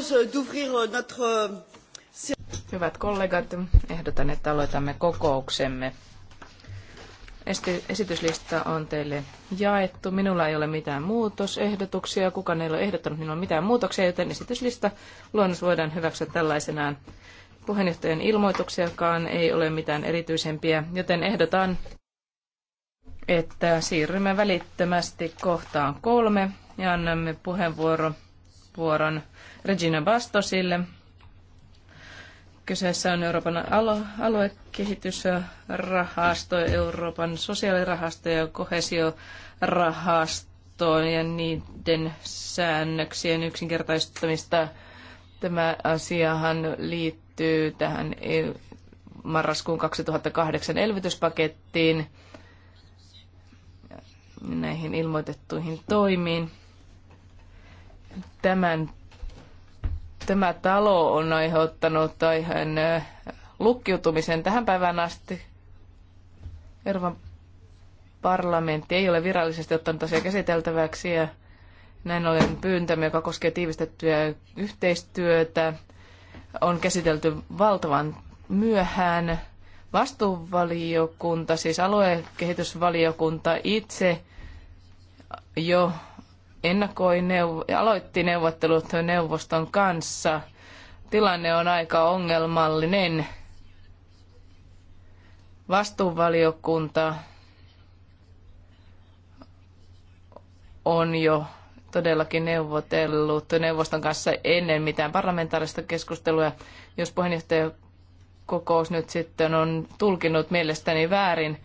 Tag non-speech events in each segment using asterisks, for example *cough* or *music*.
Euh, euh, euh, Hyvät kollegat, ehdotan, että aloitamme kokouksemme. Esityslista on teille jaettu. Minulla ei ole mitään muutosehdotuksia. Kukaan ei ole ehdottanut minulla mitään muutoksia, joten esityslista luonnos voidaan hyväksyä tällaisenaan. Puheenjohtajan ilmoituksiakaan ei ole mitään erityisempiä, joten ehdotan, että siirrymme välittömästi kohtaan kolme ja annamme puheenvuoron Regina Bastosille. Kyseessä on Euroopan alo- aluekehitysrahasto, Euroopan sosiaalirahasto ja kohesiorahasto ja niiden säännöksien yksinkertaistamista. Tämä asiahan liittyy tähän e- marraskuun 2008 elvytyspakettiin näihin ilmoitettuihin toimiin. Tämän tämä talo on aiheuttanut aiheen lukkiutumisen tähän päivään asti. Euroopan parlamentti ei ole virallisesti ottanut asiaa käsiteltäväksi ja näin ollen pyyntämme, joka koskee tiivistettyä yhteistyötä, on käsitelty valtavan myöhään. Vastuuvaliokunta, siis aluekehitysvaliokunta itse jo ennakoi neuv- aloitti neuvottelut neuvoston kanssa. Tilanne on aika ongelmallinen. Vastuuvaliokunta on jo todellakin neuvotellut neuvoston kanssa ennen mitään parlamentaarista keskustelua. Jos puheenjohtajakokous nyt sitten on tulkinut mielestäni väärin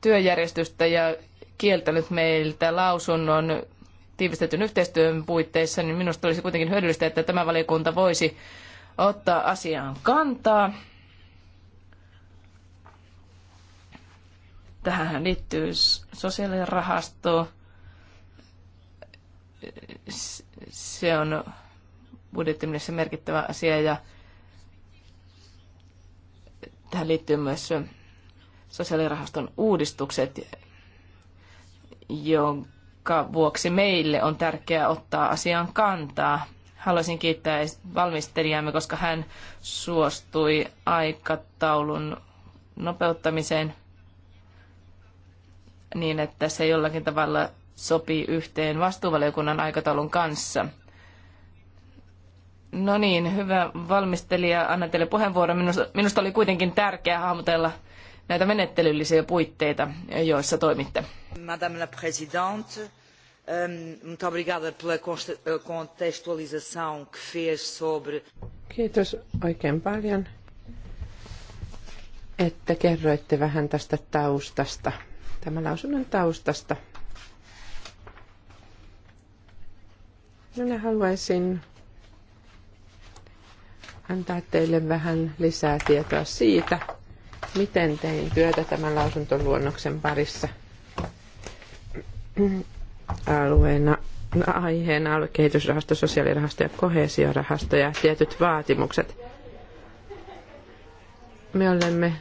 työjärjestystä ja kieltänyt meiltä lausunnon tiivistetyn yhteistyön puitteissa, niin minusta olisi kuitenkin hyödyllistä, että tämä valiokunta voisi ottaa asiaan kantaa. Tähän liittyy sosiaalirahasto. Se on budjettimielessä merkittävä asia ja tähän liittyy myös sosiaalirahaston uudistukset, jonka jonka vuoksi meille on tärkeää ottaa asiaan kantaa. Haluaisin kiittää valmistelijamme, koska hän suostui aikataulun nopeuttamiseen niin, että se jollakin tavalla sopii yhteen vastuuvaliokunnan aikataulun kanssa. No niin, hyvä valmistelija, annan teille puheenvuoron. Minusta, oli kuitenkin tärkeää hahmotella näitä menettelyllisiä puitteita, joissa toimitte. Madame la Présidente, muito obrigada pela eh, contextualização que fez sobre... Kiitos oikein paljon, että kerroitte vähän tästä taustasta, tämän lausunnon taustasta. Minä haluaisin antaa teille vähän lisää tietoa siitä, miten tein työtä tämän lausuntoluonnoksen parissa – alueena aiheena kehitysrahasto, sosiaalirahasto ja kohesiorahasto ja tietyt vaatimukset. Me olemme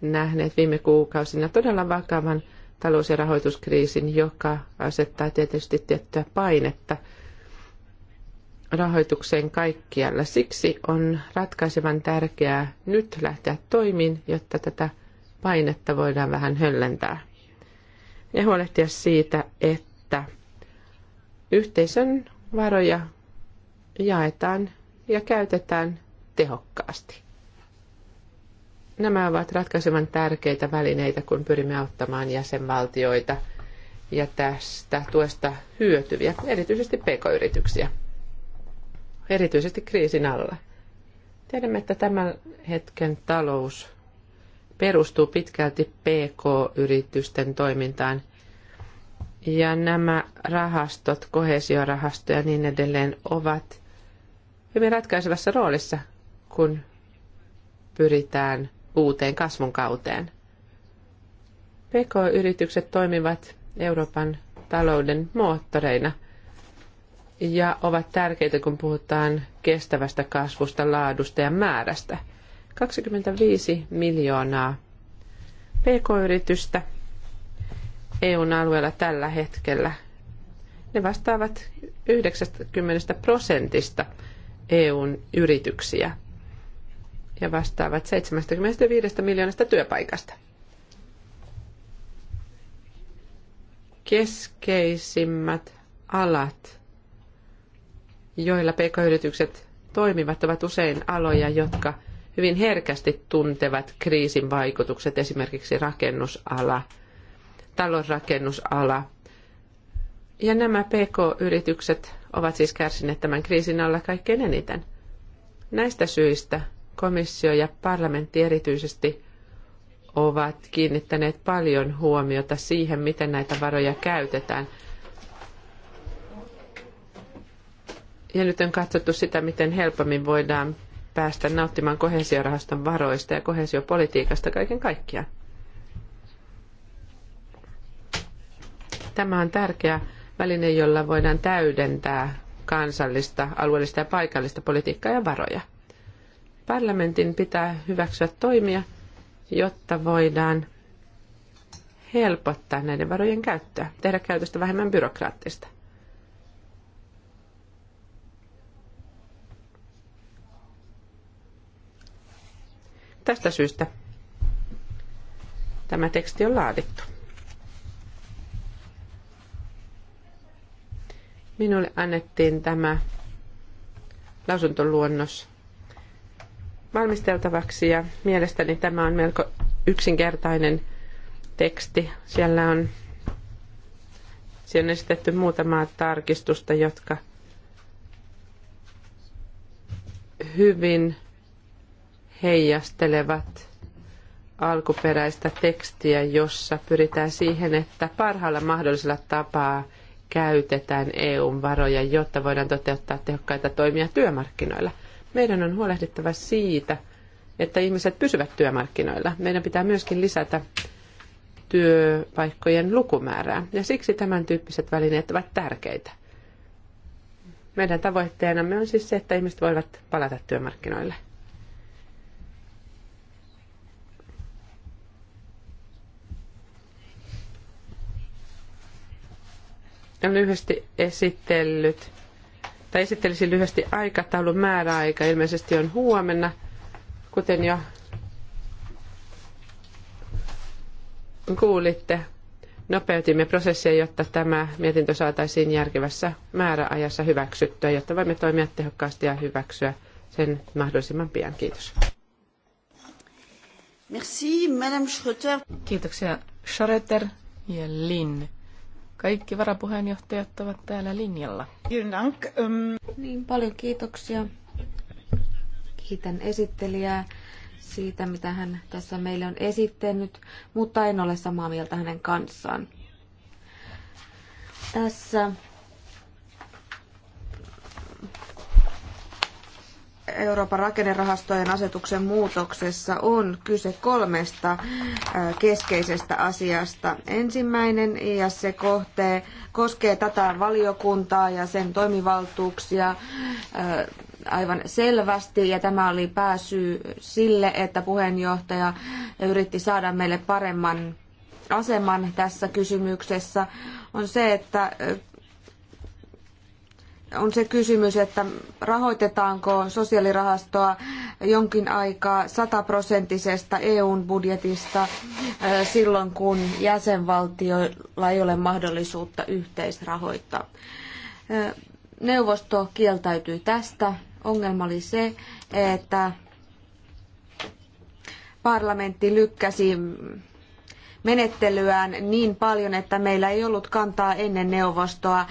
nähneet viime kuukausina todella vakavan talous- ja rahoituskriisin, joka asettaa tietysti tiettyä painetta rahoitukseen kaikkialla. Siksi on ratkaisevan tärkeää nyt lähteä toimiin, jotta tätä painetta voidaan vähän höllentää ja huolehtia siitä, että yhteisön varoja jaetaan ja käytetään tehokkaasti. Nämä ovat ratkaisevan tärkeitä välineitä, kun pyrimme auttamaan jäsenvaltioita ja tästä tuesta hyötyviä, erityisesti pk-yrityksiä, erityisesti kriisin alla. Tiedämme, että tämän hetken talous perustuu pitkälti PK-yritysten toimintaan. Ja nämä rahastot, kohesiorahasto ja niin edelleen, ovat hyvin ratkaisevassa roolissa, kun pyritään uuteen kasvun kauteen. PK-yritykset toimivat Euroopan talouden moottoreina ja ovat tärkeitä, kun puhutaan kestävästä kasvusta, laadusta ja määrästä – 25 miljoonaa pk-yritystä EUn alueella tällä hetkellä. Ne vastaavat 90 prosentista EUn yrityksiä ja vastaavat 75 miljoonasta työpaikasta. Keskeisimmät alat, joilla pk-yritykset toimivat, ovat usein aloja, jotka – hyvin herkästi tuntevat kriisin vaikutukset, esimerkiksi rakennusala, talonrakennusala. Ja nämä PK-yritykset ovat siis kärsineet tämän kriisin alla kaikkein eniten. Näistä syistä komissio ja parlamentti erityisesti ovat kiinnittäneet paljon huomiota siihen, miten näitä varoja käytetään. Ja nyt on katsottu sitä, miten helpommin voidaan päästä nauttimaan kohesiorahaston varoista ja kohesiopolitiikasta kaiken kaikkiaan. Tämä on tärkeä väline, jolla voidaan täydentää kansallista, alueellista ja paikallista politiikkaa ja varoja. Parlamentin pitää hyväksyä toimia, jotta voidaan helpottaa näiden varojen käyttöä, tehdä käytöstä vähemmän byrokraattista. tästä syystä tämä teksti on laadittu. Minulle annettiin tämä lausuntoluonnos valmisteltavaksi ja mielestäni tämä on melko yksinkertainen teksti. Siellä on, siellä on esitetty muutamaa tarkistusta, jotka hyvin heijastelevat alkuperäistä tekstiä, jossa pyritään siihen, että parhaalla mahdollisella tapaa käytetään EUn varoja, jotta voidaan toteuttaa tehokkaita toimia työmarkkinoilla. Meidän on huolehdittava siitä, että ihmiset pysyvät työmarkkinoilla. Meidän pitää myöskin lisätä työpaikkojen lukumäärää, ja siksi tämän tyyppiset välineet ovat tärkeitä. Meidän tavoitteenamme on siis se, että ihmiset voivat palata työmarkkinoille. lyhyesti esitellyt, tai esittelisin lyhyesti aikataulun määräaika, ilmeisesti on huomenna, kuten jo kuulitte, nopeutimme prosessia, jotta tämä mietintö saataisiin järkevässä määräajassa hyväksyttyä, jotta voimme toimia tehokkaasti ja hyväksyä sen mahdollisimman pian. Kiitos. Merci, Madame Schröter. Kiitoksia, Schröter ja Lin. Kaikki varapuheenjohtajat ovat täällä linjalla. Niin, paljon kiitoksia. Kiitän esittelijää siitä, mitä hän tässä meille on esittänyt, mutta en ole samaa mieltä hänen kanssaan. Tässä Euroopan rakennerahastojen asetuksen muutoksessa on kyse kolmesta keskeisestä asiasta. Ensimmäinen ja se kohtee, koskee tätä valiokuntaa ja sen toimivaltuuksia aivan selvästi ja tämä oli pääsyy sille, että puheenjohtaja yritti saada meille paremman aseman tässä kysymyksessä on se, että on se kysymys, että rahoitetaanko sosiaalirahastoa jonkin aikaa sataprosenttisesta EUn budjetista silloin, kun jäsenvaltioilla ei ole mahdollisuutta yhteisrahoittaa. Neuvosto kieltäytyi tästä. Ongelma oli se, että parlamentti lykkäsi menettelyään niin paljon, että meillä ei ollut kantaa ennen neuvostoa.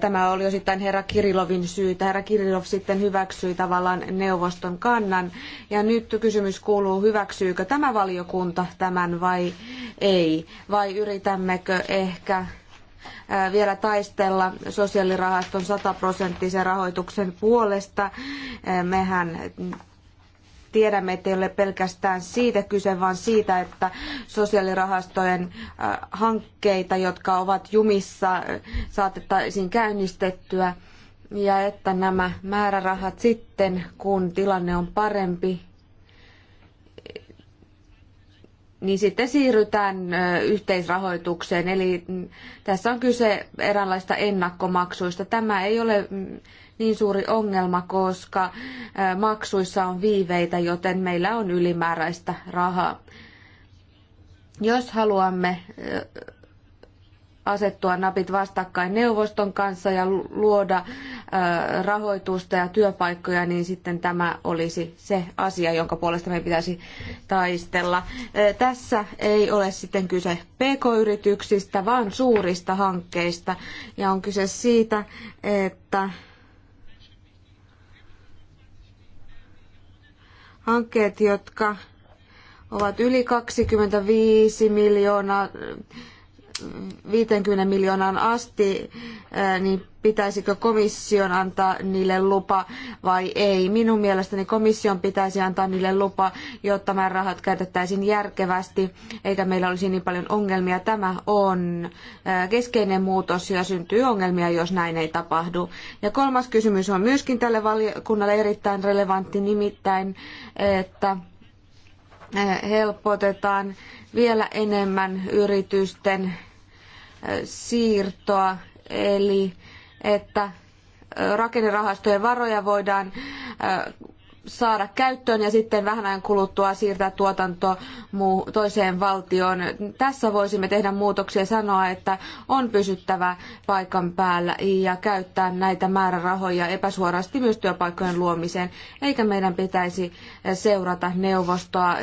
Tämä oli osittain herra Kirilovin syytä. Herra Kirilov sitten hyväksyi tavallaan neuvoston kannan. Ja nyt kysymys kuuluu, hyväksyykö tämä valiokunta tämän vai ei? Vai yritämmekö ehkä vielä taistella sosiaalirahaston sataprosenttisen rahoituksen puolesta. Mehän tiedämme, että ei ole pelkästään siitä kyse, vaan siitä, että sosiaalirahastojen äh, hankkeita, jotka ovat jumissa, äh, saatettaisiin käynnistettyä ja että nämä määrärahat sitten, kun tilanne on parempi, niin sitten siirrytään äh, yhteisrahoitukseen. Eli mm, tässä on kyse eräänlaista ennakkomaksuista. Tämä ei ole mm, niin suuri ongelma, koska maksuissa on viiveitä, joten meillä on ylimääräistä rahaa. Jos haluamme asettua napit vastakkain neuvoston kanssa ja luoda rahoitusta ja työpaikkoja, niin sitten tämä olisi se asia, jonka puolesta meidän pitäisi taistella. Tässä ei ole sitten kyse pk-yrityksistä, vaan suurista hankkeista. Ja on kyse siitä, että hankkeet, jotka ovat yli 25 miljoonaa 50 miljoonaan asti, niin pitäisikö komission antaa niille lupa vai ei. Minun mielestäni komission pitäisi antaa niille lupa, jotta määrärahat käytettäisiin järkevästi, eikä meillä olisi niin paljon ongelmia. Tämä on keskeinen muutos ja syntyy ongelmia, jos näin ei tapahdu. Ja kolmas kysymys on myöskin tälle valiokunnalle erittäin relevantti, nimittäin, että helpotetaan vielä enemmän yritysten siirtoa, eli että rakennerahastojen varoja voidaan saada käyttöön ja sitten vähän ajan kuluttua siirtää tuotanto muu, toiseen valtioon. Tässä voisimme tehdä muutoksia ja sanoa, että on pysyttävä paikan päällä ja käyttää näitä määrärahoja epäsuorasti myös työpaikkojen luomiseen. Eikä meidän pitäisi seurata neuvostoa,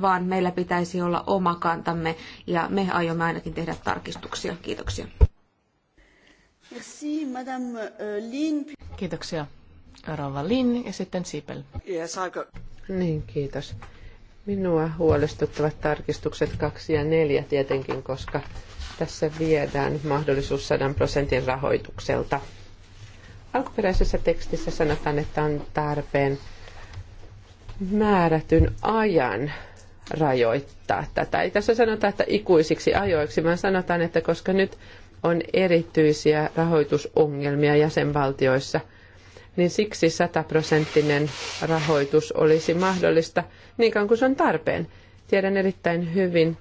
vaan meillä pitäisi olla oma kantamme ja me aiomme ainakin tehdä tarkistuksia. Kiitoksia. Euh, Kiitoksia. Rova Lin ja sitten Sipel. Yes, Niin, kiitos. Minua huolestuttavat tarkistukset kaksi ja neljä tietenkin, koska tässä viedään mahdollisuus sadan prosentin rahoitukselta. Alkuperäisessä tekstissä sanotaan, että on tarpeen määrätyn ajan rajoittaa tätä. Ei tässä sanota, että ikuisiksi ajoiksi, vaan sanotaan, että koska nyt on erityisiä rahoitusongelmia jäsenvaltioissa – niin siksi sataprosenttinen rahoitus olisi mahdollista niin kauan kuin se on tarpeen. Tiedän erittäin hyvin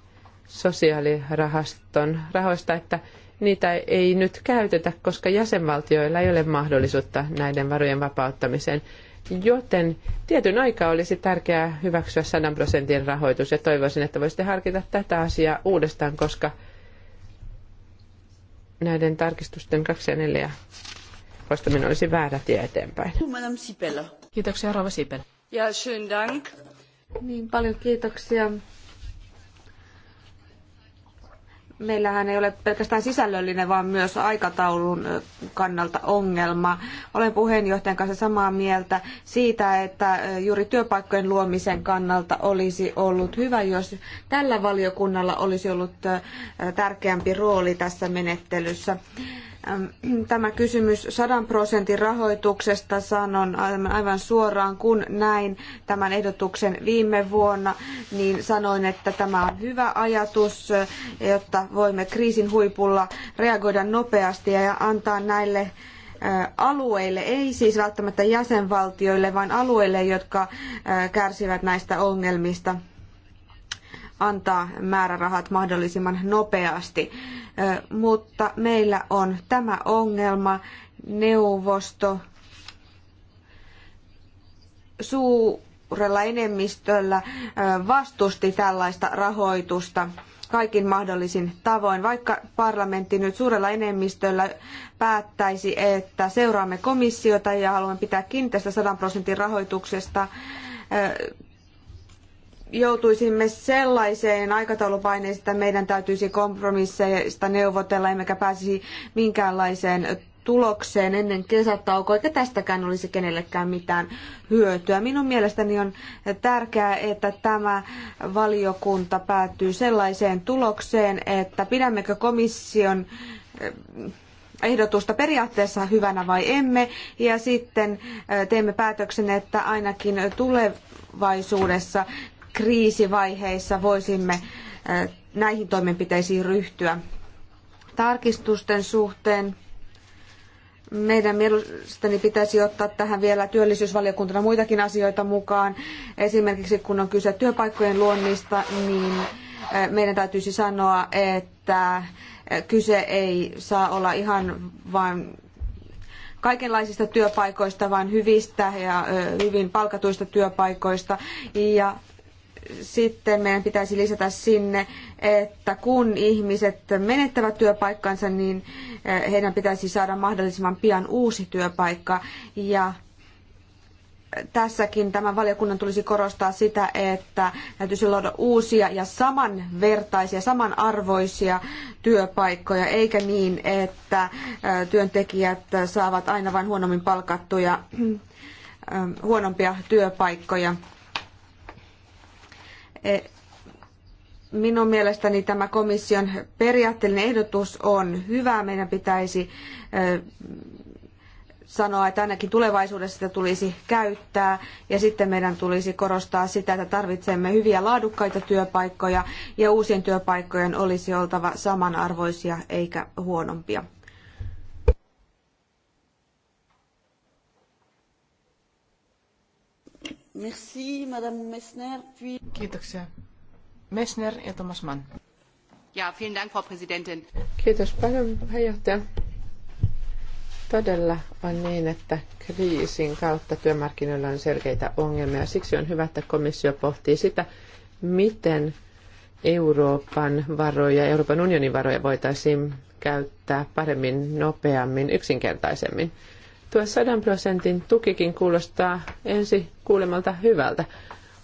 sosiaalirahaston rahoista, että niitä ei nyt käytetä, koska jäsenvaltioilla ei ole mahdollisuutta näiden varojen vapauttamiseen. Joten tietyn aikaa olisi tärkeää hyväksyä 100 prosentin rahoitus ja toivoisin, että voisitte harkita tätä asiaa uudestaan, koska näiden tarkistusten 2 ja 4 vastaminen olisi väärä tie eteenpäin. Kiitoksia, Rova Sipel. Ja schön dank. Niin paljon kiitoksia. Meillähän ei ole pelkästään sisällöllinen, vaan myös aikataulun kannalta ongelma. Olen puheenjohtajan kanssa samaa mieltä siitä, että juuri työpaikkojen luomisen kannalta olisi ollut hyvä, jos tällä valiokunnalla olisi ollut tärkeämpi rooli tässä menettelyssä. Tämä kysymys sadan prosentin rahoituksesta sanon aivan suoraan, kun näin tämän ehdotuksen viime vuonna, niin sanoin, että tämä on hyvä ajatus, jotta voimme kriisin huipulla reagoida nopeasti ja antaa näille alueille, ei siis välttämättä jäsenvaltioille, vaan alueille, jotka kärsivät näistä ongelmista antaa määrärahat mahdollisimman nopeasti. Mutta meillä on tämä ongelma. Neuvosto suurella enemmistöllä vastusti tällaista rahoitusta kaikin mahdollisin tavoin, vaikka parlamentti nyt suurella enemmistöllä päättäisi, että seuraamme komissiota ja haluamme pitää kiinni tästä 100 prosentin rahoituksesta joutuisimme sellaiseen aikataulupaineeseen, että meidän täytyisi kompromisseista neuvotella, emmekä pääsisi minkäänlaiseen tulokseen ennen kesätaukoa, eikä tästäkään olisi kenellekään mitään hyötyä. Minun mielestäni on tärkeää, että tämä valiokunta päätyy sellaiseen tulokseen, että pidämmekö komission eh, ehdotusta periaatteessa hyvänä vai emme, ja sitten eh, teemme päätöksen, että ainakin tulevaisuudessa kriisivaiheissa voisimme näihin toimenpiteisiin ryhtyä. Tarkistusten suhteen meidän mielestäni pitäisi ottaa tähän vielä työllisyysvaliokuntana muitakin asioita mukaan. Esimerkiksi kun on kyse työpaikkojen luonnista, niin meidän täytyisi sanoa, että kyse ei saa olla ihan vain kaikenlaisista työpaikoista, vaan hyvistä ja hyvin palkatuista työpaikoista. Ja sitten meidän pitäisi lisätä sinne, että kun ihmiset menettävät työpaikkansa, niin eh, heidän pitäisi saada mahdollisimman pian uusi työpaikka. Ja eh, tässäkin tämän valiokunnan tulisi korostaa sitä, että täytyisi luoda uusia ja samanvertaisia, samanarvoisia työpaikkoja, eikä niin, että eh, työntekijät saavat aina vain huonommin palkattuja, *clears throat* huonompia työpaikkoja. E, minun mielestäni tämä komission periaatteellinen ehdotus on hyvä. Meidän pitäisi e, sanoa, että ainakin tulevaisuudessa sitä tulisi käyttää. Ja sitten meidän tulisi korostaa sitä, että tarvitsemme hyviä laadukkaita työpaikkoja ja uusien työpaikkojen olisi oltava samanarvoisia eikä huonompia. Merci, Madame Messner. Puis... Kiitoksia. Messner ja Thomas Mann. Ja, vielen Dank, Frau Präsidentin. Kiitos paljon, puheenjohtaja. Todella on niin, että kriisin kautta työmarkkinoilla on selkeitä ongelmia. Siksi on hyvä, että komissio pohtii sitä, miten Euroopan varoja, Euroopan unionin varoja voitaisiin käyttää paremmin, nopeammin, yksinkertaisemmin. Tuo sadan prosentin tukikin kuulostaa ensi kuulemalta hyvältä.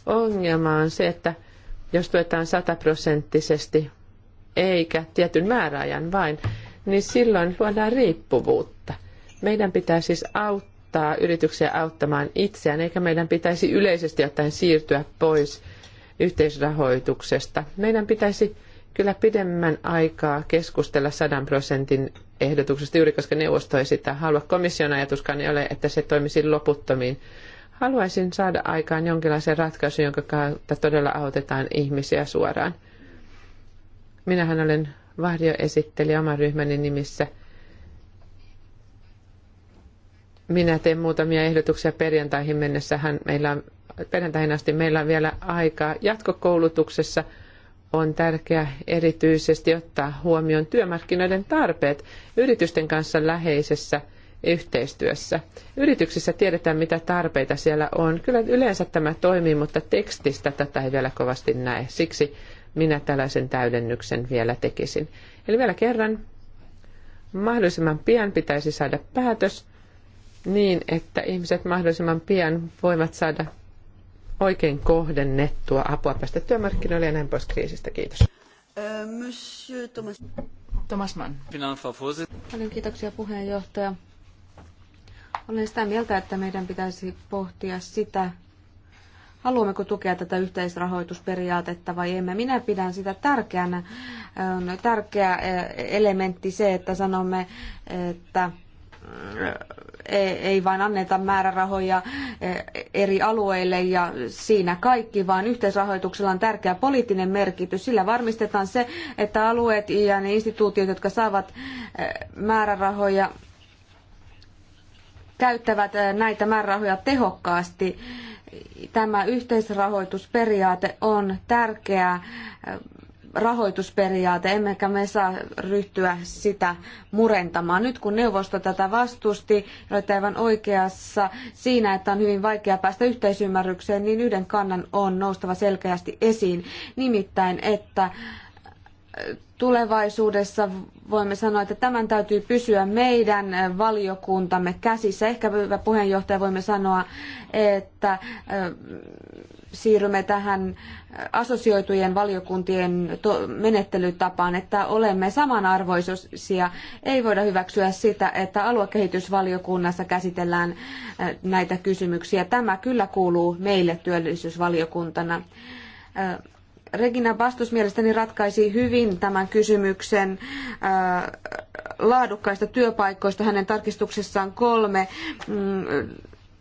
Ongelma on se, että jos tuetaan sataprosenttisesti eikä tietyn määräajan vain, niin silloin luodaan riippuvuutta. Meidän pitää siis auttaa yrityksiä auttamaan itseään, eikä meidän pitäisi yleisesti ottaen siirtyä pois yhteisrahoituksesta. Meidän pitäisi kyllä pidemmän aikaa keskustella sadan prosentin ehdotuksesta, juuri koska neuvosto ei sitä halua. Komission ajatuskaan ei ole, että se toimisi loputtomiin. Haluaisin saada aikaan jonkinlaisen ratkaisun, jonka kautta todella autetaan ihmisiä suoraan. Minähän olen varjoesittelijä oman ryhmäni nimissä. Minä teen muutamia ehdotuksia perjantaihin Meillä on, perjantaihin asti meillä on vielä aikaa jatkokoulutuksessa – on tärkeää erityisesti ottaa huomioon työmarkkinoiden tarpeet yritysten kanssa läheisessä yhteistyössä. Yrityksissä tiedetään, mitä tarpeita siellä on. Kyllä yleensä tämä toimii, mutta tekstistä tätä ei vielä kovasti näe. Siksi minä tällaisen täydennyksen vielä tekisin. Eli vielä kerran, mahdollisimman pian pitäisi saada päätös niin, että ihmiset mahdollisimman pian voivat saada oikein kohdennettua apua päästä työmarkkinoille ja näin pois kriisistä. Kiitos. Monsieur Thomas. Thomas Mann. Paljon kiitoksia puheenjohtaja. Olen sitä mieltä, että meidän pitäisi pohtia sitä, haluammeko tukea tätä yhteisrahoitusperiaatetta vai emme. Minä pidän sitä tärkeänä. On tärkeä eh, elementti se, että sanomme, että E, ei vain anneta määrärahoja e, eri alueille ja siinä kaikki, vaan yhteisrahoituksella on tärkeä poliittinen merkitys. Sillä varmistetaan se, että alueet ja ne instituutiot, jotka saavat e, määrärahoja, käyttävät näitä määrärahoja tehokkaasti. Tämä yhteisrahoitusperiaate on tärkeä rahoitusperiaate, emmekä me saa ryhtyä sitä murentamaan. Nyt kun neuvosto tätä vastusti, olette aivan oikeassa siinä, että on hyvin vaikea päästä yhteisymmärrykseen, niin yhden kannan on noustava selkeästi esiin. Nimittäin, että äh, tulevaisuudessa voimme sanoa, että tämän täytyy pysyä meidän äh, valiokuntamme käsissä. Ehkä hyvä puheenjohtaja voimme sanoa, että äh, siirrymme tähän assosioitujen valiokuntien menettelytapaan, että olemme samanarvoisia. Ei voida hyväksyä sitä, että aluekehitysvaliokunnassa käsitellään äh, näitä kysymyksiä. Tämä kyllä kuuluu meille työllisyysvaliokuntana. Äh, Regina Bastos mielestäni ratkaisi hyvin tämän kysymyksen äh, laadukkaista työpaikoista. Hänen tarkistuksessaan kolme mm,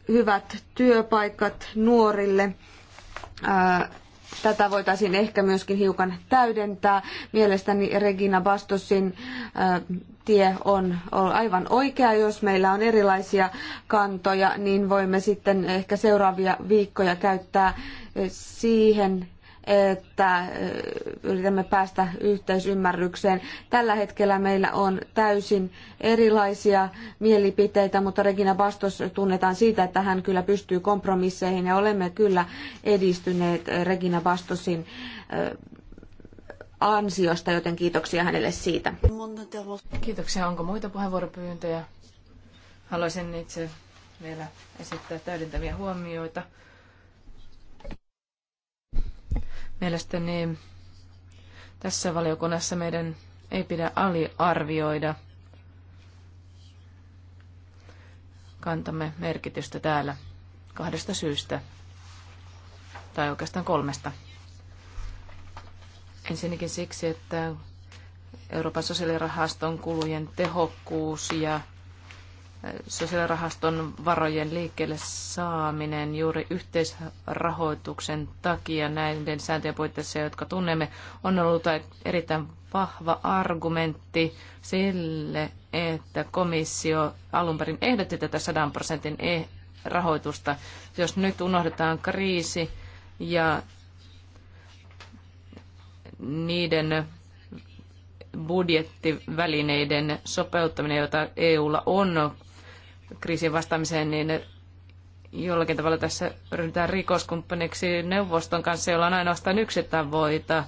hyvät työpaikat nuorille Tätä voitaisiin ehkä myöskin hiukan täydentää. Mielestäni Regina Bastosin tie on aivan oikea. Jos meillä on erilaisia kantoja, niin voimme sitten ehkä seuraavia viikkoja käyttää siihen, että yritämme päästä yhteisymmärrykseen. Tällä hetkellä meillä on täysin erilaisia mielipiteitä, mutta Regina Bastos tunnetaan siitä, että hän kyllä pystyy kompromisseihin ja olemme kyllä edistyneet Regina Bastosin ansiosta, joten kiitoksia hänelle siitä. Kiitoksia. Onko muita puheenvuoropyyntöjä? Haluaisin itse vielä esittää täydentäviä huomioita. Mielestäni tässä valiokunnassa meidän ei pidä aliarvioida kantamme merkitystä täällä kahdesta syystä, tai oikeastaan kolmesta. Ensinnäkin siksi, että Euroopan sosiaalirahaston kulujen tehokkuus ja sosiaalirahaston varojen liikkeelle saaminen juuri yhteisrahoituksen takia näiden sääntöjen puitteissa, jotka tunnemme, on ollut erittäin vahva argumentti sille, että komissio alun perin ehdotti tätä 100 prosentin e- rahoitusta. Jos nyt unohdetaan kriisi ja niiden budjettivälineiden sopeuttaminen, jota EUlla on kriisin vastaamiseen, niin jollakin tavalla tässä ryhdytään rikoskumppaniksi neuvoston kanssa, jolla on ainoastaan yksi tavoita,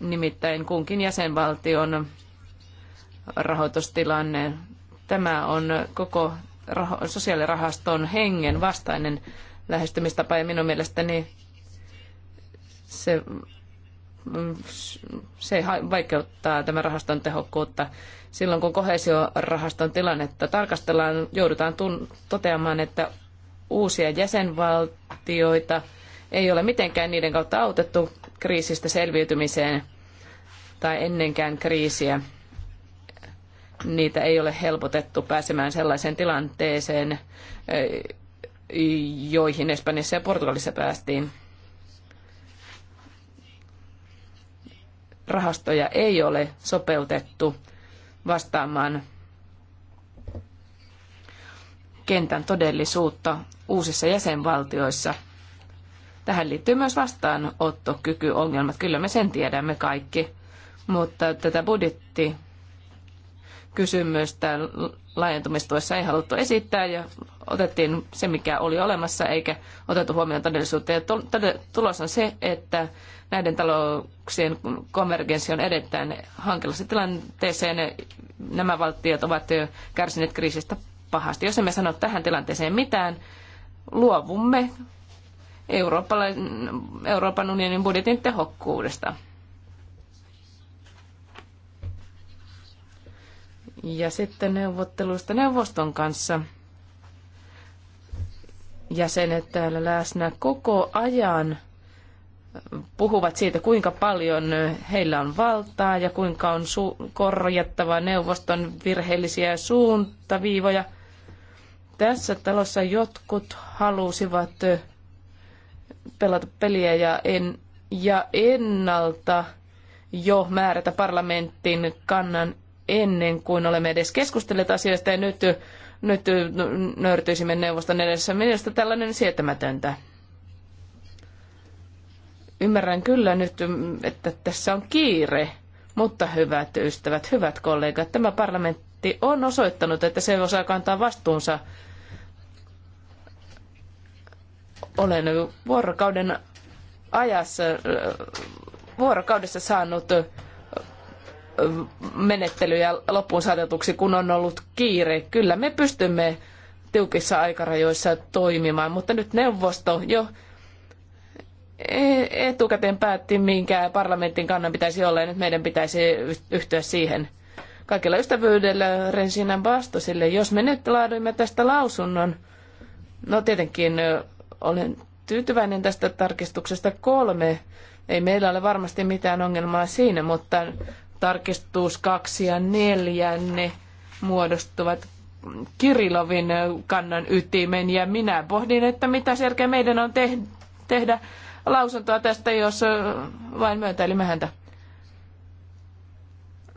nimittäin kunkin jäsenvaltion rahoitustilanne. Tämä on koko raho- sosiaalirahaston hengen vastainen lähestymistapa ja minun mielestäni se se vaikeuttaa tämän rahaston tehokkuutta. Silloin kun kohesiorahaston tilannetta tarkastellaan, joudutaan toteamaan, että uusia jäsenvaltioita ei ole mitenkään niiden kautta autettu kriisistä selviytymiseen tai ennenkään kriisiä. Niitä ei ole helpotettu pääsemään sellaiseen tilanteeseen, eh, joihin Espanjassa ja Portugalissa päästiin. rahastoja ei ole sopeutettu vastaamaan kentän todellisuutta uusissa jäsenvaltioissa. Tähän liittyy myös vastaanottokykyongelmat. Kyllä me sen tiedämme kaikki. Mutta tätä budjetti kysymystä laajentumistuessa ei haluttu esittää ja otettiin se, mikä oli olemassa, eikä otettu huomioon todellisuutta. Ja tulos on se, että näiden talouksien konvergenssi on erittäin hankalassa tilanteeseen. Nämä valtiot ovat kärsineet kriisistä pahasti. Jos emme sano tähän tilanteeseen mitään, luovumme Euroopan unionin budjetin tehokkuudesta. Ja sitten neuvotteluista neuvoston kanssa. Jäsenet täällä läsnä koko ajan puhuvat siitä, kuinka paljon heillä on valtaa ja kuinka on korjattava neuvoston virheellisiä suuntaviivoja. Tässä talossa jotkut halusivat pelata peliä ja, en, ja ennalta jo määrätä parlamentin kannan ennen kuin olemme edes keskustelleet asiasta ja nyt, nyt nöyrtyisimme neuvoston edessä. Mielestäni tällainen sietämätöntä. Ymmärrän kyllä nyt, mm, että tässä on kiire, mutta hyvät ystävät, hyvät kollegat, tämä parlamentti on osoittanut, että se osaa kantaa vastuunsa. Olen vuorokauden ajassa, vuorokaudessa saanut menettelyjä loppuun saatetuksi, kun on ollut kiire. Kyllä me pystymme tiukissa aikarajoissa toimimaan, mutta nyt neuvosto jo E- etukäteen päätti, minkä parlamentin kannan pitäisi olla, ja nyt meidän pitäisi yhtyä siihen. Kaikella ystävyydellä Rensinan vastosille, jos me nyt laadimme tästä lausunnon, no tietenkin olen tyytyväinen tästä tarkistuksesta kolme. Ei meillä ole varmasti mitään ongelmaa siinä, mutta tarkistus kaksi ja neljä, ne muodostuvat Kirilovin kannan ytimen ja minä pohdin, että mitä selkeä meidän on te- tehdä lausuntoa tästä, jos vain myöntäilimme häntä.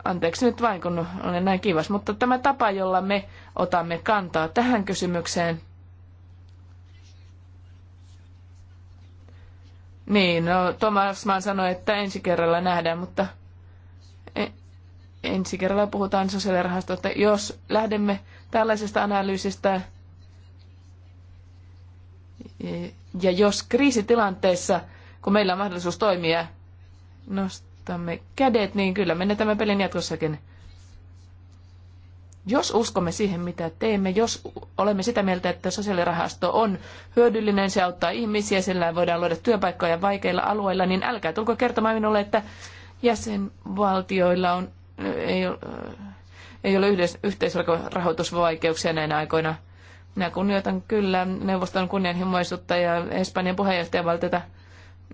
Anteeksi nyt vain, kun olen näin kivas, mutta tämä tapa, jolla me otamme kantaa tähän kysymykseen, Niin, no Thomas Mann sanoi, että ensi kerralla nähdään, mutta e- ensi kerralla puhutaan sosiaalirahastosta. Jos lähdemme tällaisesta analyysistä, ja jos kriisitilanteessa, kun meillä on mahdollisuus toimia, nostamme kädet, niin kyllä menetämme pelin jatkossakin. Jos uskomme siihen, mitä teemme, jos olemme sitä mieltä, että sosiaalirahasto on hyödyllinen, se auttaa ihmisiä, sillä voidaan luoda työpaikkoja vaikeilla alueilla, niin älkää tulko kertomaan minulle, että jäsenvaltioilla on, ei, ei ole yhteisrahoitusvaikeuksia näinä aikoina. Minä kunnioitan kyllä neuvoston kunnianhimoisuutta ja Espanjan puheenjohtajavaltiota,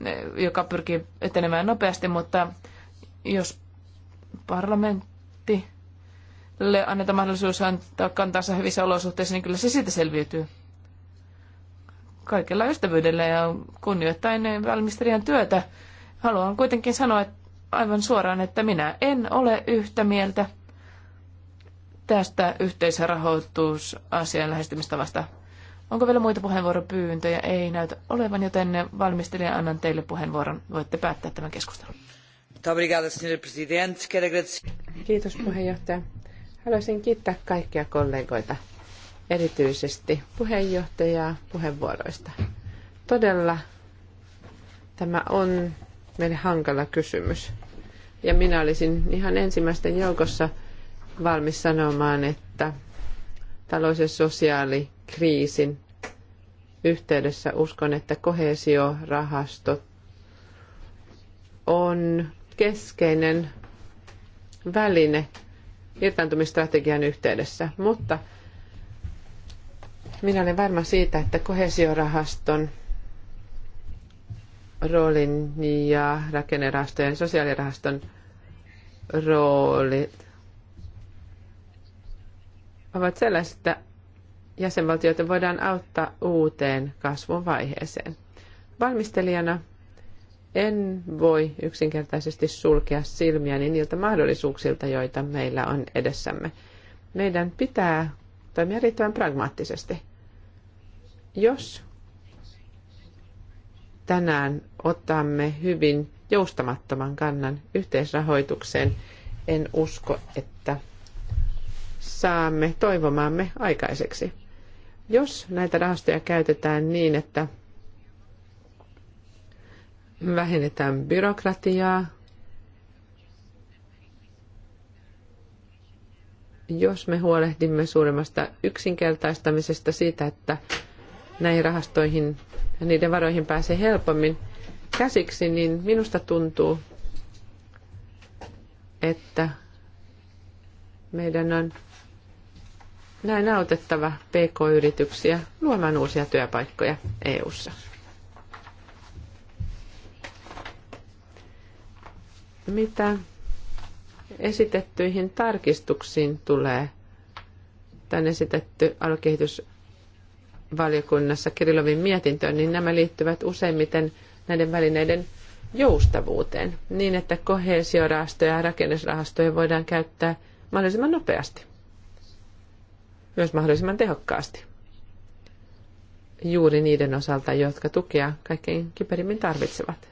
eh, joka pyrkii etenemään nopeasti, mutta jos parlamentille annetaan mahdollisuus antaa kantansa hyvissä olosuhteissa, niin kyllä se siitä selviytyy. Kaikella ystävyydellä ja kunnioittain valmistelijan työtä. Haluan kuitenkin sanoa aivan suoraan, että minä en ole yhtä mieltä – tästä yhteisrahoitusasian lähestymistavasta. Onko vielä muita puheenvuoropyyntöjä? Ei näytä olevan, joten valmistelija annan teille puheenvuoron. Voitte päättää tämän keskustelun. Kiitos puheenjohtaja. Haluaisin kiittää kaikkia kollegoita, erityisesti puheenjohtajaa puheenvuoroista. Todella tämä on meille hankala kysymys. Ja minä olisin ihan ensimmäisten joukossa – valmis sanomaan, että talous- ja sosiaalikriisin yhteydessä uskon, että kohesiorahasto on keskeinen väline irtaantumistrategian yhteydessä, mutta minä olen varma siitä, että kohesiorahaston roolin ja rakennerahastojen sosiaalirahaston roolit ovat sellaista jäsenvaltioita voidaan auttaa uuteen kasvun vaiheeseen. Valmistelijana en voi yksinkertaisesti sulkea silmiäni niiltä mahdollisuuksilta, joita meillä on edessämme. Meidän pitää toimia riittävän pragmaattisesti. Jos tänään otamme hyvin joustamattoman kannan yhteisrahoitukseen, en usko, että saamme toivomaamme aikaiseksi. Jos näitä rahastoja käytetään niin, että vähennetään byrokratiaa, jos me huolehdimme suuremmasta yksinkertaistamisesta siitä, että näihin rahastoihin ja niiden varoihin pääsee helpommin käsiksi, niin minusta tuntuu, että meidän on näin autettava PK-yrityksiä luomaan uusia työpaikkoja EU:ssa. Mitä esitettyihin tarkistuksiin tulee? Tämän esitetty aluekehitysvaliokunnassa Kirilovin mietintöön, niin nämä liittyvät useimmiten näiden välineiden joustavuuteen, niin että kohesiorahastoja ja rakennusrahastoja voidaan käyttää mahdollisimman nopeasti myös mahdollisimman tehokkaasti. Juuri niiden osalta, jotka tukea kaikkein kiperimmin tarvitsevat.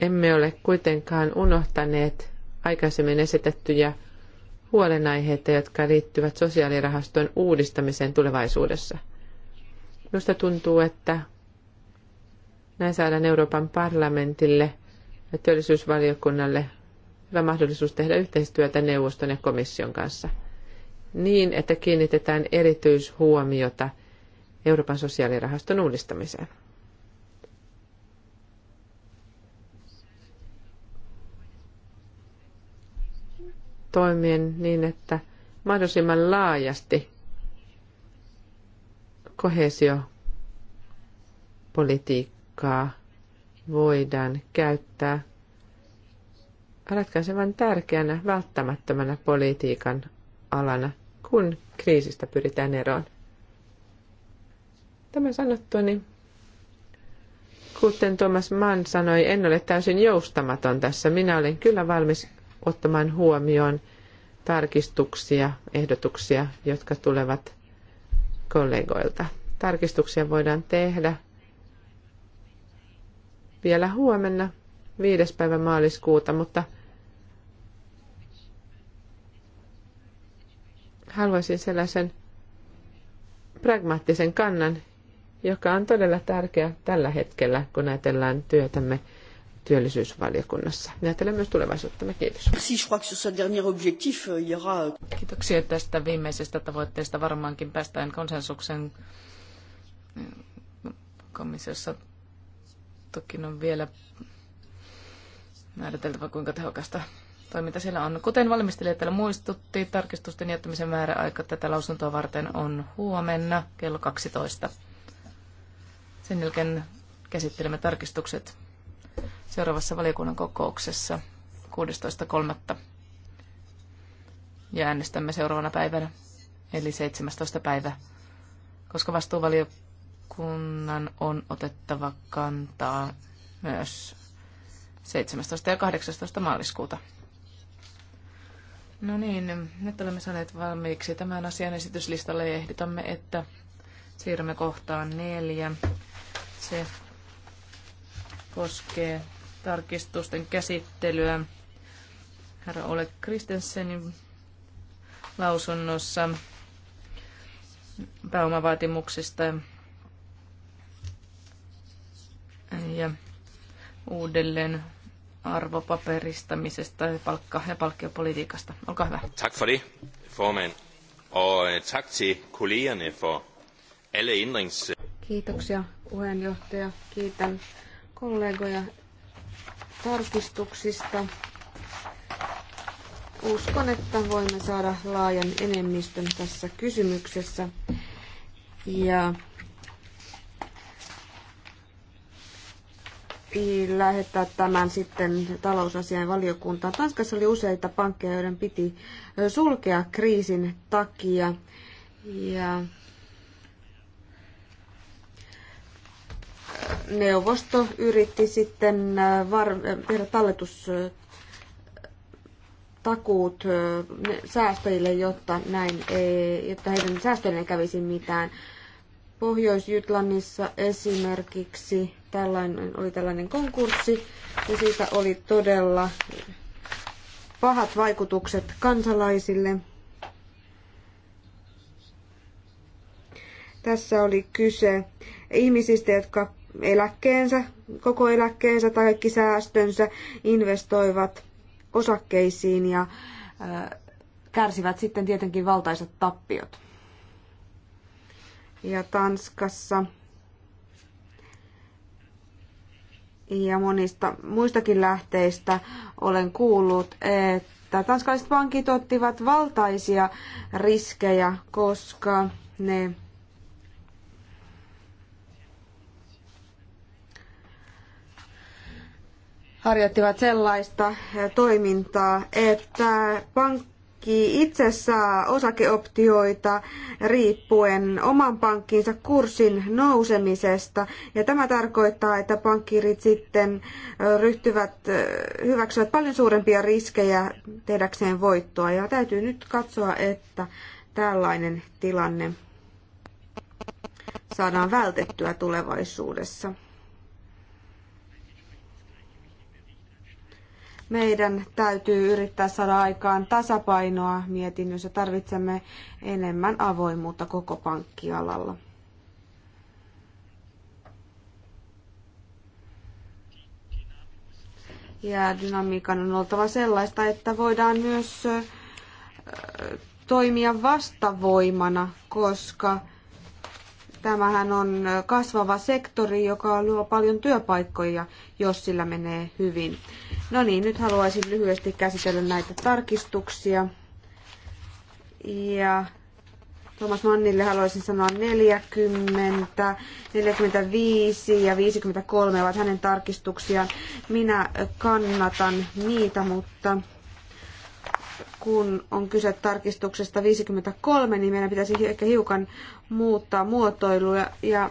Emme ole kuitenkaan unohtaneet aikaisemmin esitettyjä huolenaiheita, jotka liittyvät sosiaalirahaston uudistamiseen tulevaisuudessa. Minusta tuntuu, että näin saadaan Euroopan parlamentille ja työllisyysvaliokunnalle hyvä mahdollisuus tehdä yhteistyötä neuvoston ja komission kanssa niin, että kiinnitetään erityishuomiota Euroopan sosiaalirahaston uudistamiseen. Toimien niin, että mahdollisimman laajasti kohesiopolitiikkaa voidaan käyttää ratkaisevan tärkeänä, välttämättömänä politiikan alana, kun kriisistä pyritään eroon. Tämän sanottuani, niin kuten Thomas Mann sanoi, en ole täysin joustamaton tässä. Minä olen kyllä valmis ottamaan huomioon tarkistuksia, ehdotuksia, jotka tulevat kollegoilta. Tarkistuksia voidaan tehdä vielä huomenna 5. päivä maaliskuuta, mutta – haluaisin sellaisen pragmaattisen kannan, joka on todella tärkeä tällä hetkellä, kun ajatellaan työtämme työllisyysvaliokunnassa. Ajatellaan myös tulevaisuuttamme. Kiitos. Euh, euh, Kiitoksia tästä viimeisestä tavoitteesta. Varmaankin päästään konsensuksen äh, komissiossa. Toki on vielä määriteltävä, kuinka tehokasta toiminta siellä on. Kuten valmistelija täällä muistutti, tarkistusten jättämisen määräaika tätä lausuntoa varten on huomenna kello 12. Sen jälkeen käsittelemme tarkistukset seuraavassa valiokunnan kokouksessa 16.3. Ja äänestämme seuraavana päivänä, eli 17. päivä, koska vastuuvaliokunnan on otettava kantaa myös 17. ja 18. maaliskuuta. No niin, nyt olemme saaneet valmiiksi tämän asian esityslistalle ja ehditamme, että siirrymme kohtaan neljä. Se koskee tarkistusten käsittelyä herra Ole Kristensenin lausunnossa pääomavaatimuksista ja uudelleen arvopaperistamisesta ja palkka- ja palkkiopolitiikasta. Olkaa hyvä. Tack för det, formen. Och øh, tack till kollegorna för alla ändrings... Kiitoksia puheenjohtaja. Kiitän kollegoja tarkistuksista. Uskon, että voimme saada laajan enemmistön tässä kysymyksessä. Ja piti lähettää tämän sitten talousasian valiokuntaan. Tanskassa oli useita pankkeja, joiden piti sulkea kriisin takia. Ja neuvosto yritti sitten var- tehdä talletustakuut säästöille, jotta, näin ei, jotta heidän säästöilleen kävisi mitään. Pohjois-Jutlannissa esimerkiksi tällainen, oli tällainen konkurssi ja siitä oli todella pahat vaikutukset kansalaisille. Tässä oli kyse ihmisistä, jotka eläkkeensä, koko eläkkeensä tai kaikki säästönsä investoivat osakkeisiin ja äh, kärsivät sitten tietenkin valtaiset tappiot. Ja Tanskassa ja monista muistakin lähteistä olen kuullut, että tanskalaiset pankit ottivat valtaisia riskejä, koska ne harjoittivat sellaista toimintaa, että pankki pankki itse saa osakeoptioita riippuen oman pankkinsa kurssin nousemisesta. Ja tämä tarkoittaa, että pankkirit sitten ryhtyvät, hyväksyvät paljon suurempia riskejä tehdäkseen voittoa. Ja täytyy nyt katsoa, että tällainen tilanne saadaan vältettyä tulevaisuudessa. meidän täytyy yrittää saada aikaan tasapainoa mietinnössä. Tarvitsemme enemmän avoimuutta koko pankkialalla. Ja dynamiikan on oltava sellaista, että voidaan myös toimia vastavoimana, koska Tämähän on kasvava sektori, joka luo paljon työpaikkoja, jos sillä menee hyvin. No niin, nyt haluaisin lyhyesti käsitellä näitä tarkistuksia. Ja Thomas Mannille haluaisin sanoa 40, 45 ja 53 ovat hänen tarkistuksiaan. Minä kannatan niitä, mutta kun on kyse tarkistuksesta 53, niin meidän pitäisi ehkä hiukan muuttaa muotoiluja. Ja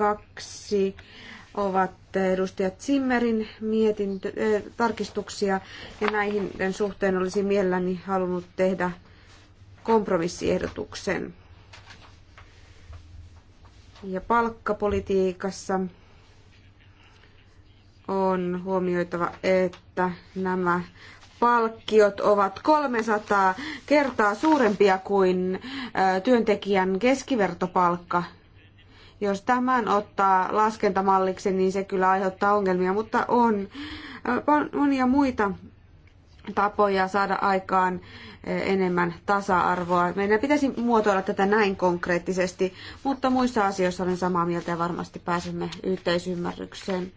41-42 ovat edustaja Zimmerin mietintö, äh, tarkistuksia, ja näihin suhteen olisi mielelläni halunnut tehdä kompromissiehdotuksen. Ja palkkapolitiikassa on huomioitava, että nämä palkkiot ovat 300 kertaa suurempia kuin työntekijän keskivertopalkka. Jos tämän ottaa laskentamalliksi, niin se kyllä aiheuttaa ongelmia, mutta on monia muita tapoja saada aikaan enemmän tasa-arvoa. Meidän pitäisi muotoilla tätä näin konkreettisesti, mutta muissa asioissa olen samaa mieltä ja varmasti pääsemme yhteisymmärrykseen.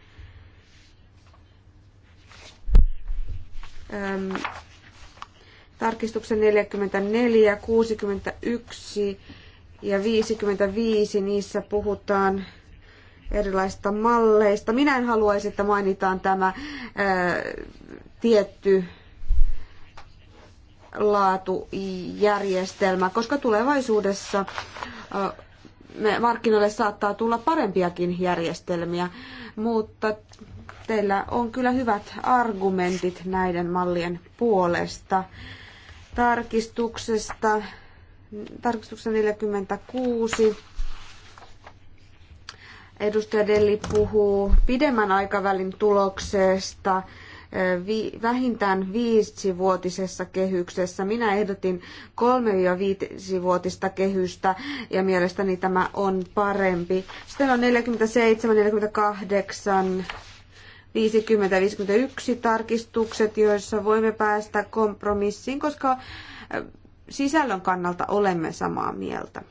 Ähm, tarkistuksen 44, 61 ja 55, niissä puhutaan erilaisista malleista. Minä en haluaisi, että mainitaan tämä äh, tietty laatujärjestelmä, koska tulevaisuudessa äh, me markkinoille saattaa tulla parempiakin järjestelmiä, mutta teillä on kyllä hyvät argumentit näiden mallien puolesta. Tarkistuksesta, tarkistuksesta 46 edustaja Delli puhuu pidemmän aikavälin tuloksesta vähintään viisivuotisessa kehyksessä. Minä ehdotin 3-5-vuotista kehystä ja mielestäni tämä on parempi. Sitten on 47, 48, 50-51 tarkistukset, joissa voimme päästä kompromissiin, koska äh, sisällön kannalta olemme samaa mieltä.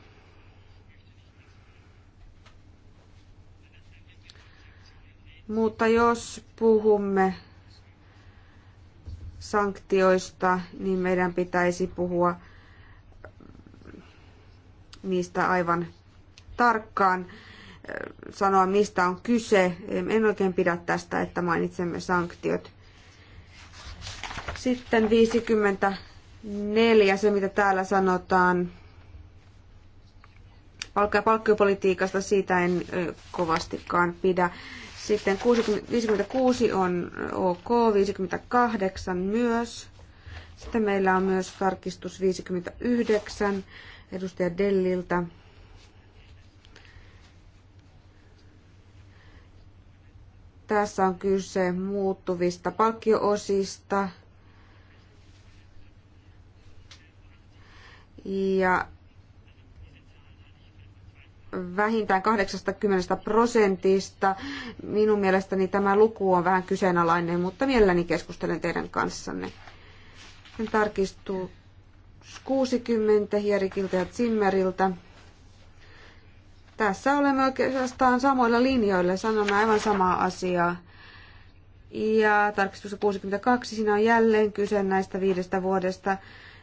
Mutta jos puhumme sanktioista, niin meidän pitäisi puhua niistä aivan tarkkaan sanoa, mistä on kyse. En oikein pidä tästä, että mainitsemme sanktiot. Sitten 54, se mitä täällä sanotaan palkka- ja palkkiopolitiikasta, siitä en kovastikaan pidä. Sitten 56 on ok, 58 myös. Sitten meillä on myös tarkistus 59 edustaja Delliltä. Tässä on kyse muuttuvista palkkioosista ja vähintään 80 prosentista. Minun mielestäni tämä luku on vähän kyseenalainen, mutta mielelläni keskustelen teidän kanssanne. Sen tarkistuu 60 Hierikiltä ja Zimmeriltä tässä olemme oikeastaan samoilla linjoilla, sanomme aivan samaa asiaa. Ja tarkistus 62, siinä on jälleen kyse näistä viidestä vuodesta.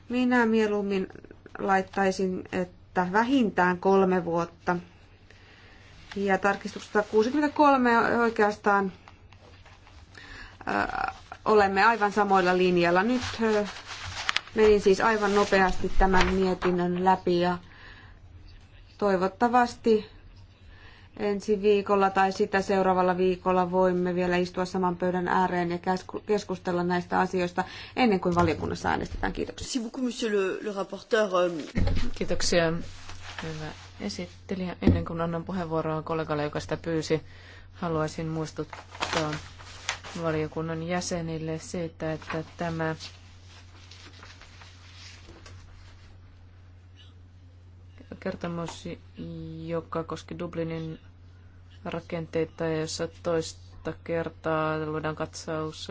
Minä mieluummin laittaisin, että vähintään kolme vuotta. Ja tarkistus 63 oikeastaan äh, olemme aivan samoilla linjalla. Nyt äh, menin siis aivan nopeasti tämän mietinnön läpi ja toivottavasti ensi viikolla tai sitä seuraavalla viikolla voimme vielä istua saman pöydän ääreen ja keskustella näistä asioista ennen kuin valiokunnassa äänestetään. Kiitoksia. Kiitoksia. Hyvä esittelijä. Ennen kuin annan puheenvuoroa kollegalle, joka sitä pyysi, haluaisin muistuttaa valiokunnan jäsenille siitä, että tämä kertomus, joka koski Dublinin rakenteita, jossa toista kertaa luodaan katsaus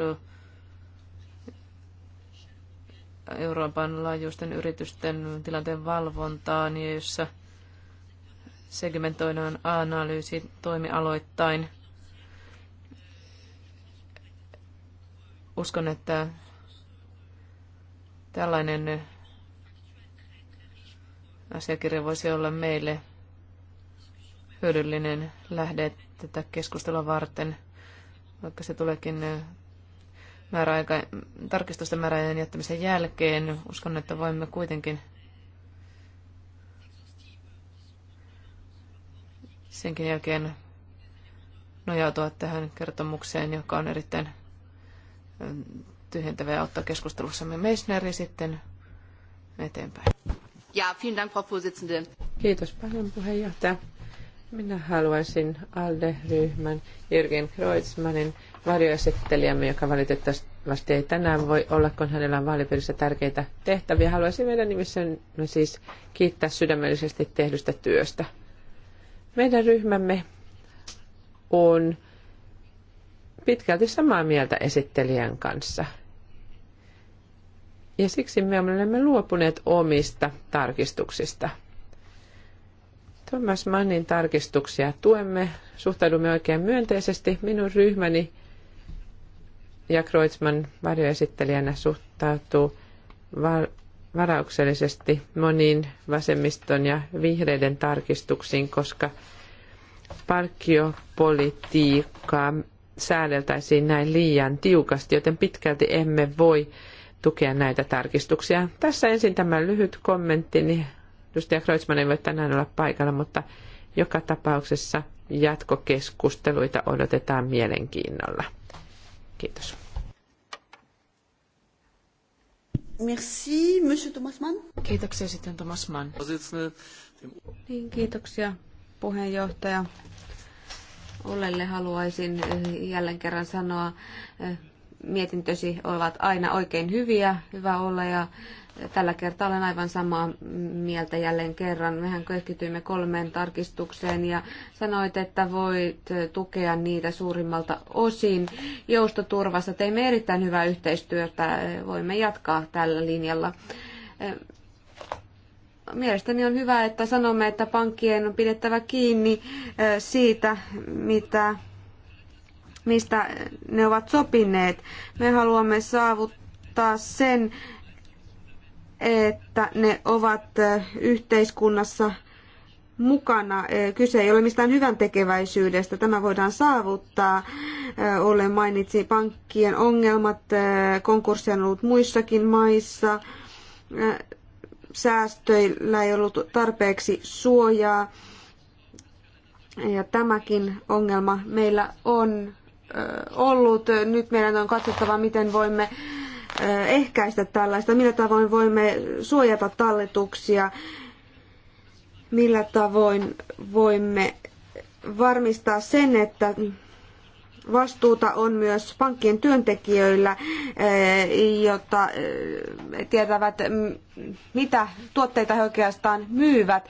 Euroopan laajuisten yritysten tilanteen valvontaan, jossa segmentoidaan analyysi toimialoittain. Uskon, että tällainen asiakirja voisi olla meille hyödyllinen lähde tätä keskustelua varten, vaikka se tuleekin määräaika, tarkistusten määräajan jättämisen jälkeen. Uskon, että voimme kuitenkin senkin jälkeen nojautua tähän kertomukseen, joka on erittäin tyhjentävä ja ottaa keskustelussamme Meissneri sitten eteenpäin. Ja, vielen Dank, Frau Vorsitzende. Kiitos paljon puheenjohtaja. Minä haluaisin ALDE-ryhmän Jürgen Kreutzmannin varjoesittelijämme, joka valitettavasti ei tänään voi olla, kun hänellä on vaalipiirissä tärkeitä tehtäviä. Haluaisin meidän nimissämme siis kiittää sydämellisesti tehdystä työstä. Meidän ryhmämme on pitkälti samaa mieltä esittelijän kanssa – ja siksi me olemme luopuneet omista tarkistuksista. Thomas Mannin tarkistuksia tuemme, suhtaudumme oikein myönteisesti. Minun ryhmäni ja Kreutzmann varjoesittelijänä suhtautuu varauksellisesti moniin vasemmiston ja vihreiden tarkistuksiin, koska palkkiopolitiikkaa säädeltäisiin näin liian tiukasti, joten pitkälti emme voi tukea näitä tarkistuksia. Tässä ensin tämä lyhyt kommentti. Justia niin Kreutzmann ei voi tänään olla paikalla, mutta joka tapauksessa jatkokeskusteluita odotetaan mielenkiinnolla. Kiitos. Merci, Monsieur Thomas Mann. Kiitoksia sitten Thomas Mann. Niin, kiitoksia puheenjohtaja. Ollelle haluaisin jälleen kerran sanoa eh, mietintösi ovat aina oikein hyviä, hyvä olla ja tällä kertaa olen aivan samaa mieltä jälleen kerran. Mehän keskityimme kolmeen tarkistukseen ja sanoit, että voit tukea niitä suurimmalta osin. Joustoturvassa teimme erittäin hyvää yhteistyötä, voimme jatkaa tällä linjalla. Mielestäni on hyvä, että sanomme, että pankkien on pidettävä kiinni siitä, mitä mistä ne ovat sopineet. Me haluamme saavuttaa sen, että ne ovat yhteiskunnassa mukana. Kyse ei ole mistään hyvän tekeväisyydestä. Tämä voidaan saavuttaa. Olen mainitsi pankkien ongelmat. Konkurssi on ollut muissakin maissa. Säästöillä ei ollut tarpeeksi suojaa. Ja tämäkin ongelma meillä on ollut. Nyt meidän on katsottava, miten voimme ehkäistä tällaista, millä tavoin voimme suojata talletuksia, millä tavoin voimme varmistaa sen, että vastuuta on myös pankkien työntekijöillä, jotta tietävät, mitä tuotteita he oikeastaan myyvät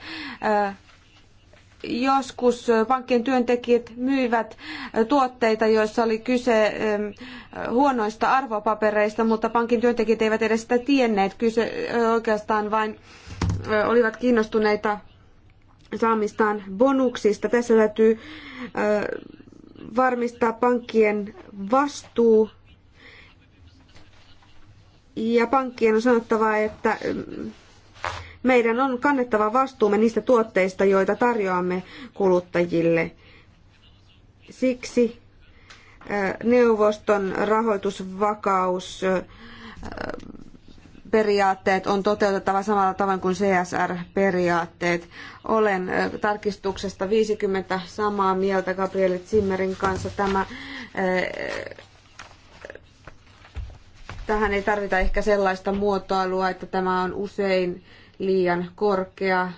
joskus pankkien työntekijät myivät tuotteita, joissa oli kyse huonoista arvopapereista, mutta pankin työntekijät eivät edes sitä tienneet. Kyse oikeastaan vain olivat kiinnostuneita saamistaan bonuksista. Tässä täytyy varmistaa pankkien vastuu ja pankkien on sanottava, että meidän on kannettava vastuumme niistä tuotteista, joita tarjoamme kuluttajille. Siksi neuvoston rahoitusvakaus periaatteet on toteutettava samalla tavoin kuin CSR-periaatteet. Olen tarkistuksesta 50 samaa mieltä Gabriele Zimmerin kanssa. Tämä, tähän ei tarvita ehkä sellaista muotoilua, että tämä on usein liian korkea.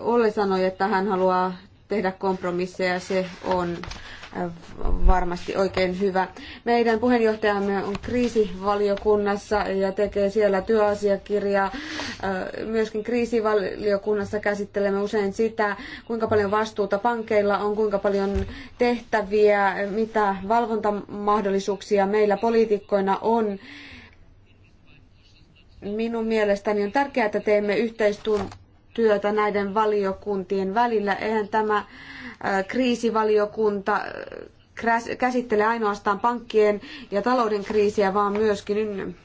Olle sanoi, että hän haluaa tehdä kompromisseja, se on varmasti oikein hyvä. Meidän puheenjohtajamme on kriisivaliokunnassa ja tekee siellä työasiakirjaa. Myöskin kriisivaliokunnassa käsittelemme usein sitä, kuinka paljon vastuuta pankeilla on, kuinka paljon tehtäviä, mitä valvontamahdollisuuksia meillä poliitikkoina on Minun mielestäni on tärkeää, että teemme yhteistyötä näiden valiokuntien välillä. Eihän tämä äh, kriisivaliokunta äh, käsittele ainoastaan pankkien ja talouden kriisiä, vaan myöskin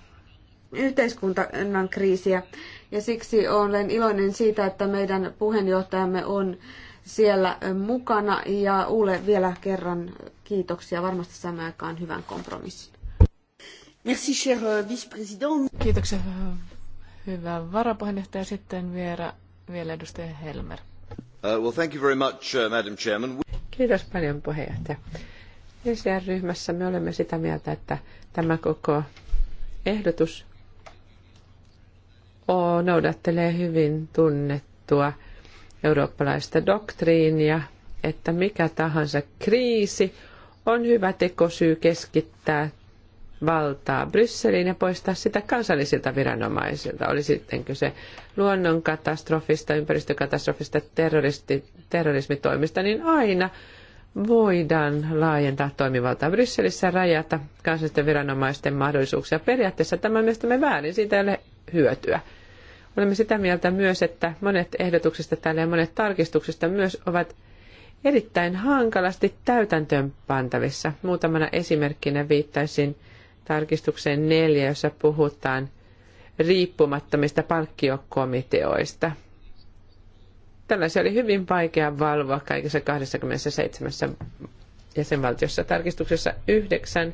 yhteiskunnan kriisiä. Ja siksi olen iloinen siitä, että meidän puheenjohtajamme on siellä mukana. Ja Uule vielä kerran kiitoksia. Varmasti saamme aikaan hyvän kompromissin. Merci, cher euh, vice-président. Kiitoksia, hyvä varapuheenjohtaja. Sitten vielä, vielä edustaja Helmer. Uh, well, thank you very much, uh, Madam Chairman. Kiitos paljon puheenjohtaja. ECR-ryhmässä me olemme sitä mieltä, että tämä koko ehdotus noudattelee hyvin tunnettua eurooppalaista doktriinia, että mikä tahansa kriisi on hyvä tekosyy keskittää valtaa Brysseliin ja poistaa sitä kansallisilta viranomaisilta. Oli sitten kyse luonnonkatastrofista, ympäristökatastrofista, terroristi, terrorismitoimista, niin aina voidaan laajentaa toimivaltaa Brysselissä rajata kansallisten viranomaisten mahdollisuuksia. Periaatteessa tämä mielestämme väärin, siitä ei ole hyötyä. Olemme sitä mieltä myös, että monet ehdotuksista täällä ja monet tarkistuksista myös ovat erittäin hankalasti täytäntöön pantavissa. Muutamana esimerkkinä viittaisin tarkistukseen neljä, jossa puhutaan riippumattomista palkkiokomiteoista. Tällaisia oli hyvin vaikea valvoa kaikissa 27 jäsenvaltiossa. Tarkistuksessa yhdeksän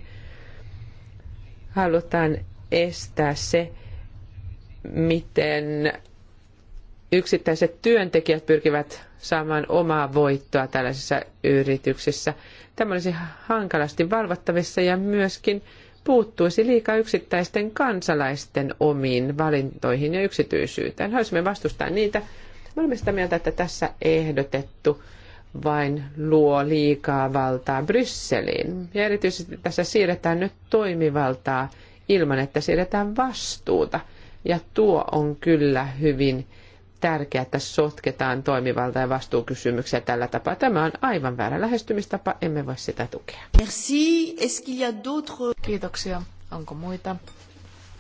halutaan estää se, miten yksittäiset työntekijät pyrkivät saamaan omaa voittoa tällaisissa yrityksissä. Tämä olisi hankalasti valvottavissa ja myöskin puuttuisi liikaa yksittäisten kansalaisten omiin valintoihin ja yksityisyyteen. Haluaisimme vastustaa niitä. Me olemme sitä mieltä, että tässä ehdotettu vain luo liikaa valtaa Brysseliin. Ja erityisesti tässä siirretään nyt toimivaltaa ilman, että siirretään vastuuta. Ja tuo on kyllä hyvin tärkeää, että sotketaan toimivalta- ja vastuukysymyksiä tällä tapaa. Tämä on aivan väärä lähestymistapa, emme voi sitä tukea. Merci. qu'il y a Kiitoksia. Onko muita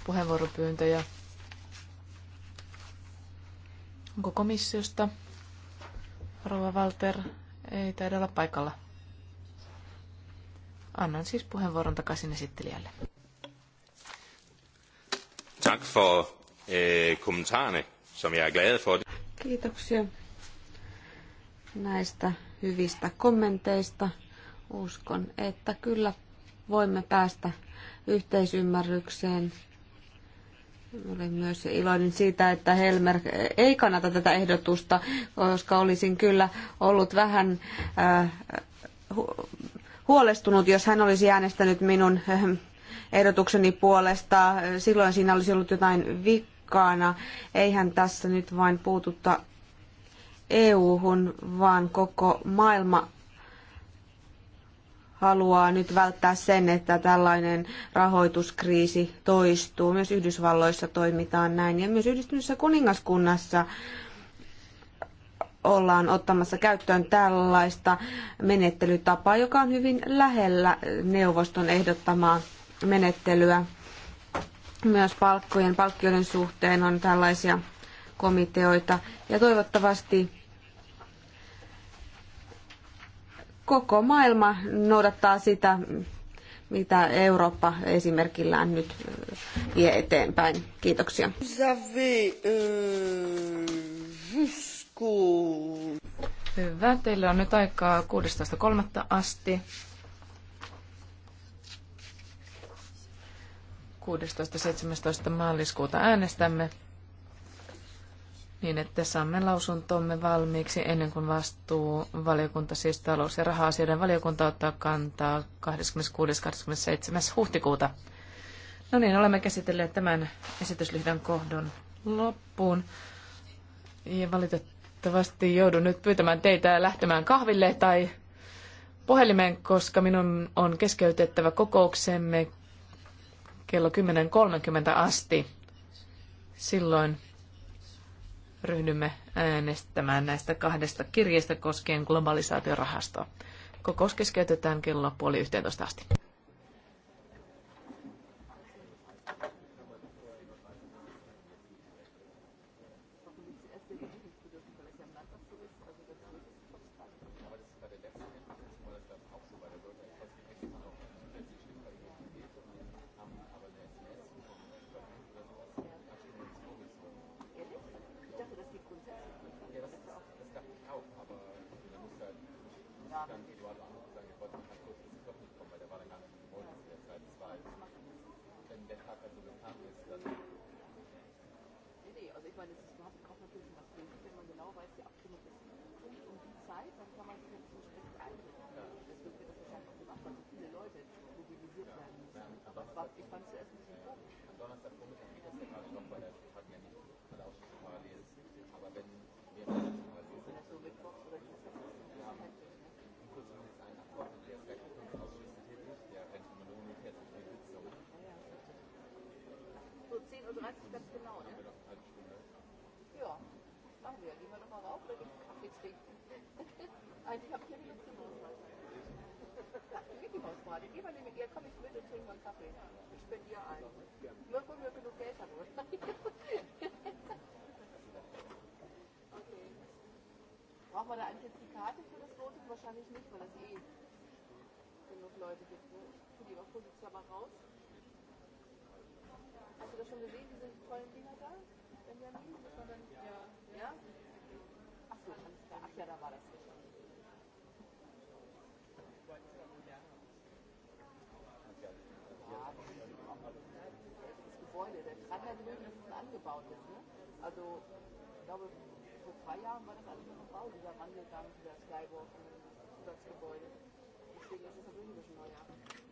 puheenvuoropyyntöjä? Onko komissiosta? Rova Walter ei taida olla paikalla. Annan siis puheenvuoron takaisin esittelijälle. Tack för eh, kommentarerna som jag är glad för. Kiitoksia näistä hyvistä kommenteista. Uskon, että kyllä voimme päästä yhteisymmärrykseen. Olin myös iloinen siitä, että Helmer ei kannata tätä ehdotusta, koska olisin kyllä ollut vähän äh, huolestunut, jos hän olisi äänestänyt minun äh, ehdotukseni puolesta. Silloin siinä olisi ollut jotain vikkoa mukana. Eihän tässä nyt vain puututta EU-hun, vaan koko maailma haluaa nyt välttää sen, että tällainen rahoituskriisi toistuu. Myös Yhdysvalloissa toimitaan näin ja myös yhdistyneessä kuningaskunnassa ollaan ottamassa käyttöön tällaista menettelytapaa, joka on hyvin lähellä neuvoston ehdottamaa menettelyä myös palkkojen, palkkioiden suhteen on tällaisia komiteoita. Ja toivottavasti koko maailma noudattaa sitä, mitä Eurooppa esimerkillään nyt vie eteenpäin. Kiitoksia. Hyvä, teillä on nyt aikaa 16.3. asti 16.17. maaliskuuta äänestämme niin, että saamme lausuntomme valmiiksi ennen kuin vastuu valiokunta, siis talous- ja raha-asioiden valiokunta ottaa kantaa 26 huhtikuuta. No niin, olemme käsitelleet tämän esityslyhdan kohdon loppuun. Ja valitettavasti joudun nyt pyytämään teitä lähtemään kahville tai puhelimeen, koska minun on keskeytettävä kokouksemme kello 10.30 asti. Silloin ryhdymme äänestämään näistä kahdesta kirjeestä koskien globalisaatiorahastoa. Kokous keskeytetään kello puoli yhteentoista asti. gebaut ist. Ne? Also ich glaube, vor zwei Jahren war das alles noch im Bau, dieser Wandel dann, dieser Skywalk und das Gebäude. Deswegen ist es natürlich ein bisschen neuer.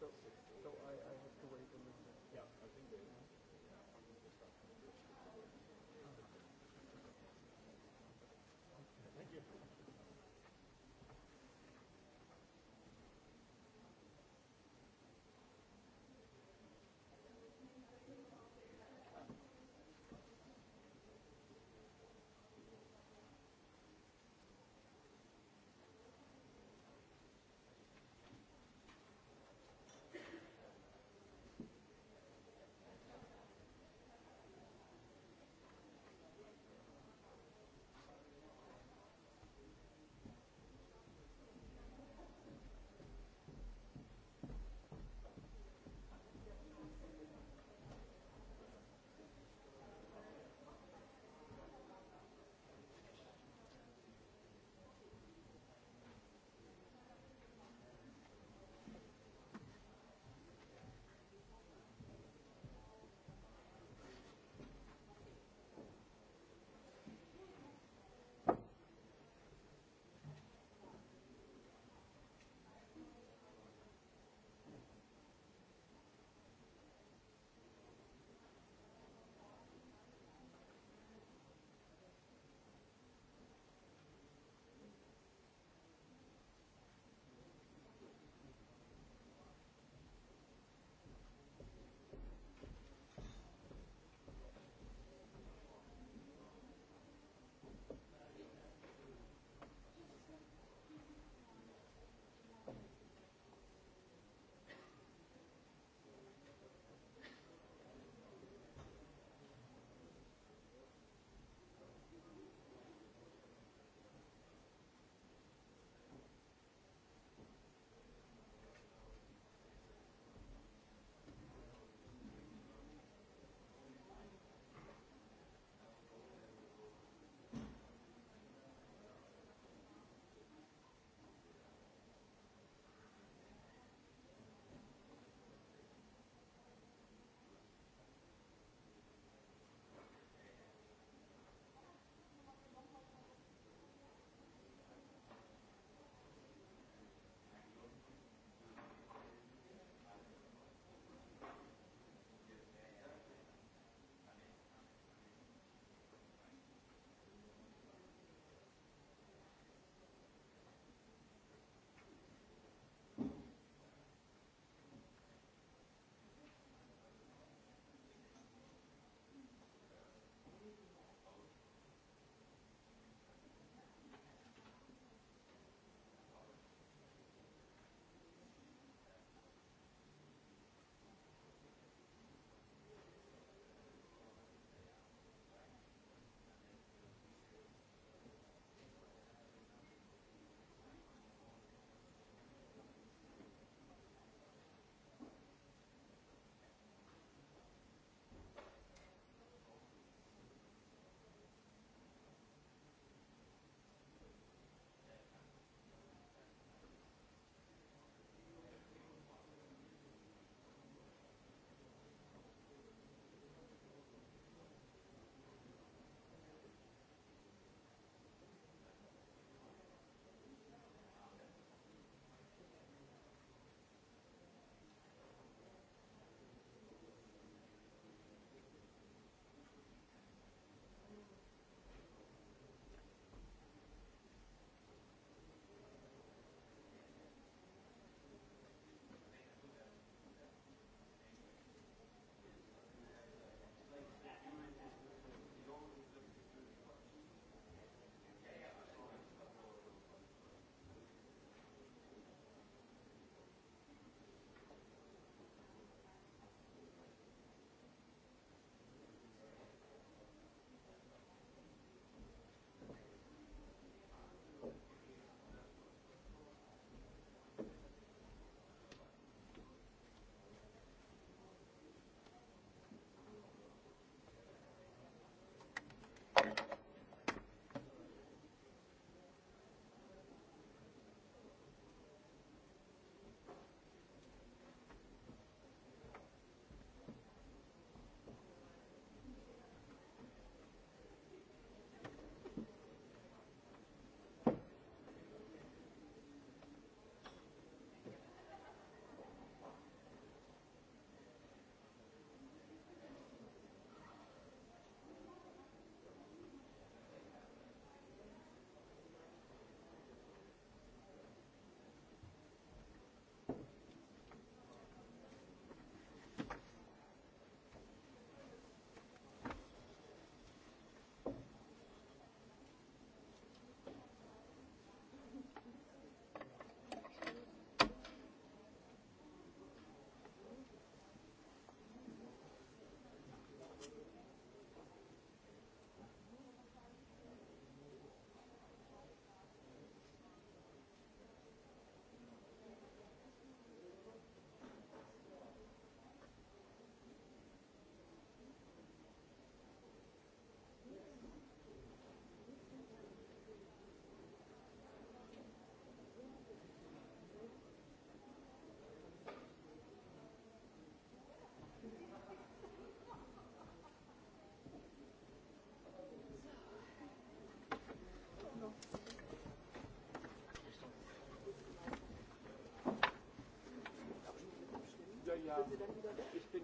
So, so I, I have to wait a little bit. Yeah, I think they. Thank you.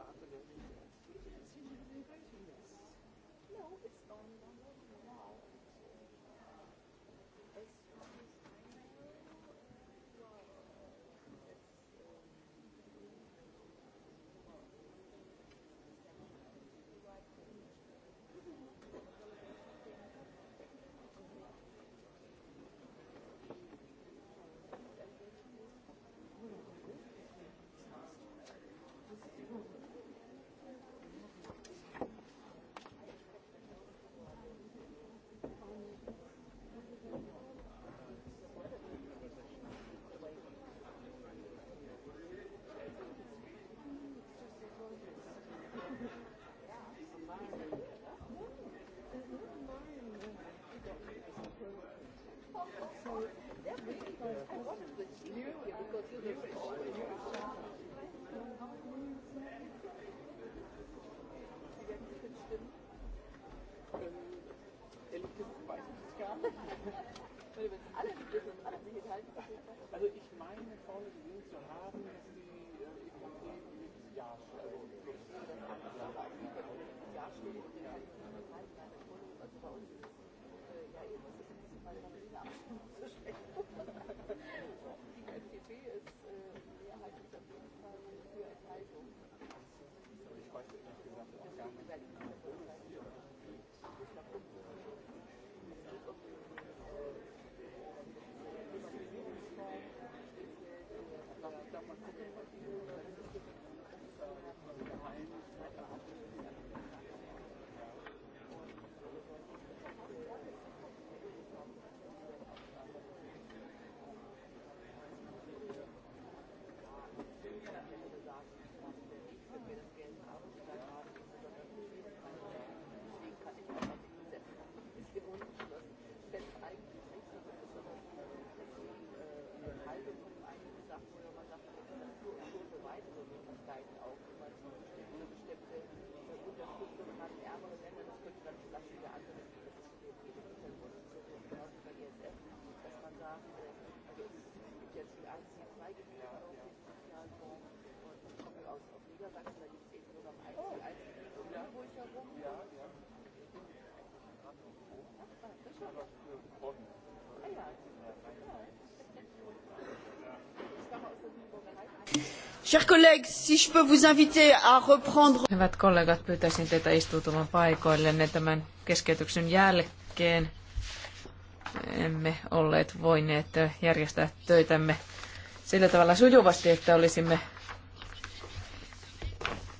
打这两年。Möglichkeiten auch, man eine bestimmte äh, Unterstützung hat, ärmere Länder, das könnte dann andere so genauso bei dass man äh, also es gibt jetzt die 2 Gebiete auf und ich komme aus, aus Niedersachsen, da gibt es eben nur noch herum. Ja. Chers collègues, si je peux vous inviter à reprendre... Hyvät kollegat, pyytäisin teitä istuutumaan paikoillenne tämän keskeytyksen jälkeen. Emme olleet voineet järjestää töitämme sillä tavalla sujuvasti, että olisimme,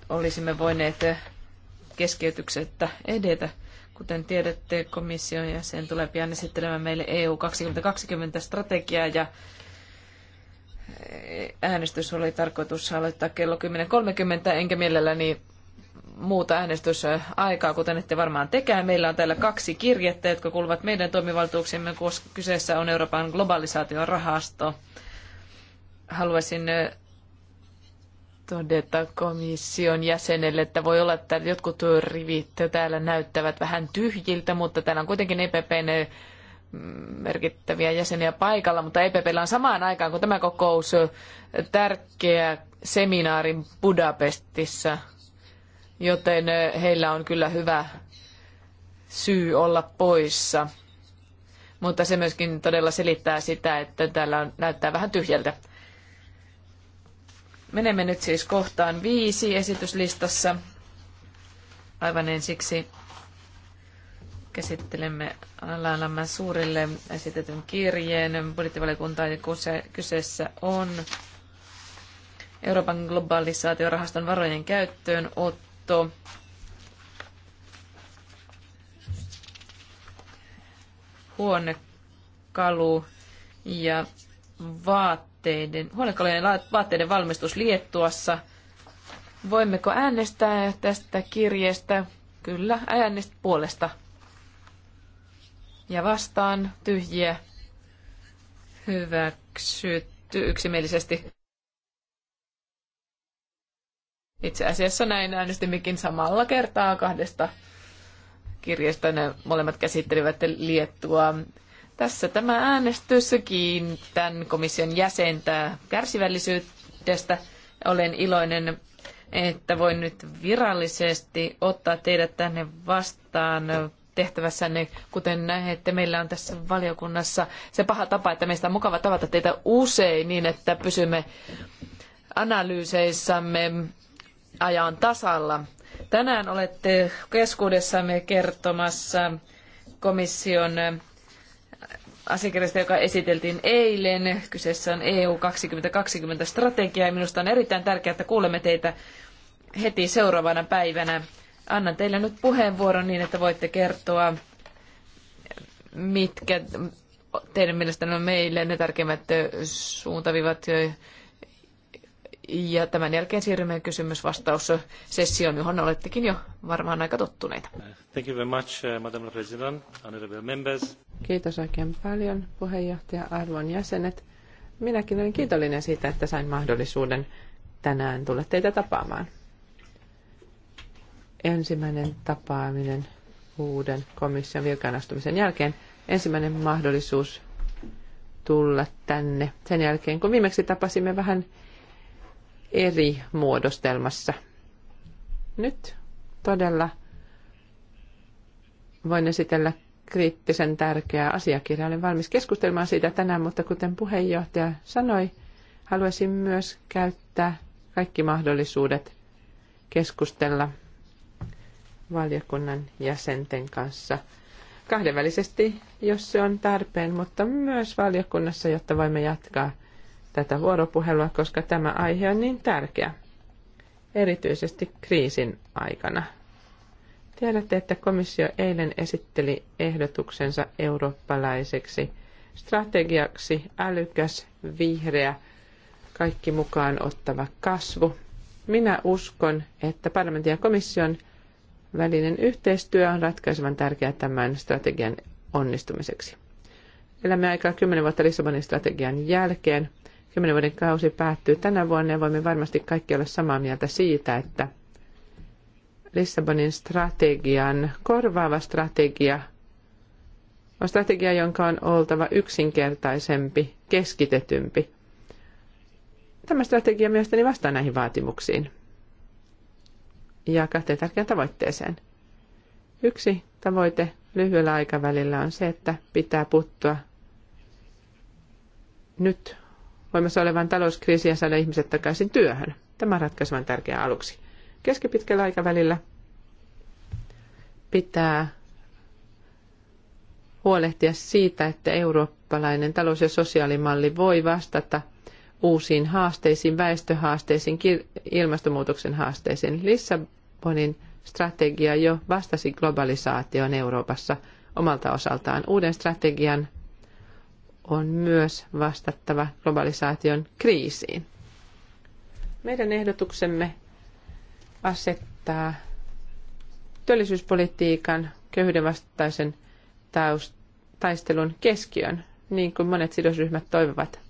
olisimme voineet keskeytyksettä edetä. Kuten tiedätte, komission jäsen tulee pian esittelemään meille EU 2020 strategiaa ja äänestys oli tarkoitus aloittaa kello 10.30, enkä mielelläni muuta äänestysaikaa, kuten ette varmaan tekään. Meillä on täällä kaksi kirjettä, jotka kuuluvat meidän toimivaltuuksimme, koska kyseessä on Euroopan rahasto. Haluaisin todeta komission jäsenelle, että voi olla, että jotkut rivit täällä näyttävät vähän tyhjiltä, mutta täällä on kuitenkin EPPn merkittäviä jäseniä paikalla, mutta EPPllä on samaan aikaan kuin tämä kokous tärkeä seminaari Budapestissa, joten heillä on kyllä hyvä syy olla poissa. Mutta se myöskin todella selittää sitä, että täällä on, näyttää vähän tyhjältä. Menemme nyt siis kohtaan viisi esityslistassa. Aivan ensiksi käsittelemme Alain suurille esitetyn kirjeen. Budjettivaliokunta kyseessä on Euroopan globalisaatiorahaston varojen käyttöönotto. Huonekalu ja vaatteiden, huonekalujen ja vaatteiden valmistus Liettuassa. Voimmeko äänestää tästä kirjeestä? Kyllä, äänest puolesta ja vastaan tyhjiä hyväksytty yksimielisesti. Itse asiassa näin äänestimmekin samalla kertaa kahdesta kirjasta. Ne molemmat käsittelivät Liettua. Tässä tämä äänestys kiinnitän komission jäsentä kärsivällisyydestä. Olen iloinen, että voin nyt virallisesti ottaa teidät tänne vastaan tehtävässänne, kuten näette, meillä on tässä valiokunnassa se paha tapa, että meistä on mukava tavata teitä usein niin, että pysymme analyyseissamme ajan tasalla. Tänään olette keskuudessamme kertomassa komission asiakirjasta, joka esiteltiin eilen. Kyseessä on EU 2020 strategia ja minusta on erittäin tärkeää, että kuulemme teitä heti seuraavana päivänä Annan teille nyt puheenvuoron niin, että voitte kertoa, mitkä teidän mielestänne on meille ne tärkeimmät suuntavivat. Ja tämän jälkeen siirrymme kysymys-vastaussessioon, johon olettekin jo varmaan aika tottuneita. Thank you very much, uh, Madam President, honorable members. Kiitos oikein paljon, puheenjohtaja, arvon jäsenet. Minäkin olen kiitollinen siitä, että sain mahdollisuuden tänään tulla teitä tapaamaan ensimmäinen tapaaminen uuden komission virkaanastumisen jälkeen, ensimmäinen mahdollisuus tulla tänne sen jälkeen, kun viimeksi tapasimme vähän eri muodostelmassa. Nyt todella voin esitellä kriittisen tärkeää asiakirjaa. Olen valmis keskustelemaan siitä tänään, mutta kuten puheenjohtaja sanoi, haluaisin myös käyttää kaikki mahdollisuudet keskustella valiokunnan jäsenten kanssa kahdenvälisesti, jos se on tarpeen, mutta myös valiokunnassa, jotta voimme jatkaa tätä vuoropuhelua, koska tämä aihe on niin tärkeä, erityisesti kriisin aikana. Tiedätte, että komissio eilen esitteli ehdotuksensa eurooppalaiseksi strategiaksi älykäs, vihreä, kaikki mukaan ottava kasvu. Minä uskon, että parlamentin ja komission – välinen yhteistyö on ratkaisevan tärkeää tämän strategian onnistumiseksi. Elämme aikaa 10 vuotta Lissabonin strategian jälkeen. 10 vuoden kausi päättyy tänä vuonna ja voimme varmasti kaikki olla samaa mieltä siitä, että Lissabonin strategian korvaava strategia on strategia, jonka on oltava yksinkertaisempi, keskitetympi. Tämä strategia mielestäni vastaa näihin vaatimuksiin ja kahteen tärkeään tavoitteeseen. Yksi tavoite lyhyellä aikavälillä on se, että pitää puuttua nyt voimassa olevan talouskriisiin ja saada ihmiset takaisin työhön. Tämä on ratkaisevan aluksi. Keskipitkällä aikavälillä pitää huolehtia siitä, että eurooppalainen talous- ja sosiaalimalli voi vastata uusiin haasteisiin, väestöhaasteisiin, ilmastonmuutoksen haasteisiin. Lissabon Lissabonin strategia jo vastasi globalisaatioon Euroopassa omalta osaltaan. Uuden strategian on myös vastattava globalisaation kriisiin. Meidän ehdotuksemme asettaa työllisyyspolitiikan köyhyyden vastaisen taistelun keskiön, niin kuin monet sidosryhmät toivovat.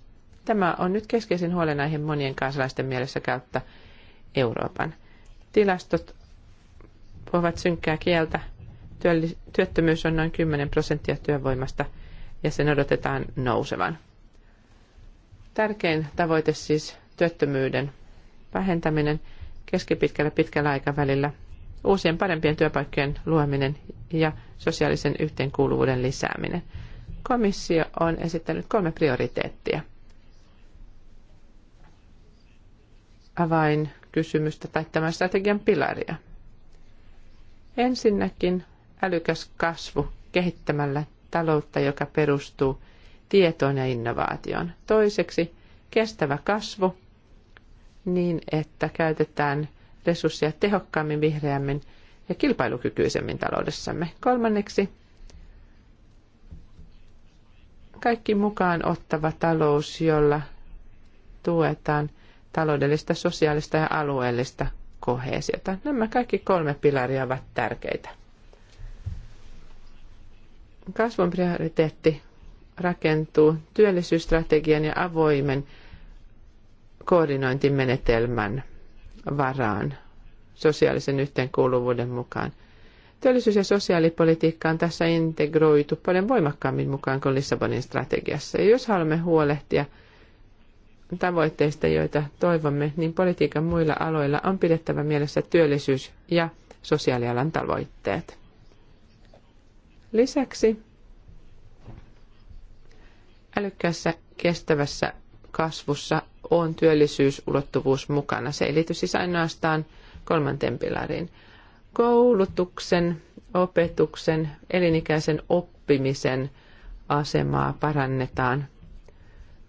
Tämä on nyt keskeisin huolenaihe monien kansalaisten mielessä kautta Euroopan. Tilastot puhuvat synkkää kieltä. Työttömyys on noin 10 prosenttia työvoimasta ja sen odotetaan nousevan. Tärkein tavoite siis työttömyyden vähentäminen keskipitkällä pitkällä aikavälillä, uusien parempien työpaikkojen luominen ja sosiaalisen yhteenkuuluvuuden lisääminen. Komissio on esittänyt kolme prioriteettia. kysymystä tai tämän strategian pilaria – Ensinnäkin älykäs kasvu kehittämällä taloutta, joka perustuu tietoon ja innovaatioon. Toiseksi kestävä kasvu niin, että käytetään resursseja tehokkaammin, vihreämmin ja kilpailukykyisemmin taloudessamme. Kolmanneksi kaikki mukaan ottava talous, jolla tuetaan taloudellista, sosiaalista ja alueellista koheesiota. Nämä kaikki kolme pilaria ovat tärkeitä. Kasvun prioriteetti rakentuu työllisyysstrategian ja avoimen koordinointimenetelmän varaan sosiaalisen yhteenkuuluvuuden mukaan. Työllisyys- ja sosiaalipolitiikka on tässä integroitu paljon voimakkaammin mukaan kuin Lissabonin strategiassa. Ja jos haluamme huolehtia – tavoitteista, joita toivomme, niin politiikan muilla aloilla on pidettävä mielessä työllisyys ja sosiaalialan tavoitteet. Lisäksi älykkäässä kestävässä kasvussa on työllisyysulottuvuus mukana. Se ei liity siis ainoastaan kolmanteen pilariin. Koulutuksen, opetuksen, elinikäisen oppimisen asemaa parannetaan.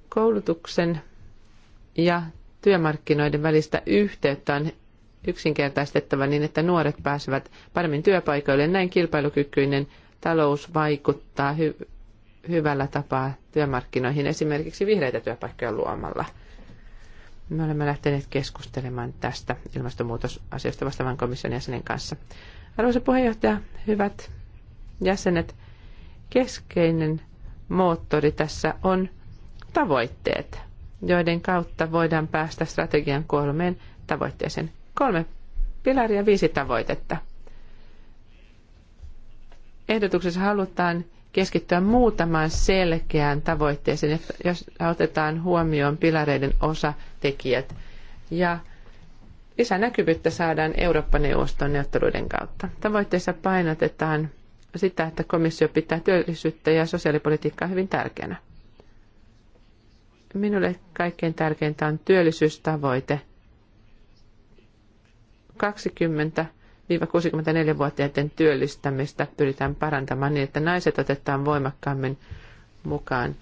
Koulutuksen ja työmarkkinoiden välistä yhteyttä on yksinkertaistettava niin, että nuoret pääsevät paremmin työpaikoille. Näin kilpailukykyinen talous vaikuttaa hy- hyvällä tapaa työmarkkinoihin esimerkiksi vihreitä työpaikkoja luomalla. Me olemme lähteneet keskustelemaan tästä ilmastonmuutosasioista vastaavan komission jäsenen kanssa. Arvoisa puheenjohtaja, hyvät jäsenet, keskeinen moottori tässä on tavoitteet joiden kautta voidaan päästä strategian kolmeen tavoitteeseen. Kolme pilaria, viisi tavoitetta. Ehdotuksessa halutaan keskittyä muutamaan selkeään tavoitteeseen, jos otetaan huomioon pilareiden osatekijät. Ja lisänäkyvyyttä saadaan Eurooppa-neuvoston neuvotteluiden kautta. Tavoitteessa painotetaan sitä, että komissio pitää työllisyyttä ja sosiaalipolitiikkaa hyvin tärkeänä. Minulle kaikkein tärkeintä on työllisyystavoite. 20-64-vuotiaiden työllistämistä pyritään parantamaan niin, että naiset otetaan voimakkaammin mukaan.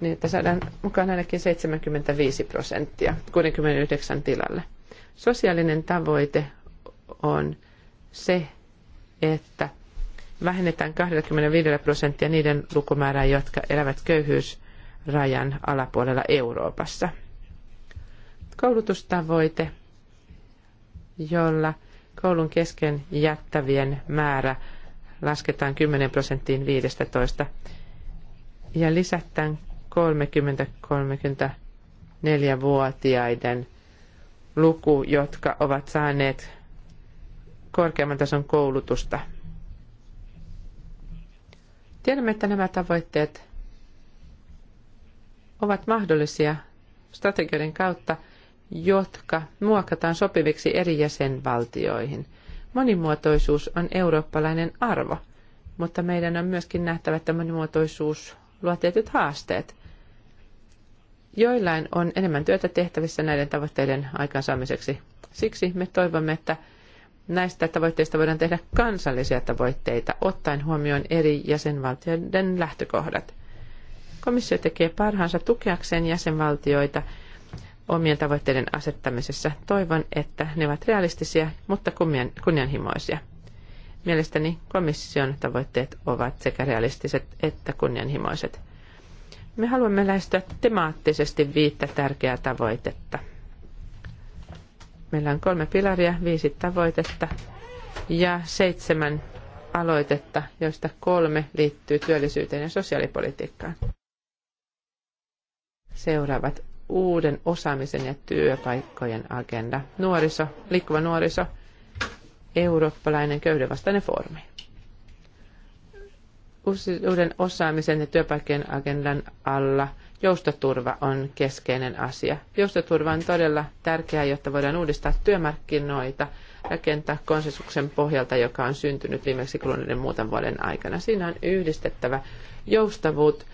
Niin, että saadaan mukaan ainakin 75 prosenttia 69 tilalle. Sosiaalinen tavoite on se, että vähennetään 25 prosenttia niiden lukumäärää, jotka elävät köyhyys- rajan alapuolella Euroopassa. Koulutustavoite, jolla koulun kesken jättävien määrä lasketaan 10 prosenttiin 15 ja lisätään 30-34-vuotiaiden luku, jotka ovat saaneet korkeamman tason koulutusta. Tiedämme, että nämä tavoitteet ovat mahdollisia strategioiden kautta, jotka muokataan sopiviksi eri jäsenvaltioihin. Monimuotoisuus on eurooppalainen arvo, mutta meidän on myöskin nähtävä, että monimuotoisuus luo tietyt haasteet. Joillain on enemmän työtä tehtävissä näiden tavoitteiden aikaansaamiseksi. Siksi me toivomme, että näistä tavoitteista voidaan tehdä kansallisia tavoitteita, ottaen huomioon eri jäsenvaltioiden lähtökohdat – Komissio tekee parhaansa tukeakseen jäsenvaltioita omien tavoitteiden asettamisessa. Toivon, että ne ovat realistisia, mutta kunnianhimoisia. Mielestäni komission tavoitteet ovat sekä realistiset että kunnianhimoiset. Me haluamme lähestyä temaattisesti viittä tärkeää tavoitetta. Meillä on kolme pilaria, viisi tavoitetta ja seitsemän aloitetta, joista kolme liittyy työllisyyteen ja sosiaalipolitiikkaan seuraavat uuden osaamisen ja työpaikkojen agenda. Nuoriso, liikkuva nuoriso, eurooppalainen köydenvastainen foorumi. Uuden osaamisen ja työpaikkojen agendan alla joustoturva on keskeinen asia. Joustoturva on todella tärkeää, jotta voidaan uudistaa työmarkkinoita, rakentaa konsensuksen pohjalta, joka on syntynyt viimeksi kuluneiden muutaman vuoden aikana. Siinä on yhdistettävä joustavuut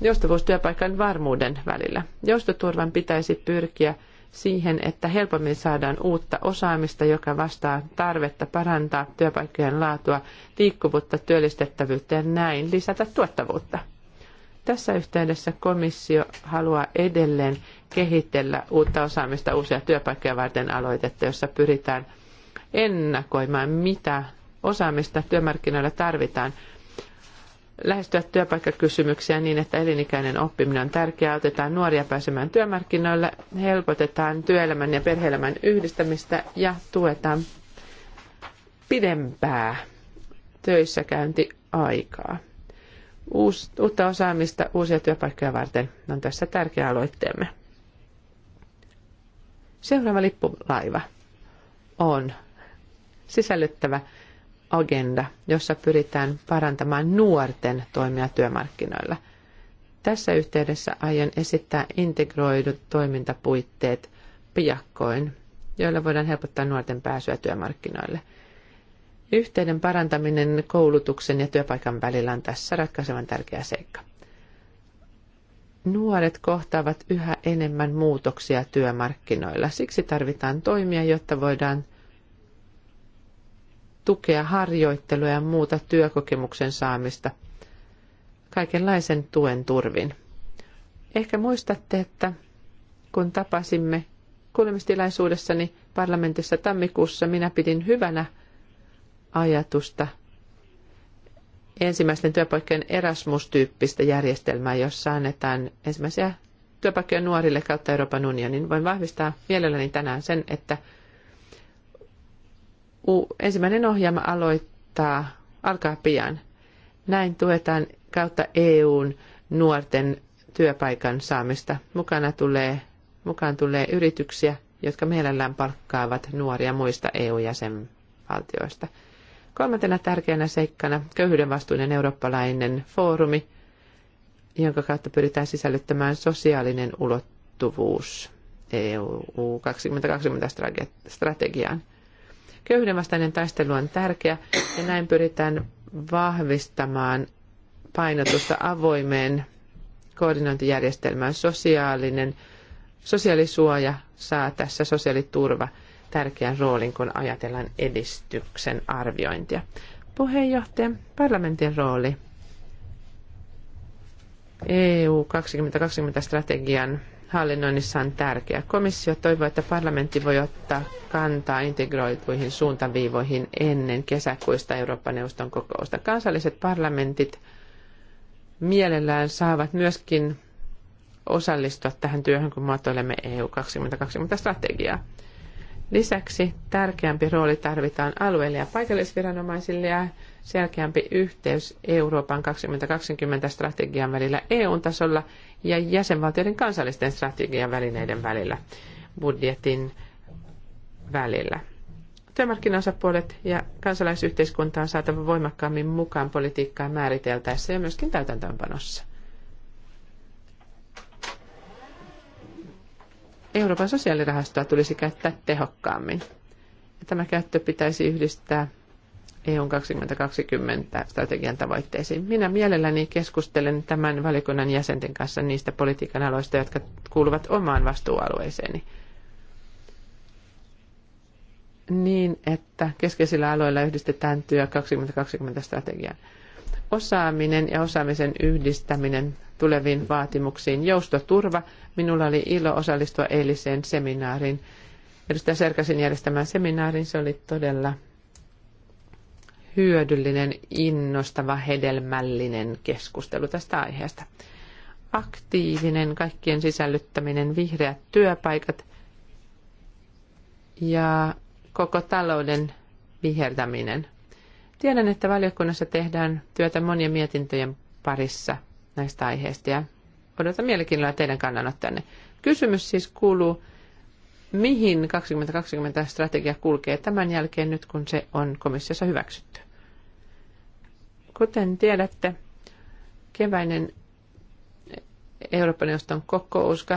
joustavuus työpaikan varmuuden välillä. Joustoturvan pitäisi pyrkiä siihen, että helpommin saadaan uutta osaamista, joka vastaa tarvetta parantaa työpaikkojen laatua, liikkuvuutta, työllistettävyyttä ja näin lisätä tuottavuutta. Tässä yhteydessä komissio haluaa edelleen kehitellä uutta osaamista uusia työpaikkoja varten aloitetta, jossa pyritään ennakoimaan, mitä osaamista työmarkkinoilla tarvitaan – lähestyä työpaikkakysymyksiä niin, että elinikäinen oppiminen on tärkeää. Otetaan nuoria pääsemään työmarkkinoille, helpotetaan työelämän ja perheelämän yhdistämistä ja tuetaan pidempää töissäkäyntiaikaa. Uus, uutta osaamista uusia työpaikkoja varten on tässä tärkeä aloitteemme. Seuraava lippulaiva on sisällyttävä agenda, jossa pyritään parantamaan nuorten toimia työmarkkinoilla. Tässä yhteydessä aion esittää integroidut toimintapuitteet piakkoin, joilla voidaan helpottaa nuorten pääsyä työmarkkinoille. Yhteyden parantaminen koulutuksen ja työpaikan välillä on tässä ratkaisevan tärkeä seikka. Nuoret kohtaavat yhä enemmän muutoksia työmarkkinoilla. Siksi tarvitaan toimia, jotta voidaan tukea harjoittelua ja muuta työkokemuksen saamista kaikenlaisen tuen turvin. Ehkä muistatte, että kun tapasimme kuulemistilaisuudessani parlamentissa tammikuussa, minä pidin hyvänä ajatusta ensimmäisten työpaikkojen Erasmus-tyyppistä järjestelmää, jossa annetaan ensimmäisiä työpaikkoja nuorille kautta Euroopan unionin. Voin vahvistaa mielelläni tänään sen, että ensimmäinen ohjelma aloittaa, alkaa pian. Näin tuetaan kautta EUn nuorten työpaikan saamista. Mukana tulee, mukaan tulee yrityksiä, jotka mielellään palkkaavat nuoria muista EU-jäsenvaltioista. Kolmantena tärkeänä seikkana köyhyyden vastuinen eurooppalainen foorumi, jonka kautta pyritään sisällyttämään sosiaalinen ulottuvuus EU 2020 strategiaan. Köyhyyden vastainen taistelu on tärkeä ja näin pyritään vahvistamaan painotusta avoimeen koordinointijärjestelmään. Sosiaalinen, sosiaalisuoja saa tässä sosiaaliturva tärkeän roolin, kun ajatellaan edistyksen arviointia. Puheenjohtaja, parlamentin rooli EU 2020 strategian hallinnoinnissa on tärkeä. Komissio toivoo, että parlamentti voi ottaa kantaa integroituihin suuntaviivoihin ennen kesäkuista Euroopan neuvoston kokousta. Kansalliset parlamentit mielellään saavat myöskin osallistua tähän työhön, kun muotoilemme EU 2020 strategiaa. Lisäksi tärkeämpi rooli tarvitaan alueille ja paikallisviranomaisille ja selkeämpi yhteys Euroopan 2020-strategian välillä EU-tasolla ja jäsenvaltioiden kansallisten strategian välineiden välillä, budjetin välillä. Työmarkkinaosapuolet ja kansalaisyhteiskunta on saatava voimakkaammin mukaan politiikkaa määriteltäessä ja myöskin täytäntöönpanossa. Euroopan sosiaalirahastoa tulisi käyttää tehokkaammin. Tämä käyttö pitäisi yhdistää EUn 2020 strategian tavoitteisiin. Minä mielelläni keskustelen tämän valikunnan jäsenten kanssa niistä politiikan aloista, jotka kuuluvat omaan vastuualueeseeni. Niin, että keskeisillä aloilla yhdistetään työ 2020 strategiaan. Osaaminen ja osaamisen yhdistäminen tuleviin vaatimuksiin. Joustoturva. Minulla oli ilo osallistua eiliseen seminaariin. Edustaja Serkasin järjestämään seminaariin. Se oli todella hyödyllinen, innostava, hedelmällinen keskustelu tästä aiheesta. Aktiivinen kaikkien sisällyttäminen, vihreät työpaikat ja koko talouden vihertäminen. Tiedän, että valiokunnassa tehdään työtä monien mietintöjen parissa näistä aiheista ja odotan mielenkiinnolla teidän kannanottanne. Kysymys siis kuuluu, mihin 2020 strategia kulkee tämän jälkeen nyt, kun se on komissiossa hyväksytty. Kuten tiedätte, keväinen Euroopan neuvoston kokous 25.–26.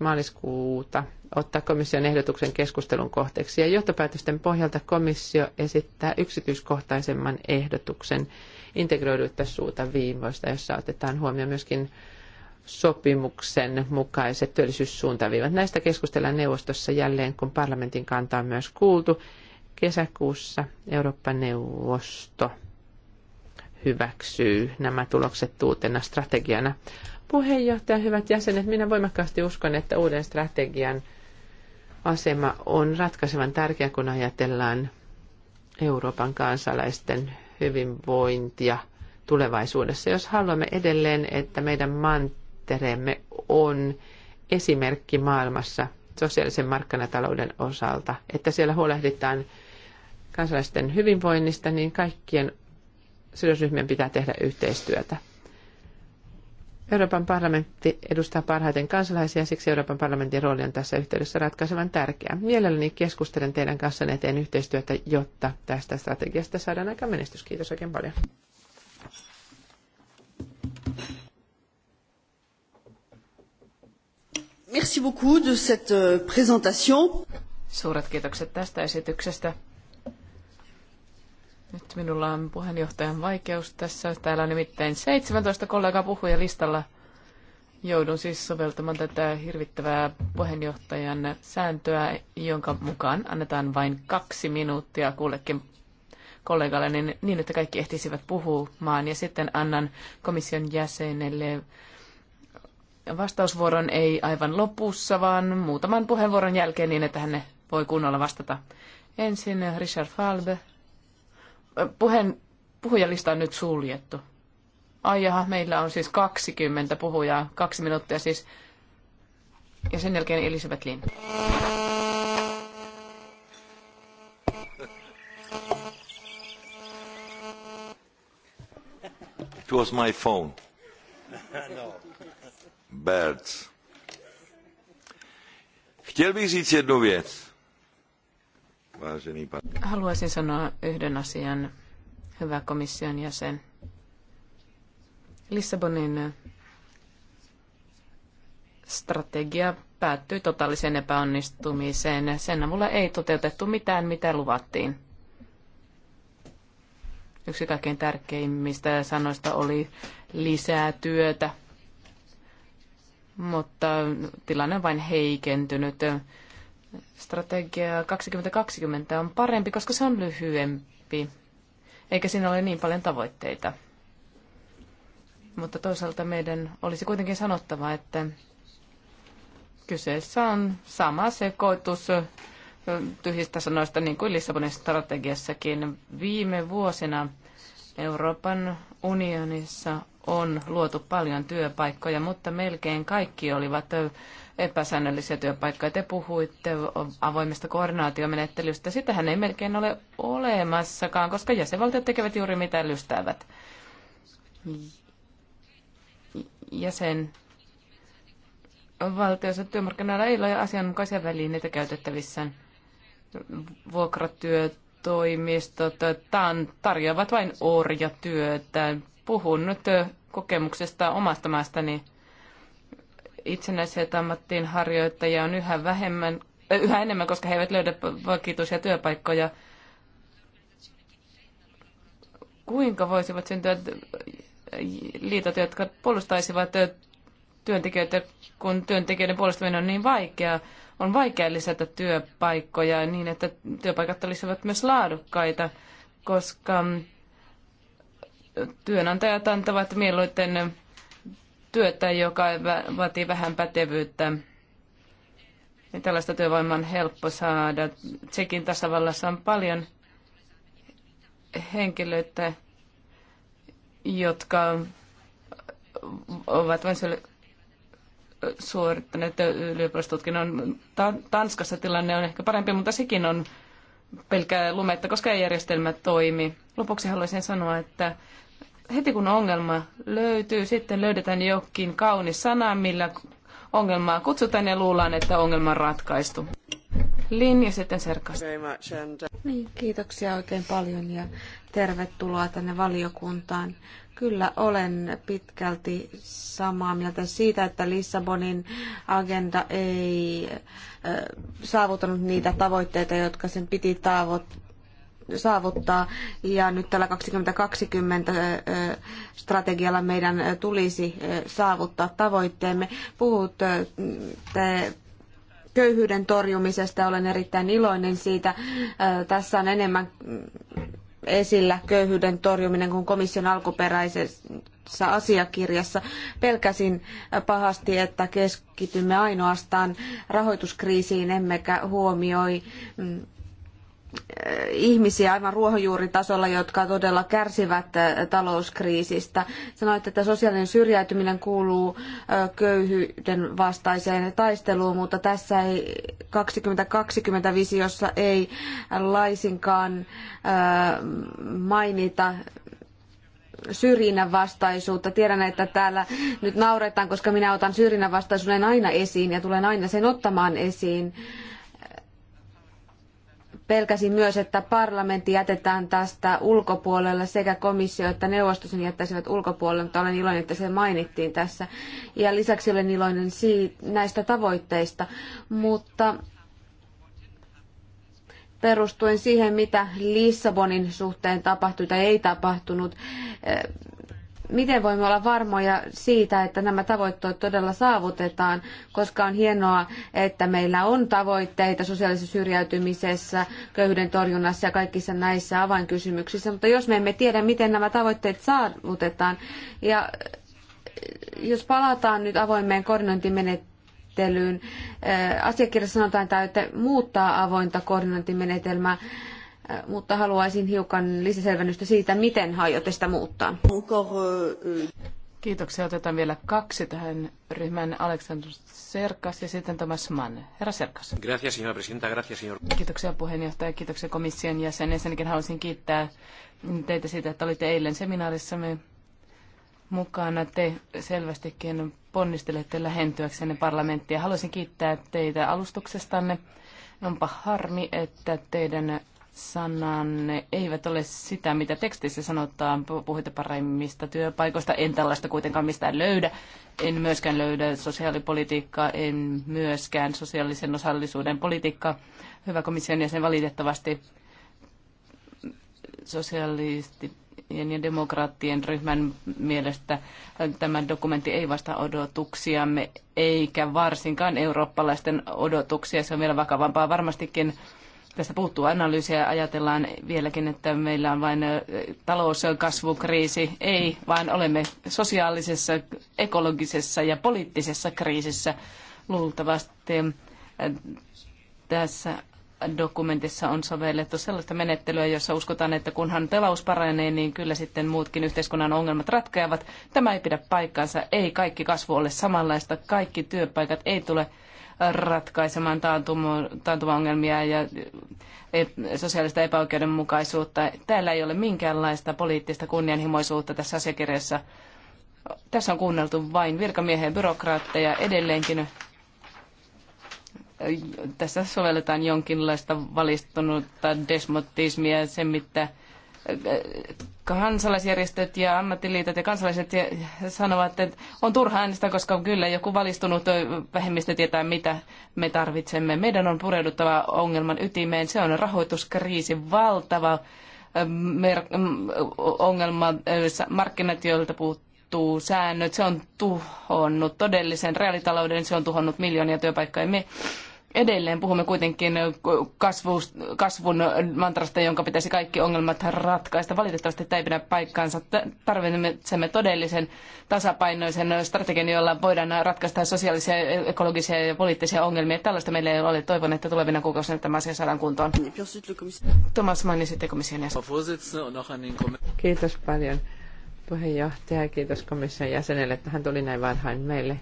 maaliskuuta ottaa komission ehdotuksen keskustelun kohteeksi ja johtopäätösten pohjalta komissio esittää yksityiskohtaisemman ehdotuksen integroiduutta suuta viivoista, jossa otetaan huomioon myöskin sopimuksen mukaiset työllisyyssuuntaviivat. Näistä keskustellaan neuvostossa jälleen, kun parlamentin kanta on myös kuultu. Kesäkuussa Euroopan neuvosto hyväksyy nämä tulokset uutena strategiana. Puheenjohtaja, hyvät jäsenet, minä voimakkaasti uskon, että uuden strategian asema on ratkaisevan tärkeä, kun ajatellaan Euroopan kansalaisten hyvinvointia tulevaisuudessa. Jos haluamme edelleen, että meidän mantra Mantereemme on esimerkki maailmassa sosiaalisen markkinatalouden osalta, että siellä huolehditaan kansalaisten hyvinvoinnista, niin kaikkien sidosryhmien pitää tehdä yhteistyötä. Euroopan parlamentti edustaa parhaiten kansalaisia, siksi Euroopan parlamentin rooli on tässä yhteydessä ratkaisevan tärkeä. Mielelläni keskustelen teidän kanssanne eteen yhteistyötä, jotta tästä strategiasta saadaan aika menestys. Kiitos oikein paljon. Merci beaucoup de cette euh, présentation. Suuret kiitokset tästä esityksestä. Nyt minulla on puheenjohtajan vaikeus tässä. Täällä on nimittäin 17 kollegaa puhuja listalla. Joudun siis soveltamaan tätä hirvittävää puheenjohtajan sääntöä, jonka mukaan annetaan vain kaksi minuuttia kullekin kollegalle niin, niin että kaikki ehtisivät puhumaan. Ja sitten annan komission jäsenelle vastausvuoron ei aivan lopussa, vaan muutaman puheenvuoron jälkeen niin, että hän voi kunnolla vastata. Ensin Richard Falbe. Puheen, puhujalista on nyt suljettu. Ai jaha, meillä on siis 20 puhujaa, kaksi minuuttia siis. Ja sen jälkeen Elisabeth Lind. It was my phone. *laughs* no. Chtěl bych říct jednu věc. Vážený pan. Haluaisin sanoa yhden asian, hyvä komission jäsen. Lissabonin strategia päättyi totaaliseen epäonnistumiseen. Sen avulla ei toteutettu mitään, mitä luvattiin. Yksi kaikkein tärkeimmistä sanoista oli lisää työtä mutta tilanne on vain heikentynyt. Strategia 2020 on parempi, koska se on lyhyempi, eikä siinä ole niin paljon tavoitteita. Mutta toisaalta meidän olisi kuitenkin sanottava, että kyseessä on sama sekoitus tyhjistä sanoista niin kuin Lissabonin strategiassakin. Viime vuosina Euroopan unionissa on luotu paljon työpaikkoja, mutta melkein kaikki olivat epäsäännöllisiä työpaikkoja. Te puhuitte avoimesta koordinaatiomenettelystä. Sitähän ei melkein ole olemassakaan, koska jäsenvaltiot tekevät juuri mitä lystäävät. Jäsen valtiossa työmarkkinoilla ei ole asianmukaisia välineitä käytettävissä. Vuokratyöt, tarjoavat vain orjatyötä Puhun nyt kokemuksesta omasta maastani. Itsenäiset ammattiin harjoittajia on yhä vähemmän, yhä enemmän, koska he eivät löydä vakituisia työpaikkoja. Kuinka voisivat syntyä liitot, jotka puolustaisivat työntekijöitä, kun työntekijöiden puolustaminen on niin vaikeaa. On vaikea lisätä työpaikkoja niin, että työpaikat olisivat myös laadukkaita, koska työnantajat antavat mieluiten työtä, joka vaatii vähän pätevyyttä. Ja tällaista työvoimaa on helppo saada. Tsekin tasavallassa on paljon henkilöitä, jotka ovat vain suorittaneet yliopistotutkinnon. Tanskassa tilanne on ehkä parempi, mutta sekin on pelkää lumetta, koska ei järjestelmä toimi. Lopuksi haluaisin sanoa, että heti kun ongelma löytyy, sitten löydetään jokin kaunis sana, millä ongelmaa kutsutaan ja luullaan, että ongelma on ratkaistu. Linja sitten Serkas. Uh, niin, kiitoksia oikein paljon ja tervetuloa tänne valiokuntaan. Kyllä olen pitkälti samaa mieltä siitä, että Lissabonin agenda ei saavuttanut niitä tavoitteita, jotka sen piti saavuttaa. Ja nyt tällä 2020 strategialla meidän tulisi saavuttaa tavoitteemme. Puhut te köyhyyden torjumisesta, olen erittäin iloinen siitä. Tässä on enemmän esillä köyhyyden torjuminen kuin komission alkuperäisessä asiakirjassa. Pelkäsin pahasti, että keskitymme ainoastaan rahoituskriisiin, emmekä huomioi mm, ihmisiä aivan ruohonjuuritasolla, jotka todella kärsivät äh, talouskriisistä. Sanoit, että sosiaalinen syrjäytyminen kuuluu äh, köyhyyden vastaiseen taisteluun, mutta tässä ei 2020 visiossa ei laisinkaan äh, mainita syrjinnän vastaisuutta. Tiedän, että täällä nyt nauretaan, koska minä otan syrjinnän vastaisuuden aina esiin ja tulen aina sen ottamaan esiin. Pelkäsin myös, että parlamentti jätetään tästä ulkopuolelle sekä komissio että neuvosto sen jättäisivät ulkopuolelle, mutta olen iloinen, että se mainittiin tässä. Ja lisäksi olen iloinen siitä, näistä tavoitteista, mutta perustuen siihen, mitä Lissabonin suhteen tapahtui tai ei tapahtunut, eh, miten voimme olla varmoja siitä, että nämä tavoitteet todella saavutetaan, koska on hienoa, että meillä on tavoitteita sosiaalisessa syrjäytymisessä, köyhyyden torjunnassa ja kaikissa näissä avainkysymyksissä, mutta jos me emme tiedä, miten nämä tavoitteet saavutetaan, ja jos palataan nyt avoimeen koordinointimenettelyyn, eh, Asiakirjassa sanotaan, että muuttaa avointa koordinointimenetelmää. Äh, mutta haluaisin hiukan lisäselvennystä siitä, miten aiotte muuttaa. Äh, Kiitoksia. Otetaan vielä kaksi tähän ryhmän. Aleksandr Serkas ja sitten Thomas Mann. Herra Serkas. Gracias, señora presidenta. Gracias, señor. Kiitoksia puheenjohtaja. Kiitoksia komission jäsen. Ensinnäkin haluaisin kiittää teitä siitä, että olitte eilen seminaarissamme mukana. Te selvästikin ponnistelette lähentyäksenne parlamenttia. Haluaisin kiittää teitä alustuksestanne. Onpa harmi, että teidän sananne eivät ole sitä, mitä tekstissä sanotaan. Puhuitte paremmista työpaikoista. En tällaista kuitenkaan mistään löydä. En myöskään löydä sosiaalipolitiikkaa, en myöskään sosiaalisen osallisuuden politiikkaa. Hyvä komission jäsen, valitettavasti sosialisti ja demokraattien ryhmän mielestä tämä dokumentti ei vastaa odotuksiamme, eikä varsinkaan eurooppalaisten odotuksia. Se on vielä vakavampaa varmastikin tästä puuttuu analyysiä. Ajatellaan vieläkin, että meillä on vain eh, talouskasvukriisi. Ei, vaan olemme sosiaalisessa, ekologisessa ja poliittisessa kriisissä luultavasti. Eh, tässä dokumentissa on sovellettu sellaista menettelyä, jossa uskotaan, että kunhan talous paranee, niin kyllä sitten muutkin yhteiskunnan ongelmat ratkeavat. Tämä ei pidä paikkaansa. Ei kaikki kasvu ole samanlaista. Kaikki työpaikat ei tule ratkaisemaan ongelmia ja e, sosiaalista epäoikeudenmukaisuutta. Täällä ei ole minkäänlaista poliittista kunnianhimoisuutta tässä asiakirjassa. Tässä on kuunneltu vain virkamiehen ja byrokraatteja edelleenkin. Tässä sovelletaan jonkinlaista valistunutta desmotismia, sen, mitä kansalaisjärjestöt ja ammattiliitot ja kansalaiset sanovat, että on turha äänestää, koska on kyllä joku valistunut vähemmistö tietää, mitä me tarvitsemme. Meidän on pureuduttava ongelman ytimeen. Se on rahoituskriisi, valtava ongelma, markkinat, joilta puuttuu säännöt. Se on tuhonnut todellisen reaalitalouden, se on tuhonnut miljoonia työpaikkoja. Me edelleen puhumme kuitenkin kasvun mantrasta, jonka pitäisi kaikki ongelmat ratkaista. Valitettavasti tämä ei pidä paikkaansa. Tarvitsemme todellisen tasapainoisen strategian, jolla voidaan ratkaista sosiaalisia, ekologisia ja poliittisia ongelmia. Tällaista meillä ei ole. Toivon, että tulevina kuukausina tämä asia saadaan kuntoon. Thomas Manni sitten komission jäsen. Kiitos paljon puheenjohtaja. Kiitos komission jäsenelle, että hän tuli näin varhain meille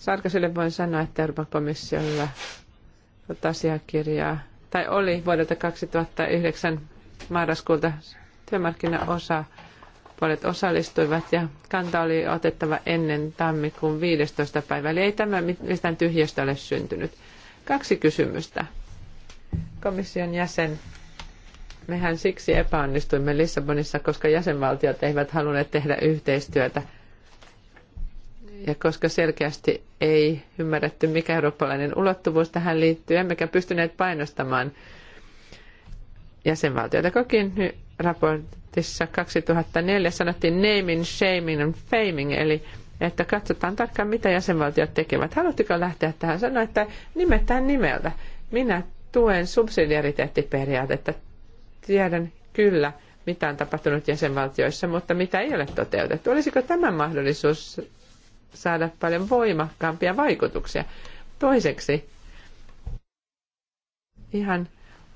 Sarkasille voin sanoa, että Euroopan komissiolla tätä asiakirjaa, tai oli vuodelta 2009 marraskuulta työmarkkinaosa puolet osallistuivat ja kanta oli otettava ennen tammikuun 15. päivää. Eli ei tämä mistään tyhjästä ole syntynyt. Kaksi kysymystä. Komission jäsen, mehän siksi epäonnistuimme Lissabonissa, koska jäsenvaltiot eivät halunneet tehdä yhteistyötä – ja koska selkeästi ei ymmärretty, mikä eurooppalainen ulottuvuus tähän liittyy, emmekä pystyneet painostamaan jäsenvaltioita. Kokin raportissa 2004 sanottiin naming, shaming and faming, eli että katsotaan tarkkaan, mitä jäsenvaltiot tekevät. Haluatteko lähteä tähän sanoa, että nimetään nimeltä. Minä tuen subsidiariteettiperiaatetta. Tiedän kyllä, mitä on tapahtunut jäsenvaltioissa, mutta mitä ei ole toteutettu. Olisiko tämä mahdollisuus saada paljon voimakkaampia vaikutuksia. Toiseksi, ihan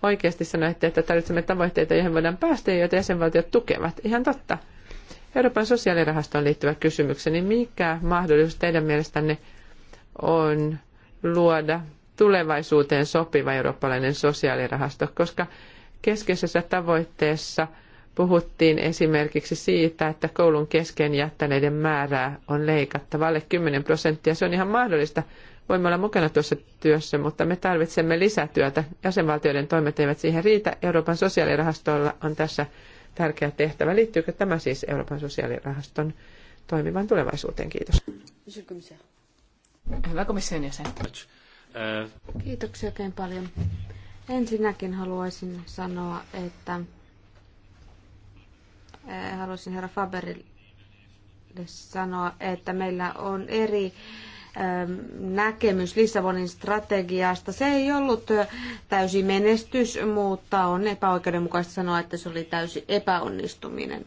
oikeasti sanoitte, että tarvitsemme tavoitteita, joihin voidaan päästä ja joita jäsenvaltiot tukevat. Ihan totta. Euroopan sosiaalirahastoon liittyvä kysymykseni, mikä mahdollisuus teidän mielestänne on luoda tulevaisuuteen sopiva eurooppalainen sosiaalirahasto, koska keskeisessä tavoitteessa – Puhuttiin esimerkiksi siitä, että koulun kesken jättäneiden määrää on leikattava alle 10 prosenttia. Se on ihan mahdollista. Voimme olla mukana tuossa työssä, mutta me tarvitsemme lisätyötä. Jäsenvaltioiden toimet eivät siihen riitä. Euroopan sosiaalirahastolla on tässä tärkeä tehtävä. Liittyykö tämä siis Euroopan sosiaalirahaston toimivan tulevaisuuteen? Kiitos. Hyvä komission jäsen. Kiitoksia oikein paljon. Ensinnäkin haluaisin sanoa, että Eh, haluaisin herra Faberille sanoa, että meillä on eri ähm, näkemys Lissabonin strategiasta. Se ei ollut äh, täysi menestys, mutta on epäoikeudenmukaista sanoa, että se oli täysi epäonnistuminen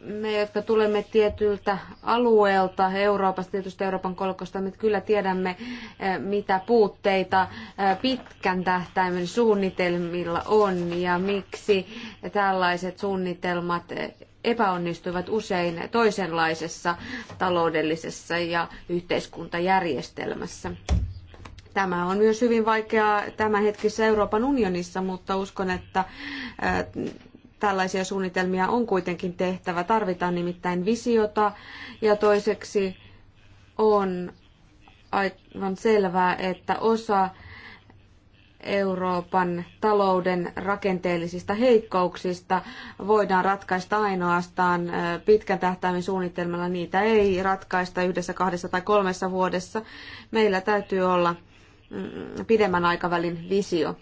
me, jotka tulemme tietyltä alueelta Euroopasta, tietystä Euroopan kolkosta, me kyllä tiedämme, eh, mitä puutteita eh, pitkän tähtäimen suunnitelmilla on ja miksi tällaiset suunnitelmat eh, epäonnistuivat usein toisenlaisessa taloudellisessa ja yhteiskuntajärjestelmässä. Tämä on myös hyvin vaikeaa tämänhetkisessä Euroopan unionissa, mutta uskon, että tällaisia suunnitelmia on kuitenkin tehtävä. Tarvitaan nimittäin visiota ja toiseksi on aivan selvää, että osa Euroopan talouden rakenteellisista heikkouksista voidaan ratkaista ainoastaan pitkän tähtäimen suunnitelmalla. Niitä ei ratkaista yhdessä, kahdessa tai kolmessa vuodessa. Meillä täytyy olla mm, pidemmän aikavälin visio.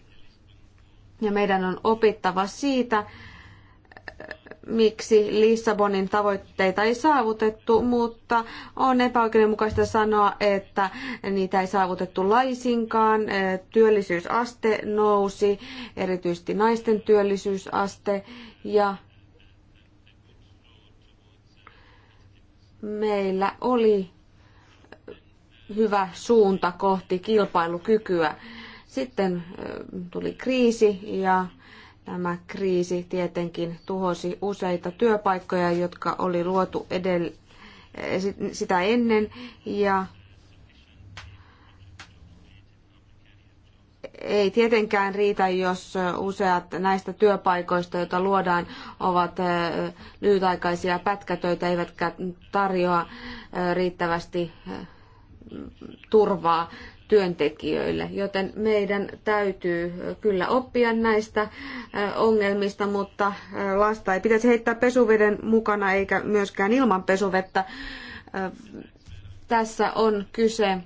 Ja meidän on opittava siitä, miksi Lissabonin tavoitteita ei saavutettu, mutta on epäoikeudenmukaista sanoa, että niitä ei saavutettu laisinkaan. Työllisyysaste nousi, erityisesti naisten työllisyysaste ja meillä oli hyvä suunta kohti kilpailukykyä. Sitten tuli kriisi ja Tämä kriisi tietenkin tuhosi useita työpaikkoja, jotka oli luotu edellä, eh, sitä ennen ja ei tietenkään riitä, jos useat näistä työpaikoista, joita luodaan, ovat eh, lyhytaikaisia pätkätöitä, eivätkä tarjoa eh, riittävästi turvaa työntekijöille. Joten meidän täytyy kyllä oppia näistä ongelmista, mutta lasta ei pitäisi heittää pesuveden mukana eikä myöskään ilman pesuvettä. Tässä on kyse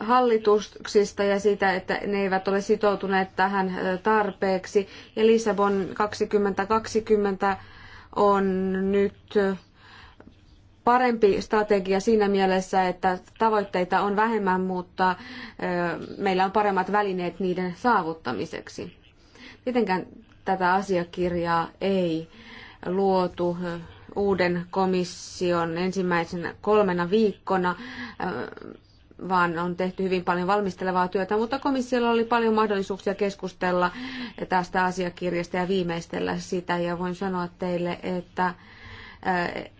hallituksista ja siitä, että ne eivät ole sitoutuneet tähän tarpeeksi. Ja Lissabon 2020 on nyt parempi strategia siinä mielessä, että tavoitteita on vähemmän, mutta meillä on paremmat välineet niiden saavuttamiseksi. Tietenkään tätä asiakirjaa ei luotu uuden komission ensimmäisenä kolmena viikkona, vaan on tehty hyvin paljon valmistelevaa työtä, mutta komissiolla oli paljon mahdollisuuksia keskustella tästä asiakirjasta ja viimeistellä sitä. Ja voin sanoa teille, että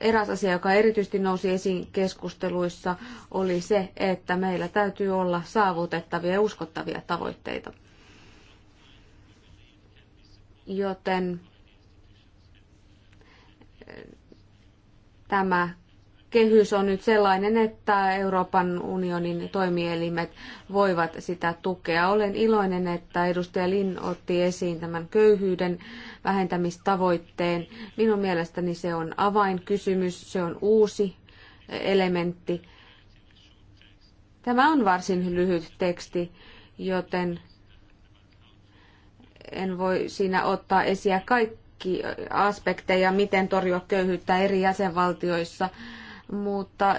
eräs asia, joka erityisesti nousi esiin keskusteluissa, oli se, että meillä täytyy olla saavutettavia ja uskottavia tavoitteita. Joten tämä kehys on nyt sellainen, että Euroopan unionin toimielimet voivat sitä tukea. Olen iloinen, että edustaja Lin otti esiin tämän köyhyyden vähentämistavoitteen. Minun mielestäni se on avainkysymys, se on uusi elementti. Tämä on varsin lyhyt teksti, joten en voi siinä ottaa esiä kaikki aspekteja, miten torjua köyhyyttä eri jäsenvaltioissa mutta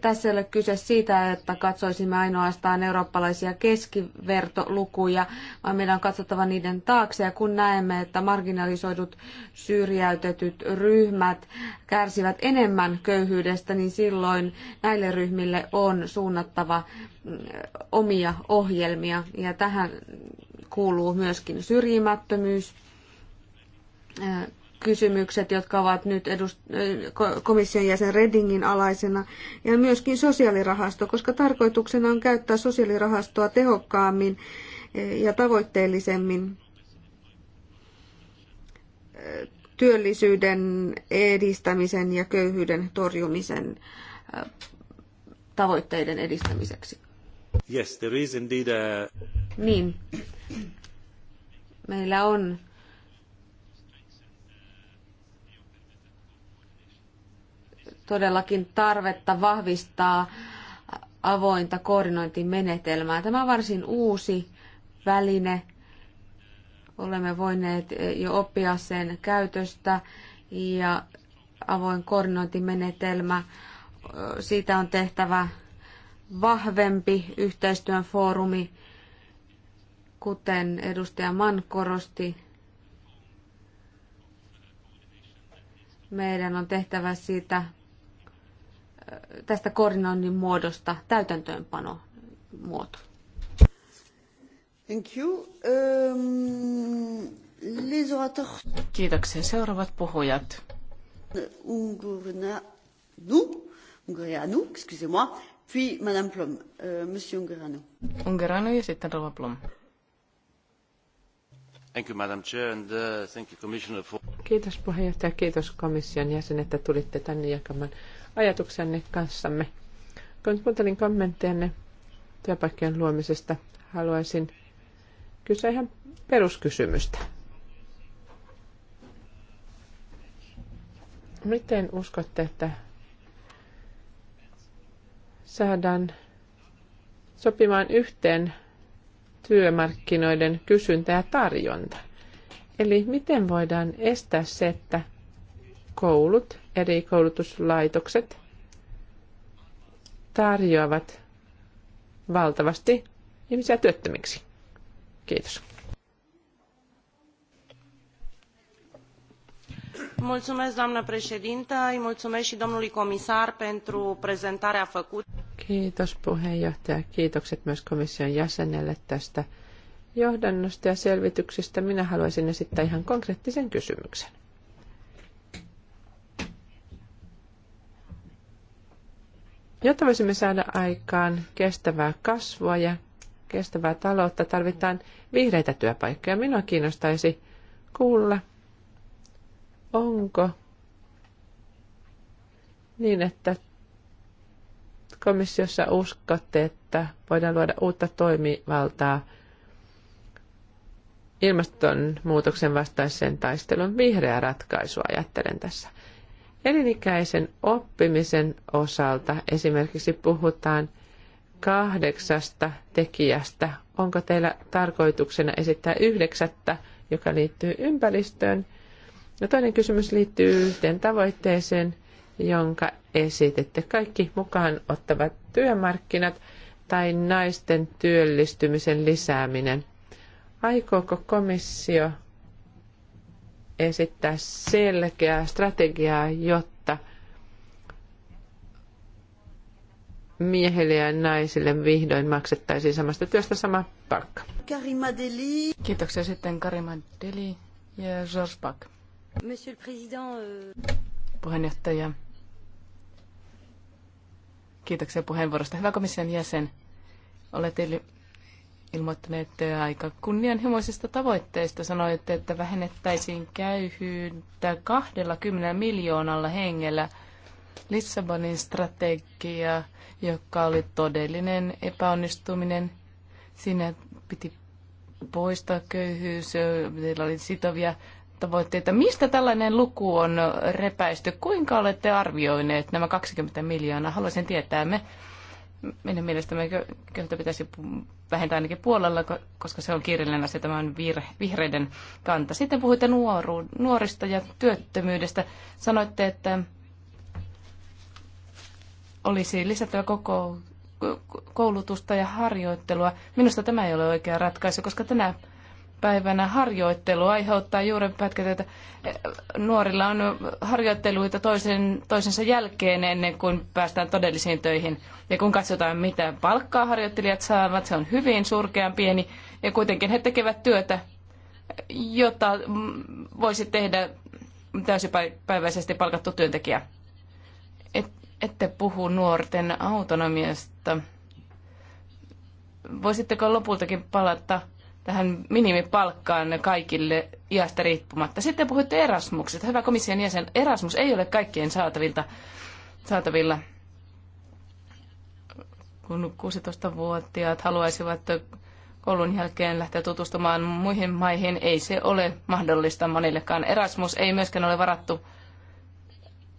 tässä ei ole kyse siitä, että katsoisimme ainoastaan eurooppalaisia keskivertolukuja, vaan meidän on katsottava niiden taakse. Ja kun näemme, että marginalisoidut syrjäytetyt ryhmät kärsivät enemmän köyhyydestä, niin silloin näille ryhmille on suunnattava mm, omia ohjelmia. Ja tähän kuuluu myöskin syrjimättömyys kysymykset, jotka ovat nyt edust- komission jäsen Redingin alaisena, ja myöskin sosiaalirahasto, koska tarkoituksena on käyttää sosiaalirahastoa tehokkaammin ja tavoitteellisemmin työllisyyden edistämisen ja köyhyyden torjumisen tavoitteiden edistämiseksi. Yes, there is indeed a... Niin. Meillä on todellakin tarvetta vahvistaa avointa koordinointimenetelmää. Tämä on varsin uusi väline. Olemme voineet jo oppia sen käytöstä ja avoin koordinointimenetelmä, siitä on tehtävä vahvempi yhteistyön foorumi, kuten edustaja Mann korosti. Meidän on tehtävä siitä tästä koordinoinnin muodosta täytäntöönpano muoto. Thank you. Um, les orateurs... Kiitoksia. Seuraavat puhujat. Ungurna, nu, Ungurianu, excusez-moi, puis Madame Plum, uh, Monsieur Ungurianu. Ungurianu ja sitten Rova Plum. Thank you, Madam Chair, and uh, thank you, Commissioner, for... Kiitos puheenjohtaja, kiitos komission jäsen, että tulitte tänne jakamaan ajatuksenne kanssamme. Kun kuuntelin kommenttejanne työpaikkojen luomisesta, haluaisin kysyä ihan peruskysymystä. Miten uskotte, että saadaan sopimaan yhteen työmarkkinoiden kysyntä ja tarjonta? Eli miten voidaan estää se, että koulut eri koulutuslaitokset tarjoavat valtavasti ihmisiä työttömiksi. Kiitos. Mulțumesc, doamnă președintă, îi mulțumesc și domnului comisar pentru prezentarea făcută. Kiitos puheenjohtaja, kiitokset myös komission jäsenelle tästä johdannosta ja selvityksestä. Minä haluaisin esittää ihan konkreettisen kysymyksen. Jotta voisimme saada aikaan kestävää kasvua ja kestävää taloutta, tarvitaan vihreitä työpaikkoja. Minua kiinnostaisi kuulla, onko niin, että komissiossa uskotte, että voidaan luoda uutta toimivaltaa ilmastonmuutoksen vastaiseen taisteluun. Vihreää ratkaisua ajattelen tässä. Elinikäisen oppimisen osalta esimerkiksi puhutaan kahdeksasta tekijästä. Onko teillä tarkoituksena esittää yhdeksättä, joka liittyy ympäristöön? No toinen kysymys liittyy yhteen tavoitteeseen, jonka esitette. Kaikki mukaan ottavat työmarkkinat tai naisten työllistymisen lisääminen. Aikooko komissio esittää selkeää strategiaa, jotta miehille ja naisille vihdoin maksettaisiin samasta työstä sama palkka. Karima Deli. Kiitoksia sitten Karima Deli ja George Bach. Monsieur le Président. Euh, Puheenjohtaja. Kiitoksia puheenvuorosta. Hyvä komission jäsen. Olette ilmoittaneet aika kunnianhimoisista tavoitteista. Sanoitte, että vähennettäisiin käyhyyttä 20 miljoonalla hengellä. Lissabonin strategia, joka oli todellinen epäonnistuminen. Siinä piti poistaa köyhyys, teillä oli sitovia tavoitteita. Mistä tällainen luku on repäisty? Kuinka olette arvioineet nämä 20 miljoonaa? Haluaisin tietää. Me Minun me köyhyyttä pitäisi vähentää ainakin puolella, koska se on kiireellinen asia, tämä on vihreiden kanta. Sitten puhuitte nuoru, nuorista ja työttömyydestä. Sanoitte, että olisi lisättävä koko koulutusta ja harjoittelua. Minusta tämä ei ole oikea ratkaisu, koska tänä päivänä harjoittelu aiheuttaa juuri että eh, Nuorilla on harjoitteluita toisen, toisensa jälkeen ennen kuin päästään todellisiin töihin. Ja kun katsotaan, mitä palkkaa harjoittelijat saavat, se on hyvin surkean pieni. Ja kuitenkin he tekevät työtä, jota mm, voisi tehdä täysipäiväisesti palkattu työntekijä. Et, ette puhu nuorten autonomiasta. Voisitteko lopultakin palata tähän minimipalkkaan kaikille iästä riippumatta. Sitten puhuitte Erasmuksesta. Hyvä komission jäsen, Erasmus ei ole kaikkien saatavilta, saatavilla. Kun 16-vuotiaat haluaisivat koulun jälkeen lähteä tutustumaan muihin maihin, ei se ole mahdollista monillekaan. Erasmus ei myöskään ole varattu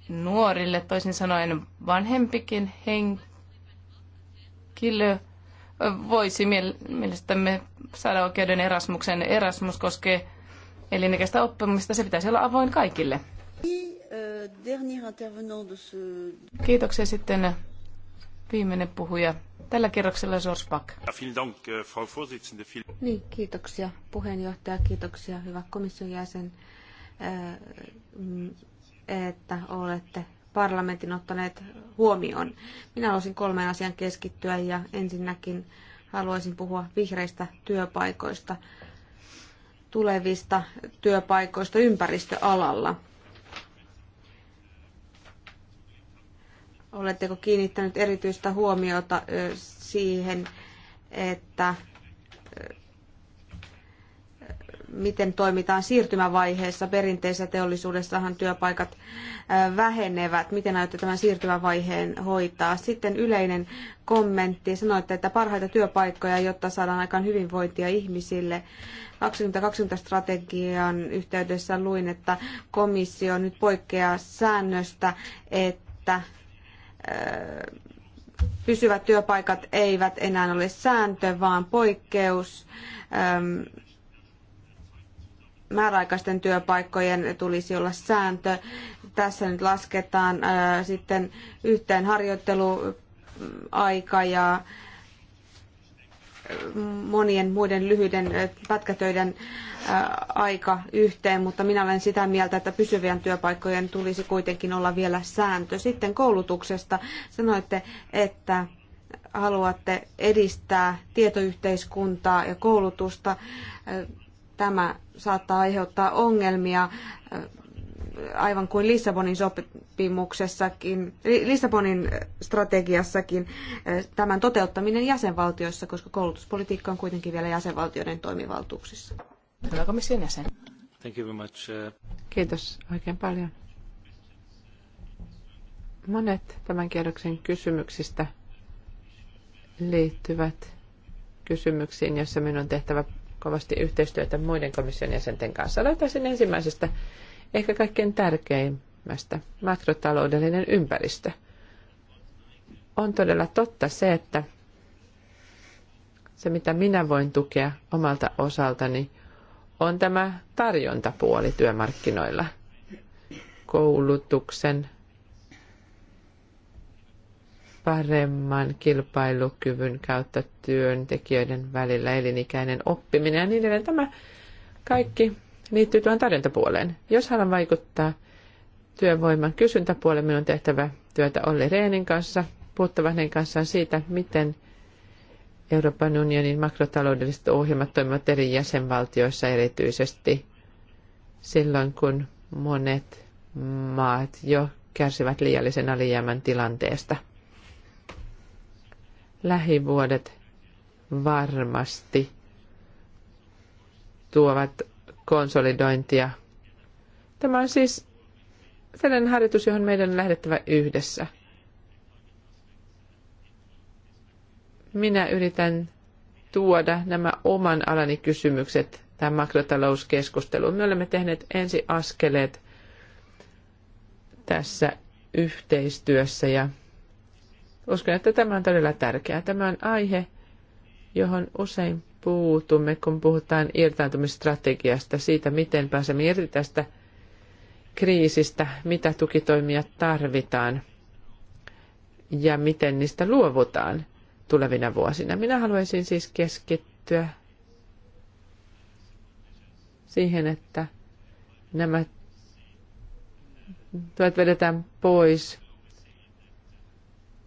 nuorille, toisin sanoen vanhempikin henkilö voisi mielestämme saada oikeuden Erasmuksen. Erasmus koskee elinikäistä oppimista, se pitäisi olla avoin kaikille. Kiitoksia sitten viimeinen puhuja tällä kerroksella George äh, Niin, kiitoksia puheenjohtaja, kiitoksia hyvä komission jäsen, äh, mm, että olette parlamentin ottaneet huomioon. Minä haluaisin kolmeen asian keskittyä ja ensinnäkin Haluaisin puhua vihreistä työpaikoista, tulevista työpaikoista ympäristöalalla. Oletteko kiinnittänyt erityistä huomiota siihen, että miten toimitaan siirtymävaiheessa. Perinteisessä teollisuudessahan työpaikat vähenevät. Miten aiotte tämän siirtymävaiheen hoitaa? Sitten yleinen kommentti. Sanoitte, että parhaita työpaikkoja, jotta saadaan aikaan hyvinvointia ihmisille. 2020-strategian yhteydessä luin, että komissio nyt poikkeaa säännöstä, että pysyvät työpaikat eivät enää ole sääntö, vaan poikkeus määräaikaisten työpaikkojen tulisi olla sääntö. Tässä nyt lasketaan sitten yhteen harjoitteluaika ja monien muiden lyhyiden pätkätöiden aika yhteen, mutta minä olen sitä mieltä, että pysyvien työpaikkojen tulisi kuitenkin olla vielä sääntö. Sitten koulutuksesta sanoitte, että haluatte edistää tietoyhteiskuntaa ja koulutusta. Tämä saattaa aiheuttaa ongelmia äh, aivan kuin Lissabonin sopimuksessakin, Lissabonin strategiassakin äh, tämän toteuttaminen jäsenvaltioissa, koska koulutuspolitiikka on kuitenkin vielä jäsenvaltioiden toimivaltuuksissa. Hyvä komission jäsen. Thank you very much. Uh, Kiitos oikein paljon. Monet tämän kierroksen kysymyksistä liittyvät kysymyksiin, joissa minun on tehtävä kovasti yhteistyötä muiden komission jäsenten kanssa. Aloitaisin ensimmäisestä, ehkä kaikkein tärkeimmästä, makrotaloudellinen ympäristö. On todella totta se, että se mitä minä voin tukea omalta osaltani on tämä tarjontapuoli työmarkkinoilla. Koulutuksen, paremman kilpailukyvyn kautta työntekijöiden välillä, elinikäinen oppiminen ja niin edelleen. Tämä kaikki liittyy tuon tarjontapuoleen. Jos haluan vaikuttaa työvoiman kysyntäpuoleen, minun on tehtävä työtä Olli Reenin kanssa, puhuttava hänen kanssaan siitä, miten Euroopan unionin makrotaloudelliset ohjelmat toimivat eri jäsenvaltioissa erityisesti silloin, kun monet maat jo kärsivät liiallisen alijäämän tilanteesta – lähivuodet varmasti tuovat konsolidointia. Tämä on siis sellainen harjoitus, johon meidän on lähdettävä yhdessä. Minä yritän tuoda nämä oman alani kysymykset tähän makrotalouskeskusteluun. Me olemme tehneet ensi askeleet tässä yhteistyössä ja Uskon, että tämä on todella tärkeää. Tämä on aihe, johon usein puutumme, kun puhutaan irtaantumistrategiasta, siitä, miten pääsemme irti tästä kriisistä, mitä tukitoimia tarvitaan ja miten niistä luovutaan tulevina vuosina. Minä haluaisin siis keskittyä siihen, että nämä tuet vedetään pois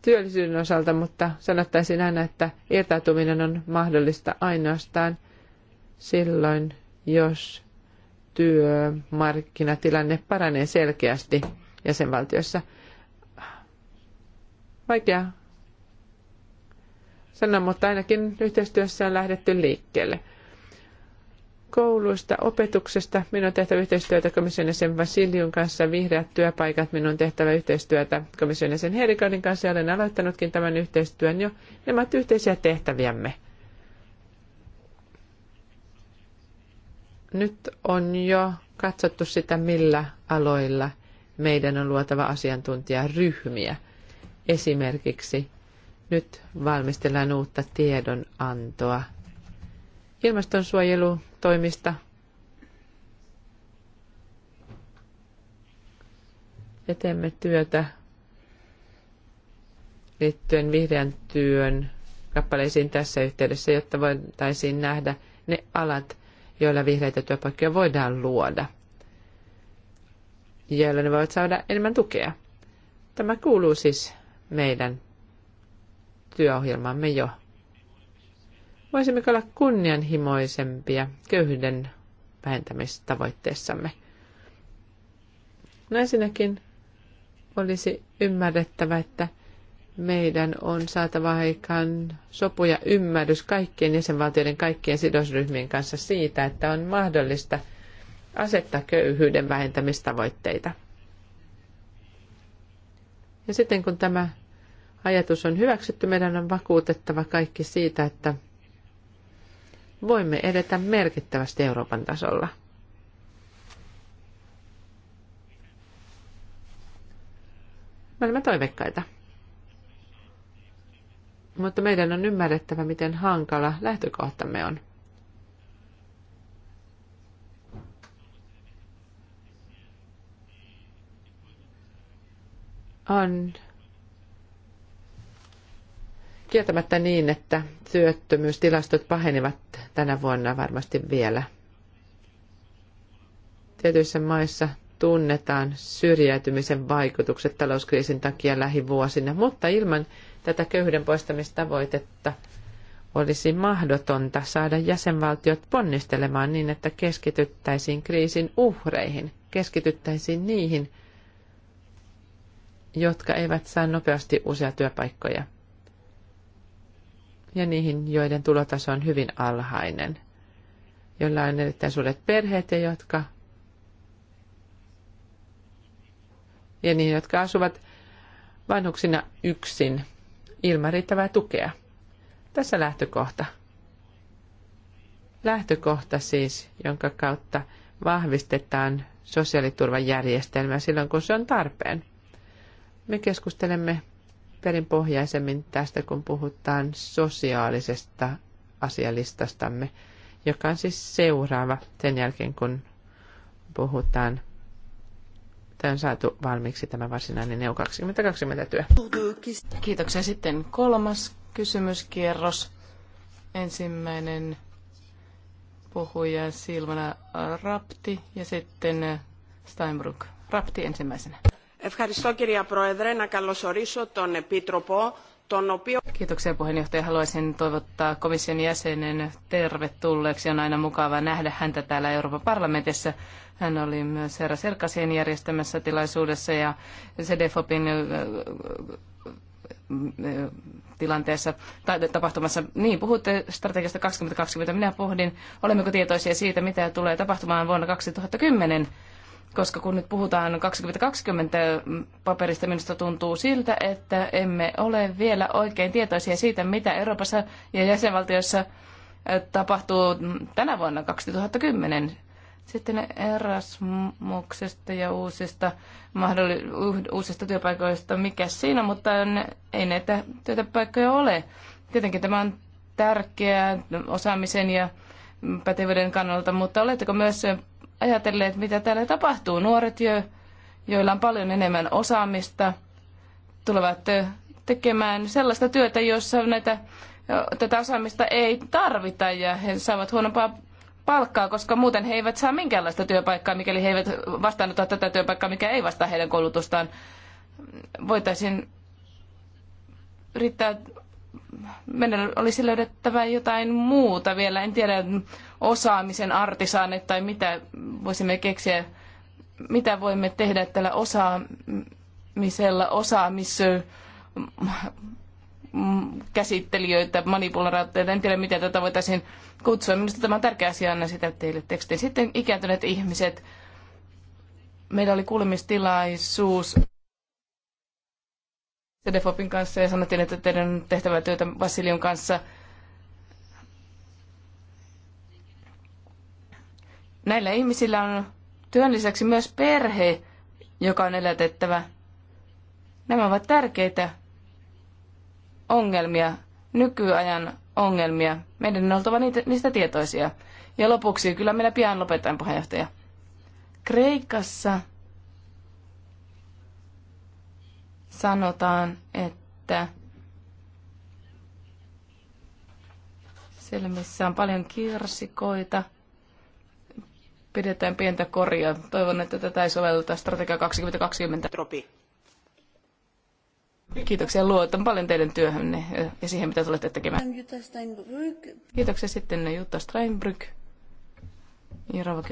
työllisyyden osalta, mutta sanottaisin aina, että irtautuminen on mahdollista ainoastaan silloin, jos työmarkkinatilanne paranee selkeästi jäsenvaltiossa. Vaikea sanoa, mutta ainakin yhteistyössä on lähdetty liikkeelle kouluista, opetuksesta. Minun on tehtävä yhteistyötä komission jäsen Vasiljun kanssa, vihreät työpaikat. Minun on tehtävä yhteistyötä komission jäsen Herikanin kanssa ja olen aloittanutkin tämän yhteistyön jo. Nämä ovat yhteisiä tehtäviämme. Nyt on jo katsottu sitä, millä aloilla meidän on luotava asiantuntijaryhmiä. Esimerkiksi nyt valmistellaan uutta tiedonantoa – ilmastonsuojelutoimista. Ja teemme työtä liittyen vihreän työn kappaleisiin tässä yhteydessä, jotta voitaisiin nähdä ne alat, joilla vihreitä työpaikkoja voidaan luoda, joilla ne voivat saada enemmän tukea. Tämä kuuluu siis meidän työohjelmamme jo. Voisimmeko olla kunnianhimoisempia köyhyyden vähentämistavoitteessamme? No ensinnäkin olisi ymmärrettävä, että meidän on saatava aikaan sopu ja ymmärrys kaikkien jäsenvaltioiden, kaikkien sidosryhmien kanssa siitä, että on mahdollista asettaa köyhyyden vähentämistavoitteita. Ja sitten kun tämä ajatus on hyväksytty, meidän on vakuutettava kaikki siitä, että voimme edetä merkittävästi Euroopan tasolla. Me olemme toiveikkaita. Mutta meidän on ymmärrettävä, miten hankala lähtökohtamme on. On kieltämättä niin, että työttömyystilastot pahenivat tänä vuonna varmasti vielä. Tietyissä maissa tunnetaan syrjäytymisen vaikutukset talouskriisin takia lähivuosina, mutta ilman tätä köyhyyden poistamistavoitetta olisi mahdotonta saada jäsenvaltiot ponnistelemaan niin, että keskityttäisiin kriisin uhreihin, keskityttäisiin niihin, jotka eivät saa nopeasti uusia työpaikkoja ja niihin, joiden tulotaso on hyvin alhainen, joilla on erittäin suuret perheet ja jotka ja niihin, jotka asuvat vanhuksina yksin ilman riittävää tukea. Tässä lähtökohta. Lähtökohta siis, jonka kautta vahvistetaan sosiaaliturvajärjestelmää silloin, kun se on tarpeen. Me keskustelemme perinpohjaisemmin tästä, kun puhutaan sosiaalisesta asialistastamme, joka on siis seuraava sen jälkeen, kun puhutaan Tämä on saatu valmiiksi tämä varsinainen EU 2020 työ. Kiitoksia. Sitten kolmas kysymyskierros. Ensimmäinen puhuja Silvana Rapti ja sitten Steinbrück. Rapti ensimmäisenä. Ευχαριστώ κυρία Πρόεδρε, να καλωσορίσω τον Επίτροπο, τον οποίο... Kiitoksia puheenjohtaja. Haluaisin toivottaa komission jäsenen tervetulleeksi. On aina mukava nähdä häntä täällä Euroopan parlamentissa. Hän oli myös herra Serkasien järjestämässä tilaisuudessa ja CDFOPin tilanteessa tai tapahtumassa. Niin, puhutte strategiasta 2020. Minä pohdin, olemmeko tietoisia siitä, mitä tulee tapahtumaan vuonna 2010 koska kun nyt puhutaan 2020 paperista, minusta tuntuu siltä, että emme ole vielä oikein tietoisia siitä, mitä Euroopassa ja jäsenvaltioissa tapahtuu tänä vuonna 2010. Sitten Erasmuksesta ja uusista, mahdolli- uusista työpaikoista, mikä siinä, mutta ne, ei näitä työpaikkoja ole. Tietenkin tämä on tärkeää osaamisen ja pätevyyden kannalta, mutta oletteko myös ajatelleet, mitä täällä tapahtuu. Nuoret, jo, joilla on paljon enemmän osaamista, tulevat tekemään sellaista työtä, jossa näitä, tätä osaamista ei tarvita ja he saavat huonompaa palkkaa, koska muuten he eivät saa minkäänlaista työpaikkaa, mikäli he eivät vastaanota tätä työpaikkaa, mikä ei vastaa heidän koulutustaan. Voitaisiin yrittää meidän olisi löydettävä jotain muuta vielä. En tiedä osaamisen artisaane tai mitä voisimme keksiä, mitä voimme tehdä tällä osaamisella, osaamis käsittelijöitä, manipulaatioita, en tiedä mitä tätä voitaisiin kutsua. Minusta tämä on tärkeä asia, anna sitä teille tekstiin. Sitten ikääntyneet ihmiset. Meillä oli kuulemistilaisuus. Sedefopin kanssa ja sanottiin, että teidän on tehtävä työtä Vasilion kanssa. Näillä ihmisillä on työn lisäksi myös perhe, joka on elätettävä. Nämä ovat tärkeitä ongelmia, nykyajan ongelmia. Meidän on oltava niitä, niistä tietoisia. Ja lopuksi, kyllä meillä pian lopetan puheenjohtaja. Kreikassa sanotaan, että siellä missä on paljon kirsikoita, pidetään pientä koria. Toivon, että tätä ei sovelleta strategia 2020. Tropi. Kiitoksia. Luotan paljon teidän työhönne ja siihen, mitä tulette tekemään. Kiitoksia sitten Jutta Steinbrück ja Rava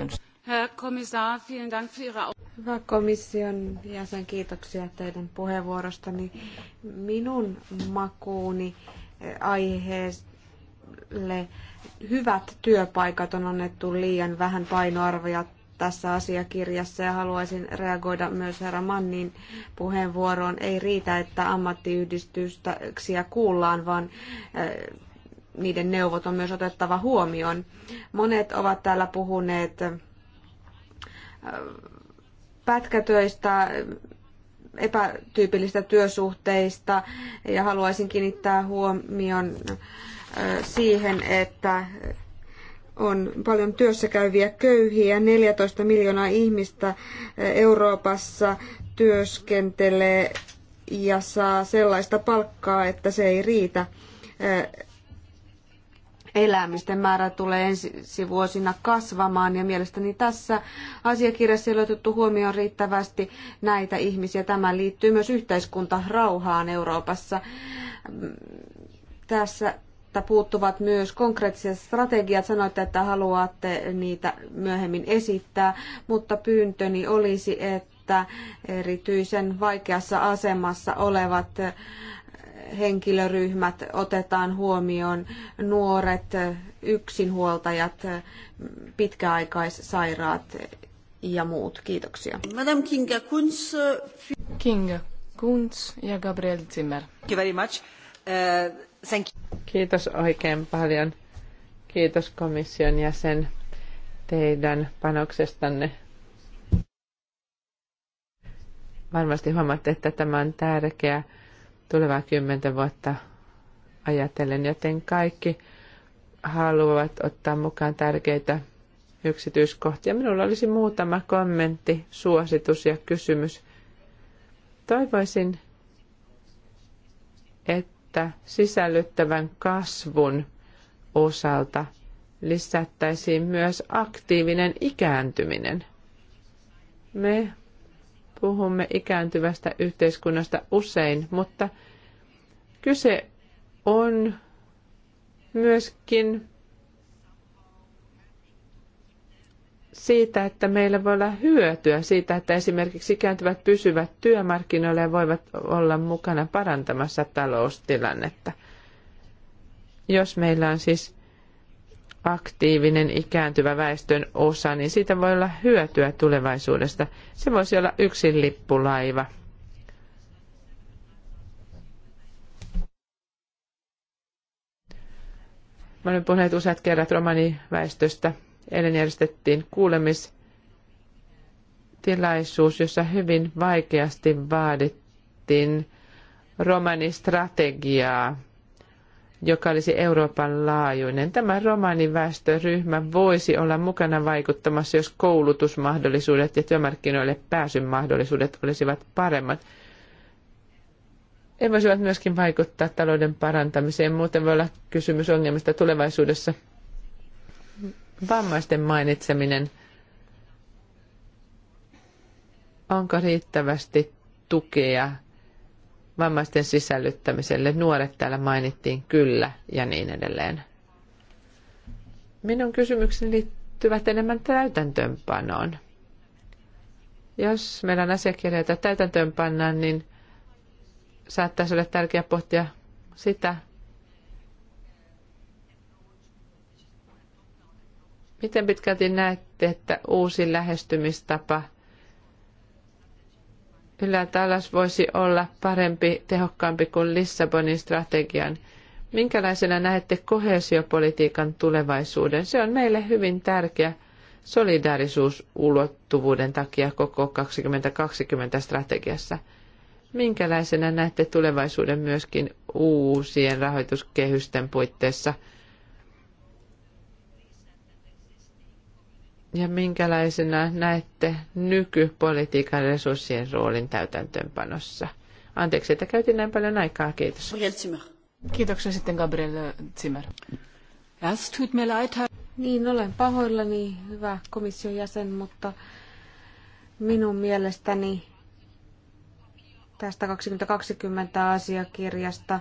Herr Kommissar, vielen Dank für Ihre Hyvä komission jäsen, kiitoksia teidän puheenvuorostani. Minun makuuni eh, aiheelle hyvät työpaikat on annettu liian vähän painoarvoja tässä asiakirjassa ja haluaisin reagoida myös herra Mannin puheenvuoroon. Ei riitä, että ammattiyhdistyksiä kuullaan, vaan eh, niiden neuvot on myös otettava huomioon. Monet ovat täällä puhuneet pätkätöistä, epätyypillistä työsuhteista ja haluaisin kiinnittää huomion siihen, että on paljon työssä käyviä köyhiä. 14 miljoonaa ihmistä Euroopassa työskentelee ja saa sellaista palkkaa, että se ei riitä elämisten määrä tulee ensi vuosina kasvamaan ja mielestäni tässä asiakirjassa ei ole otettu huomioon riittävästi näitä ihmisiä. Tämä liittyy myös yhteiskuntarauhaan Euroopassa. Tässä puuttuvat myös konkreettiset strategiat. Sanoitte, että haluatte niitä myöhemmin esittää, mutta pyyntöni olisi, että erityisen vaikeassa asemassa olevat henkilöryhmät otetaan huomioon, nuoret, yksinhuoltajat, pitkäaikaissairaat ja muut. Kiitoksia. Madame Kinga Kunz. Kinga Kunz ja Gabriel Zimmer. Thank you very much. Uh, thank you. Kiitos oikein paljon. Kiitos komission jäsen teidän panoksestanne. Varmasti huomaatte, että tämä on tärkeä tulevaa kymmentä vuotta ajatellen, joten kaikki haluavat ottaa mukaan tärkeitä yksityiskohtia. Minulla olisi muutama kommentti, suositus ja kysymys. Toivoisin, että sisällyttävän kasvun osalta lisättäisiin myös aktiivinen ikääntyminen. Me puhumme ikääntyvästä yhteiskunnasta usein, mutta kyse on myöskin siitä, että meillä voi olla hyötyä siitä, että esimerkiksi ikääntyvät pysyvät työmarkkinoilla ja voivat olla mukana parantamassa taloustilannetta. Jos meillä on siis aktiivinen ikääntyvä väestön osa, niin siitä voi olla hyötyä tulevaisuudesta. Se voisi olla yksi lippulaiva. Mä olen puhunut useat kerrat romaniväestöstä. Eilen järjestettiin kuulemistilaisuus, jossa hyvin vaikeasti vaadittiin romanistrategiaa joka olisi Euroopan laajuinen. Tämä romaniväestöryhmä voisi olla mukana vaikuttamassa, jos koulutusmahdollisuudet ja työmarkkinoille pääsyn mahdollisuudet olisivat paremmat. He voisivat myöskin vaikuttaa talouden parantamiseen. Muuten voi olla kysymys ongelmista tulevaisuudessa. Vammaisten mainitseminen. Onko riittävästi tukea vammaisten sisällyttämiselle. Nuoret täällä mainittiin kyllä ja niin edelleen. Minun kysymykseni liittyvät enemmän täytäntöönpanoon. Jos meillä on asiakirjoja täytäntöönpannaan, niin saattaisi olla tärkeää pohtia sitä, miten pitkälti näette, että uusi lähestymistapa – Kyllä alas voisi olla parempi, tehokkaampi kuin Lissabonin strategian. Minkälaisena näette kohesiopolitiikan tulevaisuuden? Se on meille hyvin tärkeä solidaarisuusulottuvuuden takia koko 2020 strategiassa. Minkälaisena näette tulevaisuuden myöskin uusien rahoituskehysten puitteissa – ja minkälaisena näette nykypolitiikan resurssien roolin täytäntöönpanossa? Anteeksi, että käytin näin paljon aikaa. Kiitos. Kiitoksia sitten Gabriel Zimmer. Niin, olen pahoillani, hyvä komission jäsen, mutta minun mielestäni tästä 2020 asiakirjasta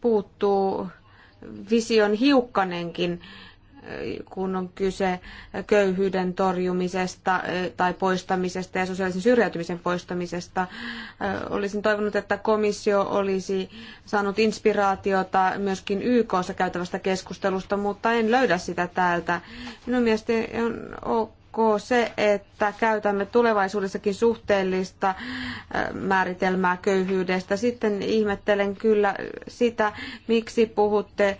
puuttuu vision hiukkanenkin kun on kyse köyhyyden torjumisesta eh, tai poistamisesta ja sosiaalisen syrjäytymisen poistamisesta. Eh, olisin toivonut, että komissio olisi saanut inspiraatiota myöskin YKssa käytävästä keskustelusta, mutta en löydä sitä täältä. Minun mielestäni on ok se, että käytämme tulevaisuudessakin suhteellista eh, määritelmää köyhyydestä. Sitten ihmettelen kyllä sitä, miksi puhutte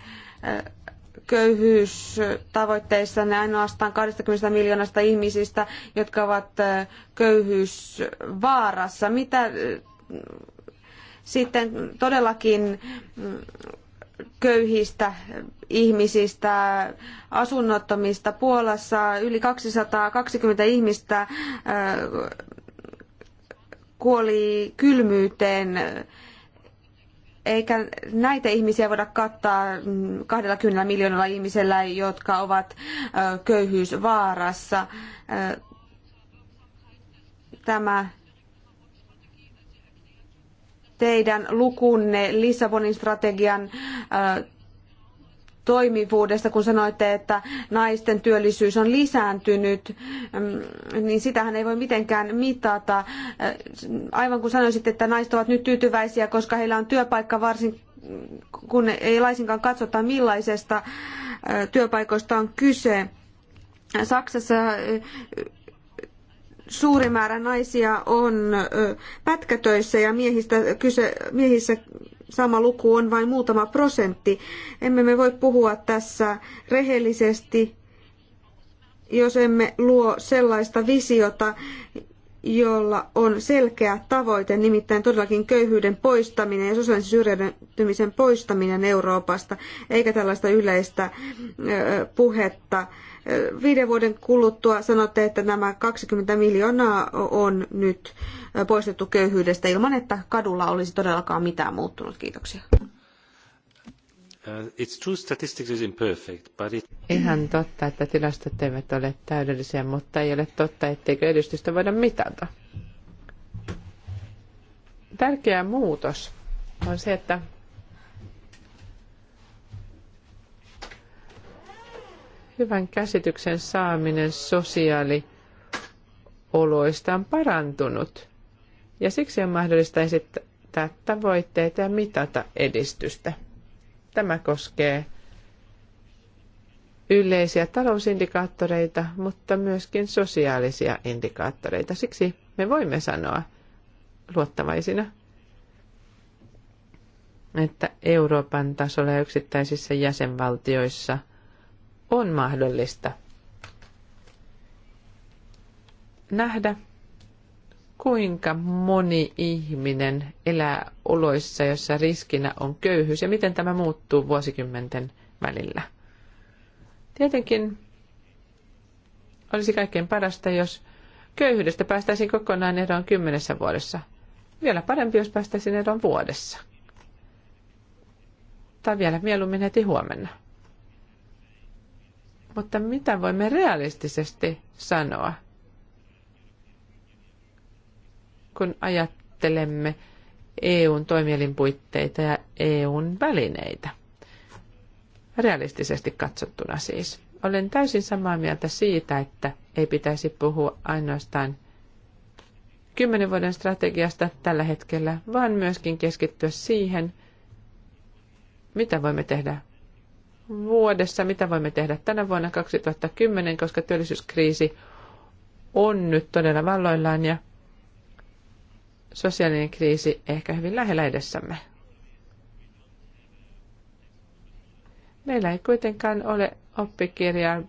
köyhyystavoitteissanne ainoastaan 20 miljoonasta ihmisistä, jotka ovat köyhyysvaarassa. Mitä sitten todellakin mm, köyhistä ihmisistä, asunnottomista Puolassa yli 220 ihmistä kuoli kylmyyteen eikä näitä ihmisiä voida kattaa 20 miljoonalla ihmisellä, jotka ovat köyhyysvaarassa. Tämä teidän lukunne Lissabonin strategian toimivuudesta, kun sanoitte, että naisten työllisyys on lisääntynyt, mm, niin sitähän ei voi mitenkään mitata. Äh, aivan kun sanoisitte, että naiset ovat nyt tyytyväisiä, koska heillä on työpaikka varsin kun ei laisinkaan katsota millaisesta äh, työpaikoista on kyse. Saksassa äh, suuri määrä naisia on pätkätöissä ja miehistä kyse, miehissä sama luku on vain muutama prosentti. Emme me voi puhua tässä rehellisesti, jos emme luo sellaista visiota, jolla on selkeä tavoite, nimittäin todellakin köyhyyden poistaminen ja sosiaalisen syrjäytymisen poistaminen Euroopasta, eikä tällaista yleistä puhetta. Viiden vuoden kuluttua sanotte, että nämä 20 miljoonaa on nyt poistettu köyhyydestä ilman, että kadulla olisi todellakaan mitään muuttunut. Kiitoksia. Uh, it's true statistics is imperfect, but it... Ihan totta, että tilastot eivät ole täydellisiä, mutta ei ole totta, etteikö edistystä voida mitata. Tärkeä muutos on se, että hyvän käsityksen saaminen sosiaalioloista on parantunut. Ja siksi on mahdollista esittää tavoitteita ja mitata edistystä. Tämä koskee yleisiä talousindikaattoreita, mutta myöskin sosiaalisia indikaattoreita. Siksi me voimme sanoa luottavaisina, että Euroopan tasolla ja yksittäisissä jäsenvaltioissa on mahdollista nähdä kuinka moni ihminen elää oloissa, jossa riskinä on köyhyys ja miten tämä muuttuu vuosikymmenten välillä. Tietenkin olisi kaikkein parasta, jos köyhyydestä päästäisiin kokonaan eroon kymmenessä vuodessa. Vielä parempi, jos päästäisiin eroon vuodessa. Tai vielä mieluummin heti huomenna. Mutta mitä voimme realistisesti sanoa – kun ajattelemme EUn toimielinpuitteita ja EUn välineitä. Realistisesti katsottuna siis. Olen täysin samaa mieltä siitä, että ei pitäisi puhua ainoastaan kymmenen vuoden strategiasta tällä hetkellä, vaan myöskin keskittyä siihen, mitä voimme tehdä vuodessa, mitä voimme tehdä tänä vuonna 2010, koska työllisyyskriisi on nyt todella valloillaan ja sosiaalinen kriisi ehkä hyvin lähellä edessämme. Meillä ei kuitenkaan ole oppikirjaa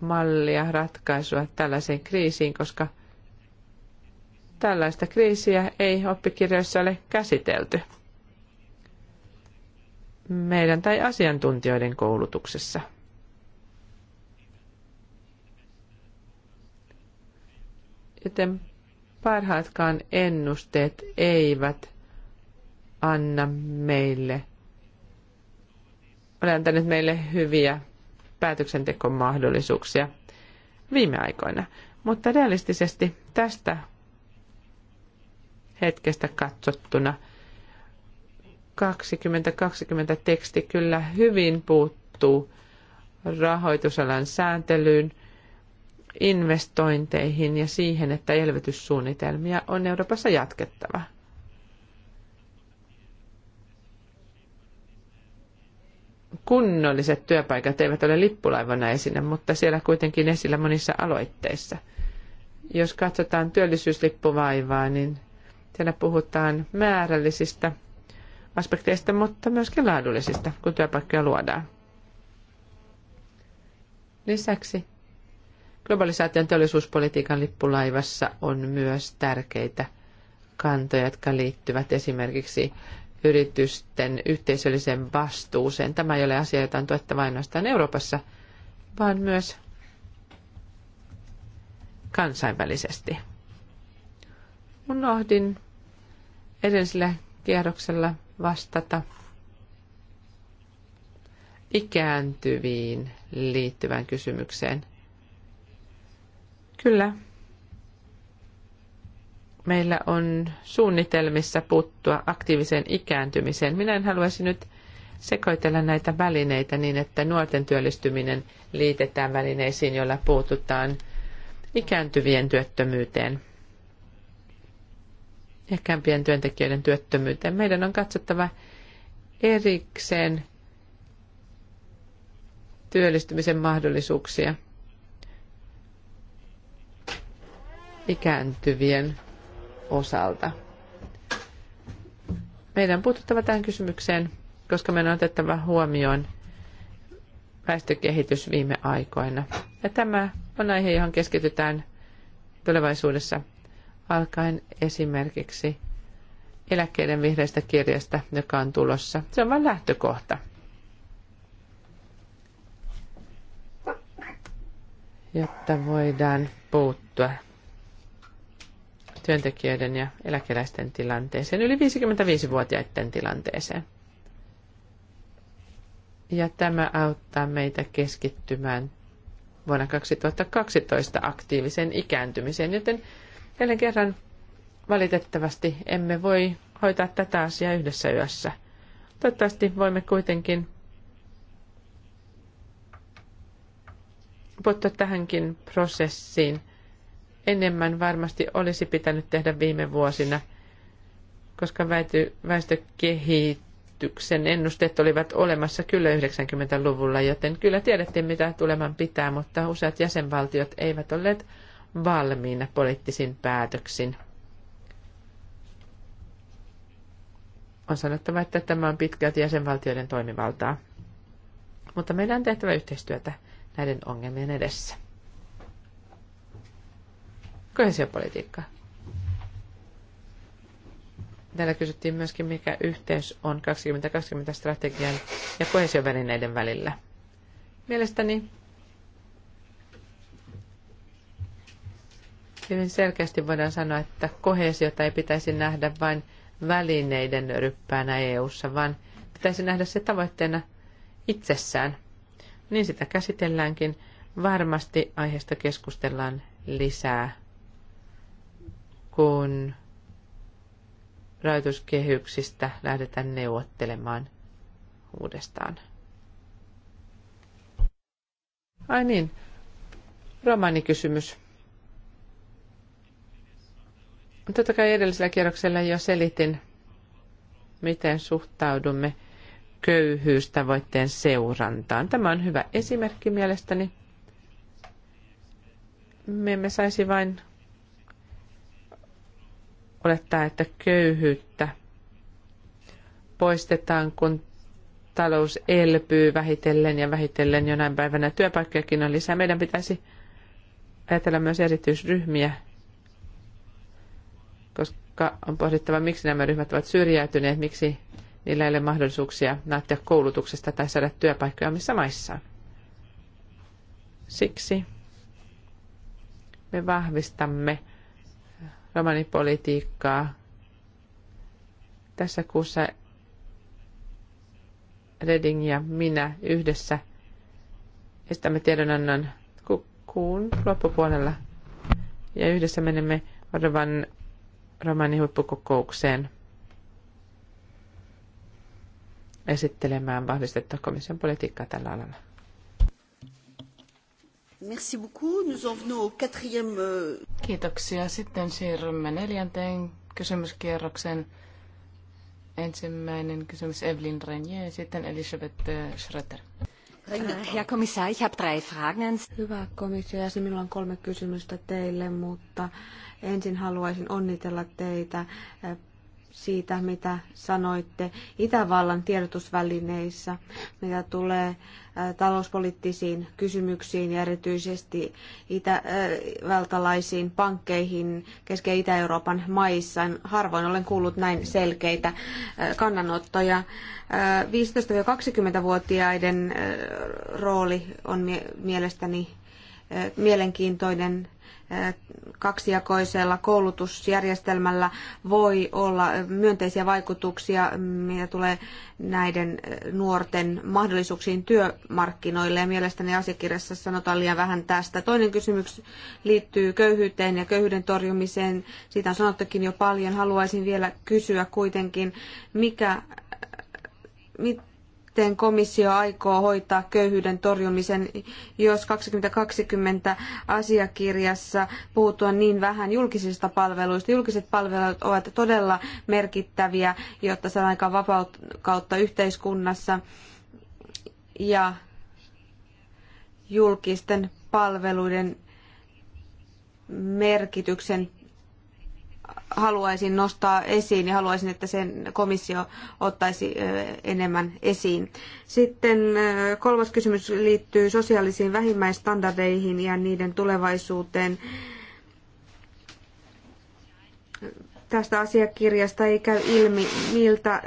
mallia ratkaisua tällaiseen kriisiin, koska tällaista kriisiä ei oppikirjoissa ole käsitelty meidän tai asiantuntijoiden koulutuksessa. Joten parhaatkaan ennusteet eivät anna meille, ole antaneet meille hyviä päätöksentekomahdollisuuksia viime aikoina. Mutta realistisesti tästä hetkestä katsottuna 2020 teksti kyllä hyvin puuttuu rahoitusalan sääntelyyn – investointeihin ja siihen, että elvytyssuunnitelmia on Euroopassa jatkettava. Kunnolliset työpaikat eivät ole lippulaivana esinä, mutta siellä kuitenkin esillä monissa aloitteissa. Jos katsotaan työllisyyslippuvaivaa, niin siellä puhutaan määrällisistä aspekteista, mutta myöskin laadullisista, kun työpaikkoja luodaan. Lisäksi Globalisaation teollisuuspolitiikan lippulaivassa on myös tärkeitä kantoja, jotka liittyvät esimerkiksi yritysten yhteisölliseen vastuuseen. Tämä ei ole asia, jota on tuettava ainoastaan Euroopassa, vaan myös kansainvälisesti. Unohdin edellisellä kierroksella vastata ikääntyviin liittyvään kysymykseen – Kyllä. Meillä on suunnitelmissa puuttua aktiiviseen ikääntymiseen. Minä en haluaisi nyt sekoitella näitä välineitä niin, että nuorten työllistyminen liitetään välineisiin, joilla puututaan ikääntyvien työttömyyteen, ikäänpien työntekijöiden työttömyyteen. Meidän on katsottava erikseen työllistymisen mahdollisuuksia – ikääntyvien osalta. Meidän on puututtava tähän kysymykseen, koska meidän on otettava huomioon väestökehitys viime aikoina. Ja tämä on aihe, johon keskitytään tulevaisuudessa alkaen esimerkiksi eläkkeiden vihreästä kirjasta, joka on tulossa. Se on vain lähtökohta. jotta voidaan puuttua työntekijöiden ja eläkeläisten tilanteeseen, yli 55-vuotiaiden tilanteeseen. Ja tämä auttaa meitä keskittymään vuonna 2012 aktiiviseen ikääntymiseen, joten jälleen kerran valitettavasti emme voi hoitaa tätä asiaa yhdessä yössä. Toivottavasti voimme kuitenkin puuttua tähänkin prosessiin – enemmän varmasti olisi pitänyt tehdä viime vuosina, koska väity, väestökehityksen ennusteet olivat olemassa kyllä 90-luvulla, joten kyllä tiedettiin, mitä tuleman pitää, mutta useat jäsenvaltiot eivät olleet valmiina poliittisiin päätöksin. On sanottava, että tämä on pitkälti jäsenvaltioiden toimivaltaa. Mutta meidän on tehtävä yhteistyötä näiden ongelmien edessä kohesiopolitiikkaa. Täällä kysyttiin myöskin, mikä yhteys on 2020-strategian ja kohesiovälineiden välillä. Mielestäni hyvin selkeästi voidaan sanoa, että kohesiota ei pitäisi nähdä vain välineiden ryppäänä EU-ssa, vaan pitäisi nähdä se tavoitteena itsessään. Niin sitä käsitelläänkin. Varmasti aiheesta keskustellaan lisää kun rahoituskehyksistä lähdetään neuvottelemaan uudestaan. Ai niin, romanikysymys. Totta kai edellisellä kierroksella jo selitin, miten suhtaudumme köyhyystavoitteen seurantaan. Tämä on hyvä esimerkki mielestäni. Me emme saisi vain olettaa, että köyhyyttä poistetaan, kun talous elpyy vähitellen ja vähitellen jonain päivänä työpaikkojakin on lisää. Meidän pitäisi ajatella myös erityisryhmiä, koska on pohdittava, miksi nämä ryhmät ovat syrjäytyneet, miksi niillä ei ole mahdollisuuksia nauttia koulutuksesta tai saada työpaikkoja missä maissaan. Siksi me vahvistamme romanipolitiikkaa. Tässä kuussa Reding ja minä yhdessä estämme tiedonannon kuun loppupuolella. Ja yhdessä menemme Orvan romanihuippukokoukseen esittelemään vahvistettua komission politiikkaa tällä alalla. Merci beaucoup. Nous en venons au quatrième... Euh, Kiitoksia. Sitten siirrymme neljänteen kysymyskierrokseen. Ensimmäinen kysymys Evelyn Renier, sitten Elisabeth äh, Schröter. Äh, Herr Kommissar, ich habe drei Fragen. Hyvä komissio, ja minulla on kolme kysymystä teille, mutta ensin haluaisin onnitella teitä äh, siitä, mitä sanoitte Itävallan tiedotusvälineissä, mitä tulee talouspoliittisiin kysymyksiin ja erityisesti itävaltalaisiin pankkeihin Keski- Itä-Euroopan maissa. Harvoin olen kuullut näin selkeitä kannanottoja. 15-20-vuotiaiden rooli on mielestäni mielenkiintoinen kaksijakoisella koulutusjärjestelmällä voi olla myönteisiä vaikutuksia, mitä tulee näiden nuorten mahdollisuuksiin työmarkkinoille. Ja mielestäni asiakirjassa sanotaan liian vähän tästä. Toinen kysymys liittyy köyhyyteen ja köyhyyden torjumiseen. Siitä on sanottukin jo paljon. Haluaisin vielä kysyä kuitenkin, mikä mit, miten komissio aikoo hoitaa köyhyyden torjumisen, jos 2020 asiakirjassa puhutaan niin vähän julkisista palveluista. Julkiset palvelut ovat todella merkittäviä, jotta saadaan aikaan vapautta yhteiskunnassa ja julkisten palveluiden merkityksen haluaisin nostaa esiin ja haluaisin, että sen komissio ottaisi enemmän esiin. Sitten kolmas kysymys liittyy sosiaalisiin vähimmäistandardeihin ja niiden tulevaisuuteen. Tästä asiakirjasta ei käy ilmi, miltä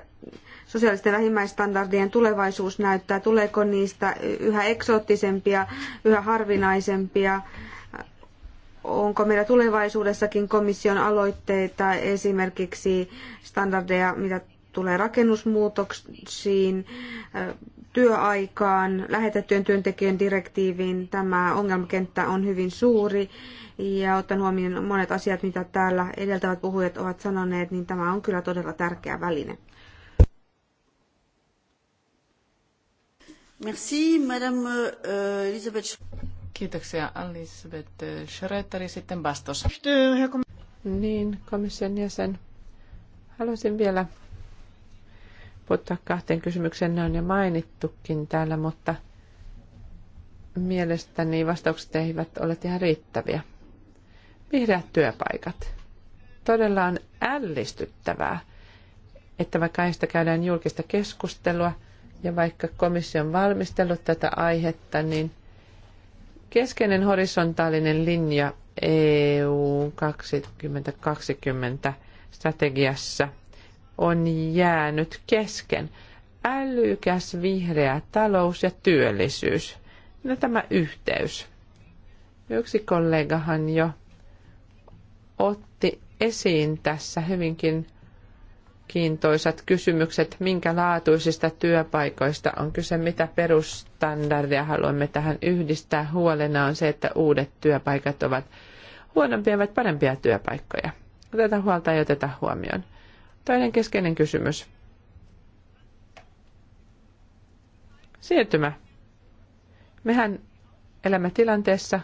sosiaalisten vähimmäisstandardien tulevaisuus näyttää. Tuleeko niistä yhä eksoottisempia, yhä harvinaisempia? onko meillä tulevaisuudessakin komission aloitteita esimerkiksi standardeja, mitä tulee rakennusmuutoksiin, työaikaan, lähetettyjen työntekijän direktiiviin. Tämä ongelmakenttä on hyvin suuri ja ottaen huomioon monet asiat, mitä täällä edeltävät puhujat ovat sanoneet, niin tämä on kyllä todella tärkeä väline. Merci, Madame Elisabeth. Kiitoksia Elisabeth Schröter sitten vastaus. Niin, komission jäsen. Haluaisin vielä puuttua kahteen kysymykseen. Ne on jo mainittukin täällä, mutta mielestäni vastaukset eivät ole ihan riittäviä. Vihreät työpaikat. Todella on ällistyttävää, että vaikka aiheesta käydään julkista keskustelua ja vaikka komission valmistellut tätä aihetta, niin Keskeinen horisontaalinen linja EU 2020 strategiassa on jäänyt kesken. Älykäs vihreä talous ja työllisyys. No tämä yhteys. Yksi kollegahan jo otti esiin tässä hyvinkin kiintoisat kysymykset, minkä laatuisista työpaikoista on kyse, mitä perusstandardeja haluamme tähän yhdistää. Huolena on se, että uudet työpaikat ovat huonompia vai parempia työpaikkoja. Tätä huolta ei oteta huomioon. Toinen keskeinen kysymys. Siirtymä. Mehän elämme tilanteessa,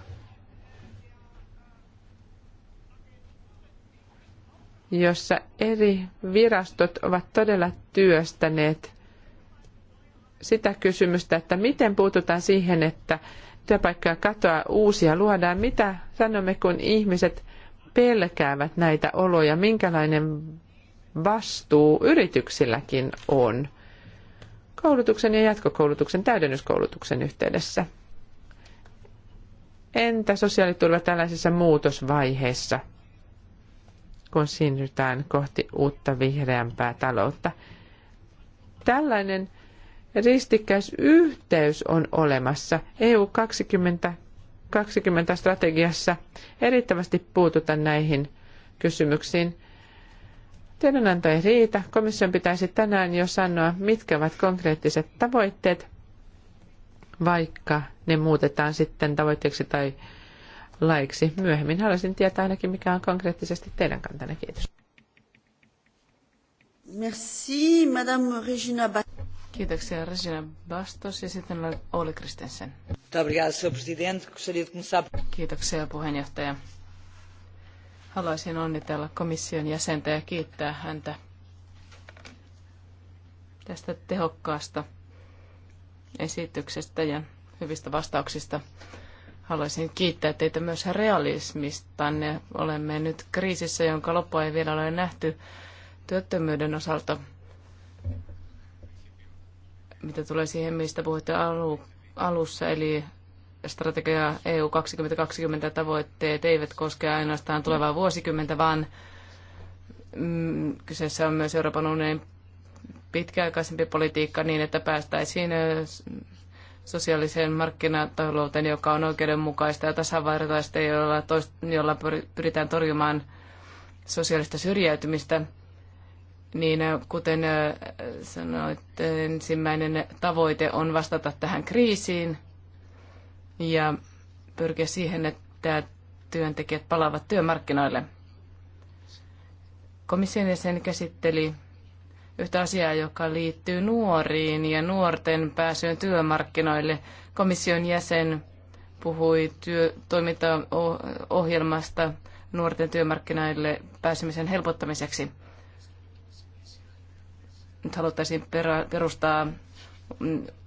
jossa eri virastot ovat todella työstäneet sitä kysymystä, että miten puututaan siihen, että työpaikkoja katoaa, uusia luodaan. Mitä sanomme, kun ihmiset pelkäävät näitä oloja, minkälainen vastuu yrityksilläkin on koulutuksen ja jatkokoulutuksen, täydennyskoulutuksen yhteydessä? Entä sosiaaliturva tällaisessa muutosvaiheessa – kun siirrytään kohti uutta vihreämpää taloutta. Tällainen ristikkäisyhteys yhteys on olemassa. EU 2020 strategiassa erittävästi puututa näihin kysymyksiin. Tiedonanto ei riitä. Komission pitäisi tänään jo sanoa, mitkä ovat konkreettiset tavoitteet, vaikka ne muutetaan sitten tavoitteeksi tai laiksi myöhemmin. Haluaisin tietää ainakin, mikä on konkreettisesti teidän kantanne. Kiitos. Merci, Madame Regina Bastos. Kiitoksia, Regina Bastos ja sitten Oli Kristensen. Kiitoksia, puheenjohtaja. Haluaisin onnitella komission jäsentä ja kiittää häntä tästä tehokkaasta esityksestä ja hyvistä vastauksista Haluaisin kiittää teitä myös Ne Olemme nyt kriisissä, jonka loppua ei vielä ole nähty työttömyyden osalta. Mitä tulee siihen, mistä puhuitte alu, alussa, eli strategia EU 2020 tavoitteet eivät koske ainoastaan tulevaa vuosikymmentä, vaan mm, kyseessä on myös Euroopan unionin pitkäaikaisempi politiikka niin, että päästäisiin sosiaaliseen markkinatalouteen, joka on oikeudenmukaista ja tasavertaista, jolla, toist- jolla pyritään torjumaan sosiaalista syrjäytymistä, niin äh, kuten äh, sanoit, ensimmäinen tavoite on vastata tähän kriisiin ja pyrkiä siihen, että työntekijät palaavat työmarkkinoille. Komission jäsen käsitteli yhtä asiaa, joka liittyy nuoriin ja nuorten pääsyyn työmarkkinoille. Komission jäsen puhui työ, toimintaohjelmasta nuorten työmarkkinoille pääsemisen helpottamiseksi. Nyt haluttaisiin perustaa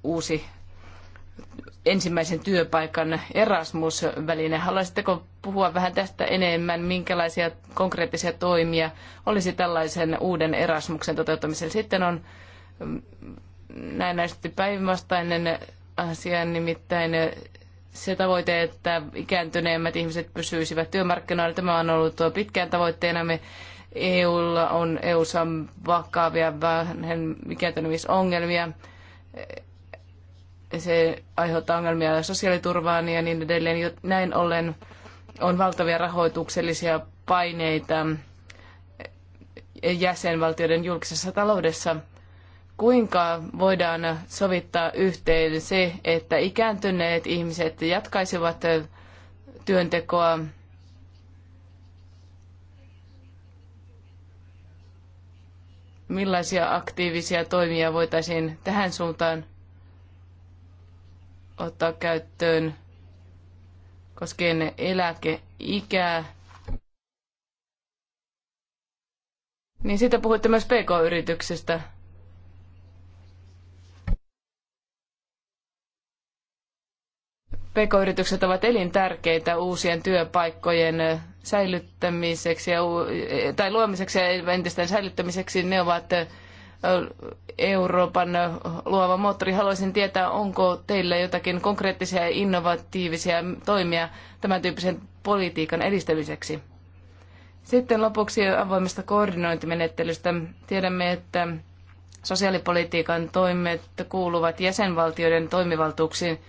uusi ensimmäisen työpaikan Erasmus-väline. Haluaisitteko puhua vähän tästä enemmän, minkälaisia konkreettisia toimia olisi tällaisen uuden Erasmuksen toteuttamisella? Sitten on mm, näennäisesti päinvastainen asia, nimittäin se tavoite, että ikääntyneemmät ihmiset pysyisivät työmarkkinoilla. Tämä on ollut tuo pitkään tavoitteena. Me EUlla on EUssa vakavia vähän ikääntymisongelmia se aiheuttaa ongelmia sosiaaliturvaan ja niin edelleen. Näin ollen on valtavia rahoituksellisia paineita jäsenvaltioiden julkisessa taloudessa. Kuinka voidaan sovittaa yhteen se, että ikääntyneet ihmiset jatkaisivat työntekoa millaisia aktiivisia toimia voitaisiin tähän suuntaan ottaa käyttöön koskien eläkeikää. Niin siitä puhuitte myös PK-yrityksestä. PK-yritykset ovat elintärkeitä uusien työpaikkojen säilyttämiseksi ja, tai luomiseksi ja entisten säilyttämiseksi. Ne ovat Euroopan luova moottori. Haluaisin tietää, onko teillä jotakin konkreettisia ja innovatiivisia toimia tämän tyyppisen politiikan edistämiseksi. Sitten lopuksi avoimesta koordinointimenettelystä. Tiedämme, että sosiaalipolitiikan toimet kuuluvat jäsenvaltioiden toimivaltuuksiin.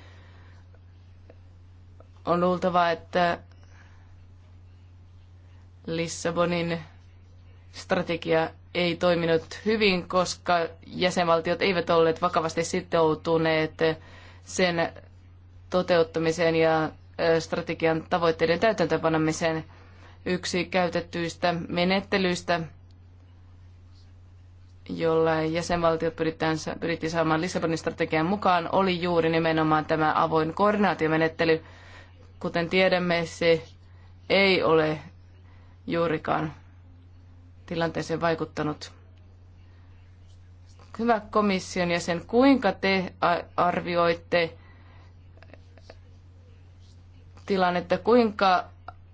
On luultavaa, että Lissabonin strategia ei toiminut hyvin, koska jäsenvaltiot eivät olleet vakavasti sitoutuneet sen toteuttamiseen ja strategian tavoitteiden täytäntöönpanemiseen. Yksi käytettyistä menettelyistä, jolla jäsenvaltiot pyritään, pyrittiin saamaan Lissabonin strategian mukaan, oli juuri nimenomaan tämä avoin koordinaatiomenettely. Kuten tiedämme, se ei ole juurikaan tilanteeseen vaikuttanut. Hyvä komission jäsen, kuinka te arvioitte tilannetta, kuinka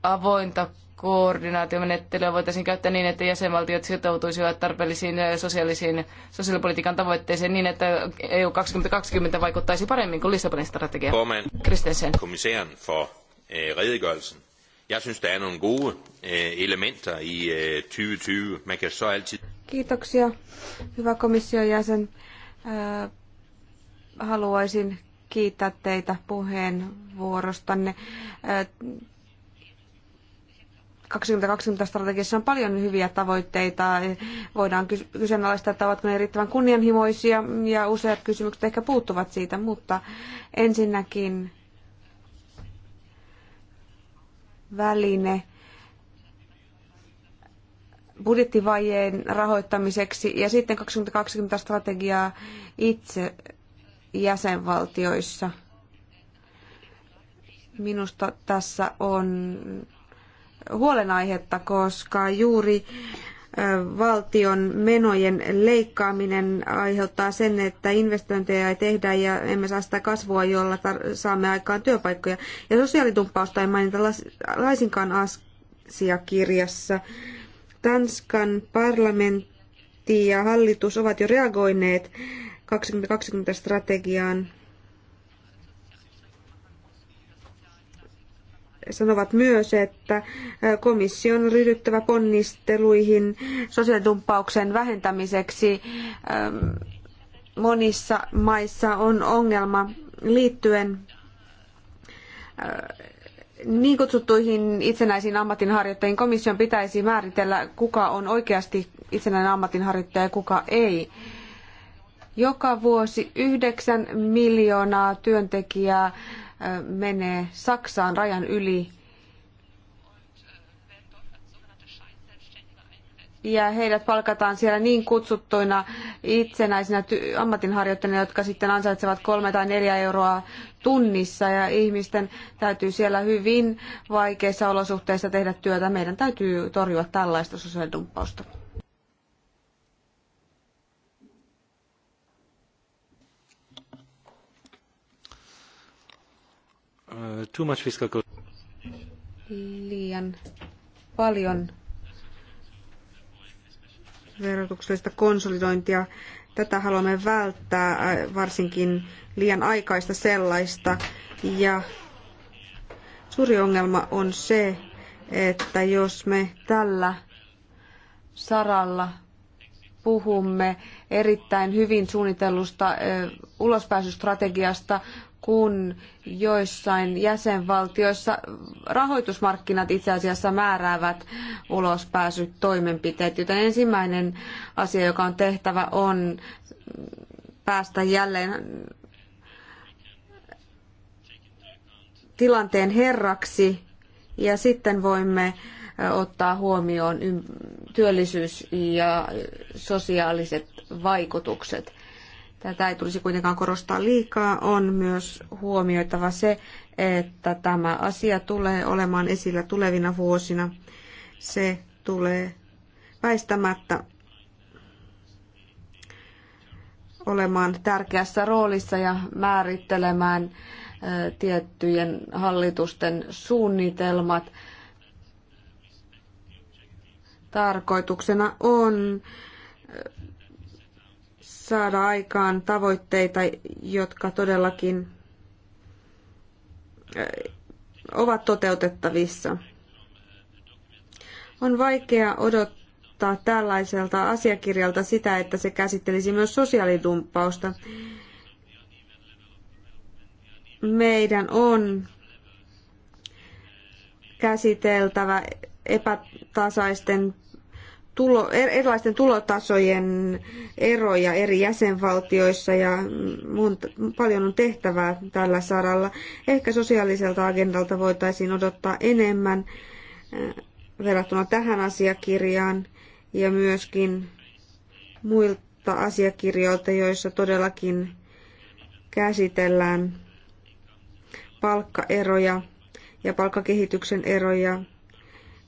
avointa koordinaatiomenettelyä voitaisiin käyttää niin, että jäsenvaltiot sitoutuisivat tarpeellisiin sosiaalisiin, sosiaalipolitiikan tavoitteisiin niin, että EU 2020 vaikuttaisi paremmin kuin Lissabonin strategia. Kristensen. for øh, Jeg synes, der er nogle gode øh, elementer i øh, 2020. Man kan så altid... Kiitoksia, hyvä komission jäsen. Äh, Haluaisin kiittää teitä puheenvuorostanne. Äh, 2020 strategiassa on paljon hyviä tavoitteita. Voidaan kyseenalaistaa, että ovatko ne riittävän kunnianhimoisia ja useat kysymykset ehkä puuttuvat siitä, mutta ensinnäkin väline budjettivajeen rahoittamiseksi ja sitten 2020 strategiaa itse jäsenvaltioissa. Minusta tässä on huolenaihetta, koska juuri valtion menojen leikkaaminen aiheuttaa sen, että investointeja ei tehdä ja emme saa sitä kasvua, jolla saamme aikaan työpaikkoja. Ja sosiaalitumppausta ei mainita laisinkaan asiakirjassa. Tanskan parlamentti ja hallitus ovat jo reagoineet 2020 strategiaan sanovat myös, että komission on ryhdyttävä ponnisteluihin sosiaalitumppauksen vähentämiseksi. Monissa maissa on ongelma liittyen niin kutsuttuihin itsenäisiin ammatinharjoittajiin komission pitäisi määritellä, kuka on oikeasti itsenäinen ammatinharjoittaja ja kuka ei. Joka vuosi yhdeksän miljoonaa työntekijää menee Saksaan rajan yli ja heidät palkataan siellä niin kutsuttuina itsenäisinä ty- ammatinharjoittajina, jotka sitten ansaitsevat kolme tai neljä euroa tunnissa ja ihmisten täytyy siellä hyvin vaikeissa olosuhteissa tehdä työtä. Meidän täytyy torjua tällaista sosiaalidumppausta. Uh, too much fiscal Liian paljon verotuksellista konsolidointia. Tätä haluamme välttää, äh, varsinkin liian aikaista sellaista. Ja suuri ongelma on se, että jos me tällä saralla puhumme erittäin hyvin suunnitellusta äh, ulospääsystrategiasta, kun joissain jäsenvaltioissa rahoitusmarkkinat itse asiassa määräävät ulospääsyt toimenpiteet, joten ensimmäinen asia, joka on tehtävä, on päästä jälleen tilanteen herraksi ja sitten voimme ottaa huomioon työllisyys- ja sosiaaliset vaikutukset tätä ei tulisi kuitenkaan korostaa liikaa, on myös huomioitava se, että tämä asia tulee olemaan esillä tulevina vuosina. Se tulee väistämättä olemaan tärkeässä roolissa ja määrittelemään tiettyjen hallitusten suunnitelmat. Tarkoituksena on saada aikaan tavoitteita, jotka todellakin äh, ovat toteutettavissa. On vaikea odottaa tällaiselta asiakirjalta sitä, että se käsittelisi myös sosiaalidumppausta. Meidän on käsiteltävä epätasaisten tulo, er, erilaisten tulotasojen eroja eri jäsenvaltioissa ja paljon on tehtävää tällä saralla. Ehkä sosiaaliselta agendalta voitaisiin odottaa enemmän äh, verrattuna tähän asiakirjaan ja myöskin muilta asiakirjoilta, joissa todellakin käsitellään palkkaeroja ja palkkakehityksen eroja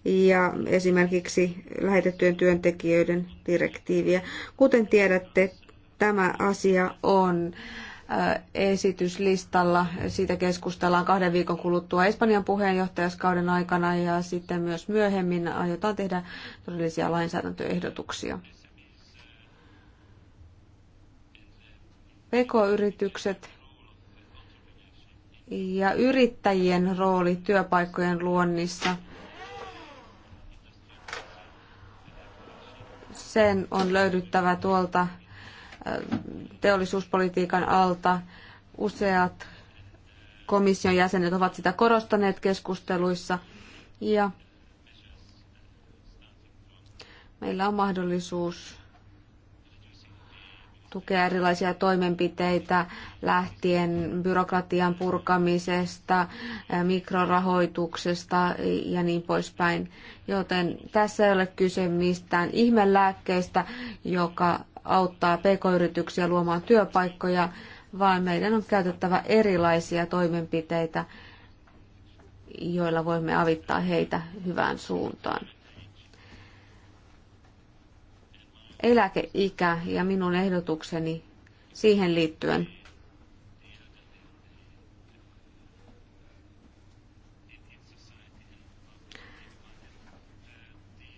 ja esimerkiksi lähetettyjen työntekijöiden direktiiviä. Kuten tiedätte, tämä asia on äh, esityslistalla. Siitä keskustellaan kahden viikon kuluttua Espanjan puheenjohtajaskauden aikana ja sitten myös myöhemmin aiotaan tehdä todellisia lainsäädäntöehdotuksia. PK-yritykset ja yrittäjien rooli työpaikkojen luonnissa sen on löydyttävä tuolta teollisuuspolitiikan alta. Useat komission jäsenet ovat sitä korostaneet keskusteluissa ja meillä on mahdollisuus tukea erilaisia toimenpiteitä lähtien byrokratian purkamisesta, eh, mikrorahoituksesta ja niin poispäin. Joten tässä ei ole kyse mistään ihmelääkkeistä, joka auttaa pk-yrityksiä luomaan työpaikkoja, vaan meidän on käytettävä erilaisia toimenpiteitä, joilla voimme avittaa heitä hyvään suuntaan. eläkeikä ja minun ehdotukseni siihen liittyen.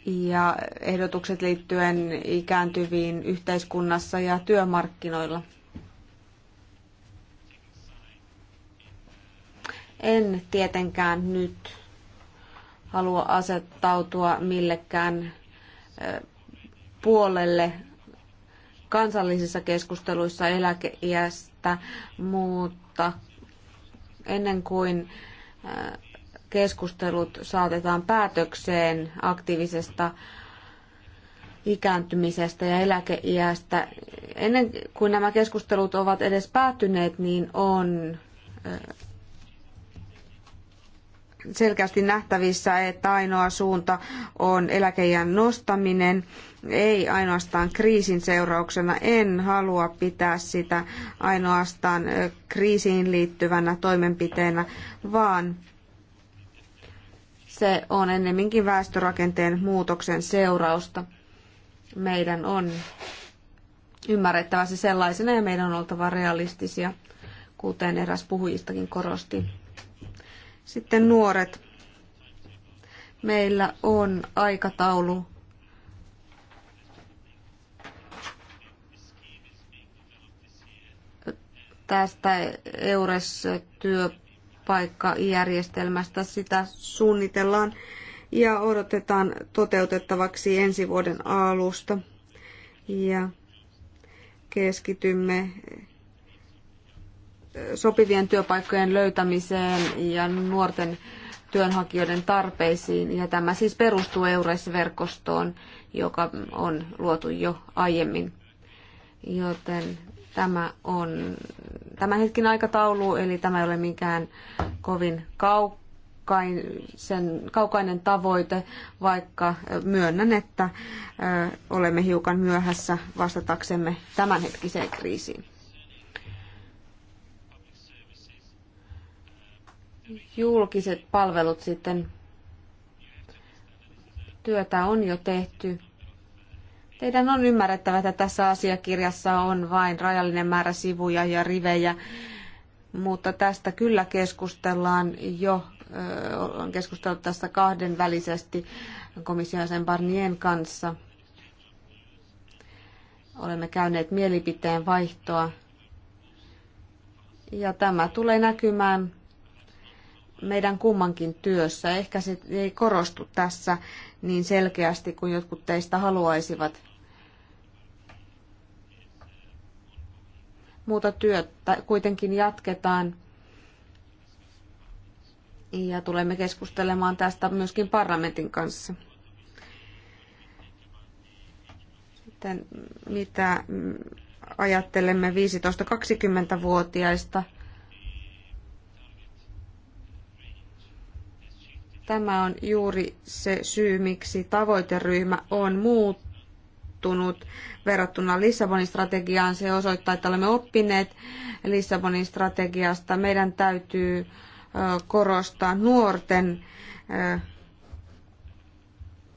ja ehdotukset liittyen ikääntyviin yhteiskunnassa ja työmarkkinoilla. En tietenkään nyt halua asettautua millekään puolelle kansallisissa keskusteluissa eläkeiästä, mutta ennen kuin keskustelut saatetaan päätökseen aktiivisesta ikääntymisestä ja eläkeiästä. Ennen kuin nämä keskustelut ovat edes päättyneet, niin on selkeästi nähtävissä, että ainoa suunta on eläkeijän nostaminen ei ainoastaan kriisin seurauksena. En halua pitää sitä ainoastaan kriisiin liittyvänä toimenpiteenä, vaan se on ennemminkin väestörakenteen muutoksen seurausta. Meidän on ymmärrettävä se sellaisena ja meidän on oltava realistisia, kuten eräs puhujistakin korosti. Sitten nuoret. Meillä on aikataulu tästä EURES-työpaikkajärjestelmästä. Sitä suunnitellaan ja odotetaan toteutettavaksi ensi vuoden alusta. Ja keskitymme sopivien työpaikkojen löytämiseen ja nuorten työnhakijoiden tarpeisiin. Ja tämä siis perustuu EURES-verkostoon, joka on luotu jo aiemmin. Joten Tämä on tämän hetkin aikataulu, eli tämä ei ole mikään kovin kaukaisen, kaukainen tavoite, vaikka myönnän, että olemme hiukan myöhässä vastataksemme tämänhetkiseen kriisiin. Julkiset palvelut sitten. Työtä on jo tehty Teidän on ymmärrettävä, että tässä asiakirjassa on vain rajallinen määrä sivuja ja rivejä, mutta tästä kyllä keskustellaan jo, on keskustellut tästä kahdenvälisesti komission sen Barnien kanssa. Olemme käyneet mielipiteen vaihtoa ja tämä tulee näkymään meidän kummankin työssä. Ehkä se ei korostu tässä niin selkeästi kuin jotkut teistä haluaisivat. muuta työtä kuitenkin jatketaan. Ja tulemme keskustelemaan tästä myöskin parlamentin kanssa. Sitten mitä ajattelemme 15-20-vuotiaista? Tämä on juuri se syy, miksi tavoiteryhmä on muuttunut muuttunut verrattuna Lissabonin strategiaan. Se osoittaa, että olemme oppineet Lissabonin strategiasta. Meidän täytyy korostaa nuorten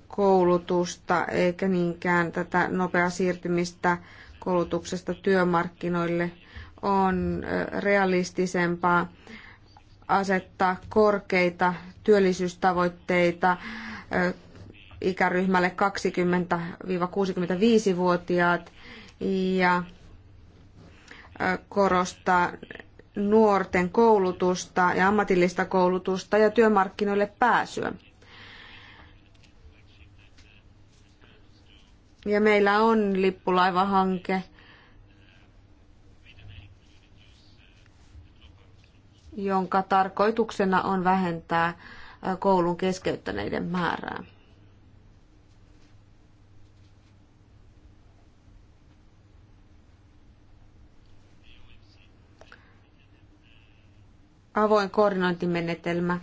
koulutusta eikä niinkään tätä nopeaa siirtymistä koulutuksesta työmarkkinoille on realistisempaa asettaa korkeita työllisyystavoitteita ikäryhmälle 20-65-vuotiaat ja korostaa nuorten koulutusta ja ammatillista koulutusta ja työmarkkinoille pääsyä. Ja meillä on lippulaivahanke, jonka tarkoituksena on vähentää koulun keskeyttäneiden määrää. avoin koordinointimenetelmä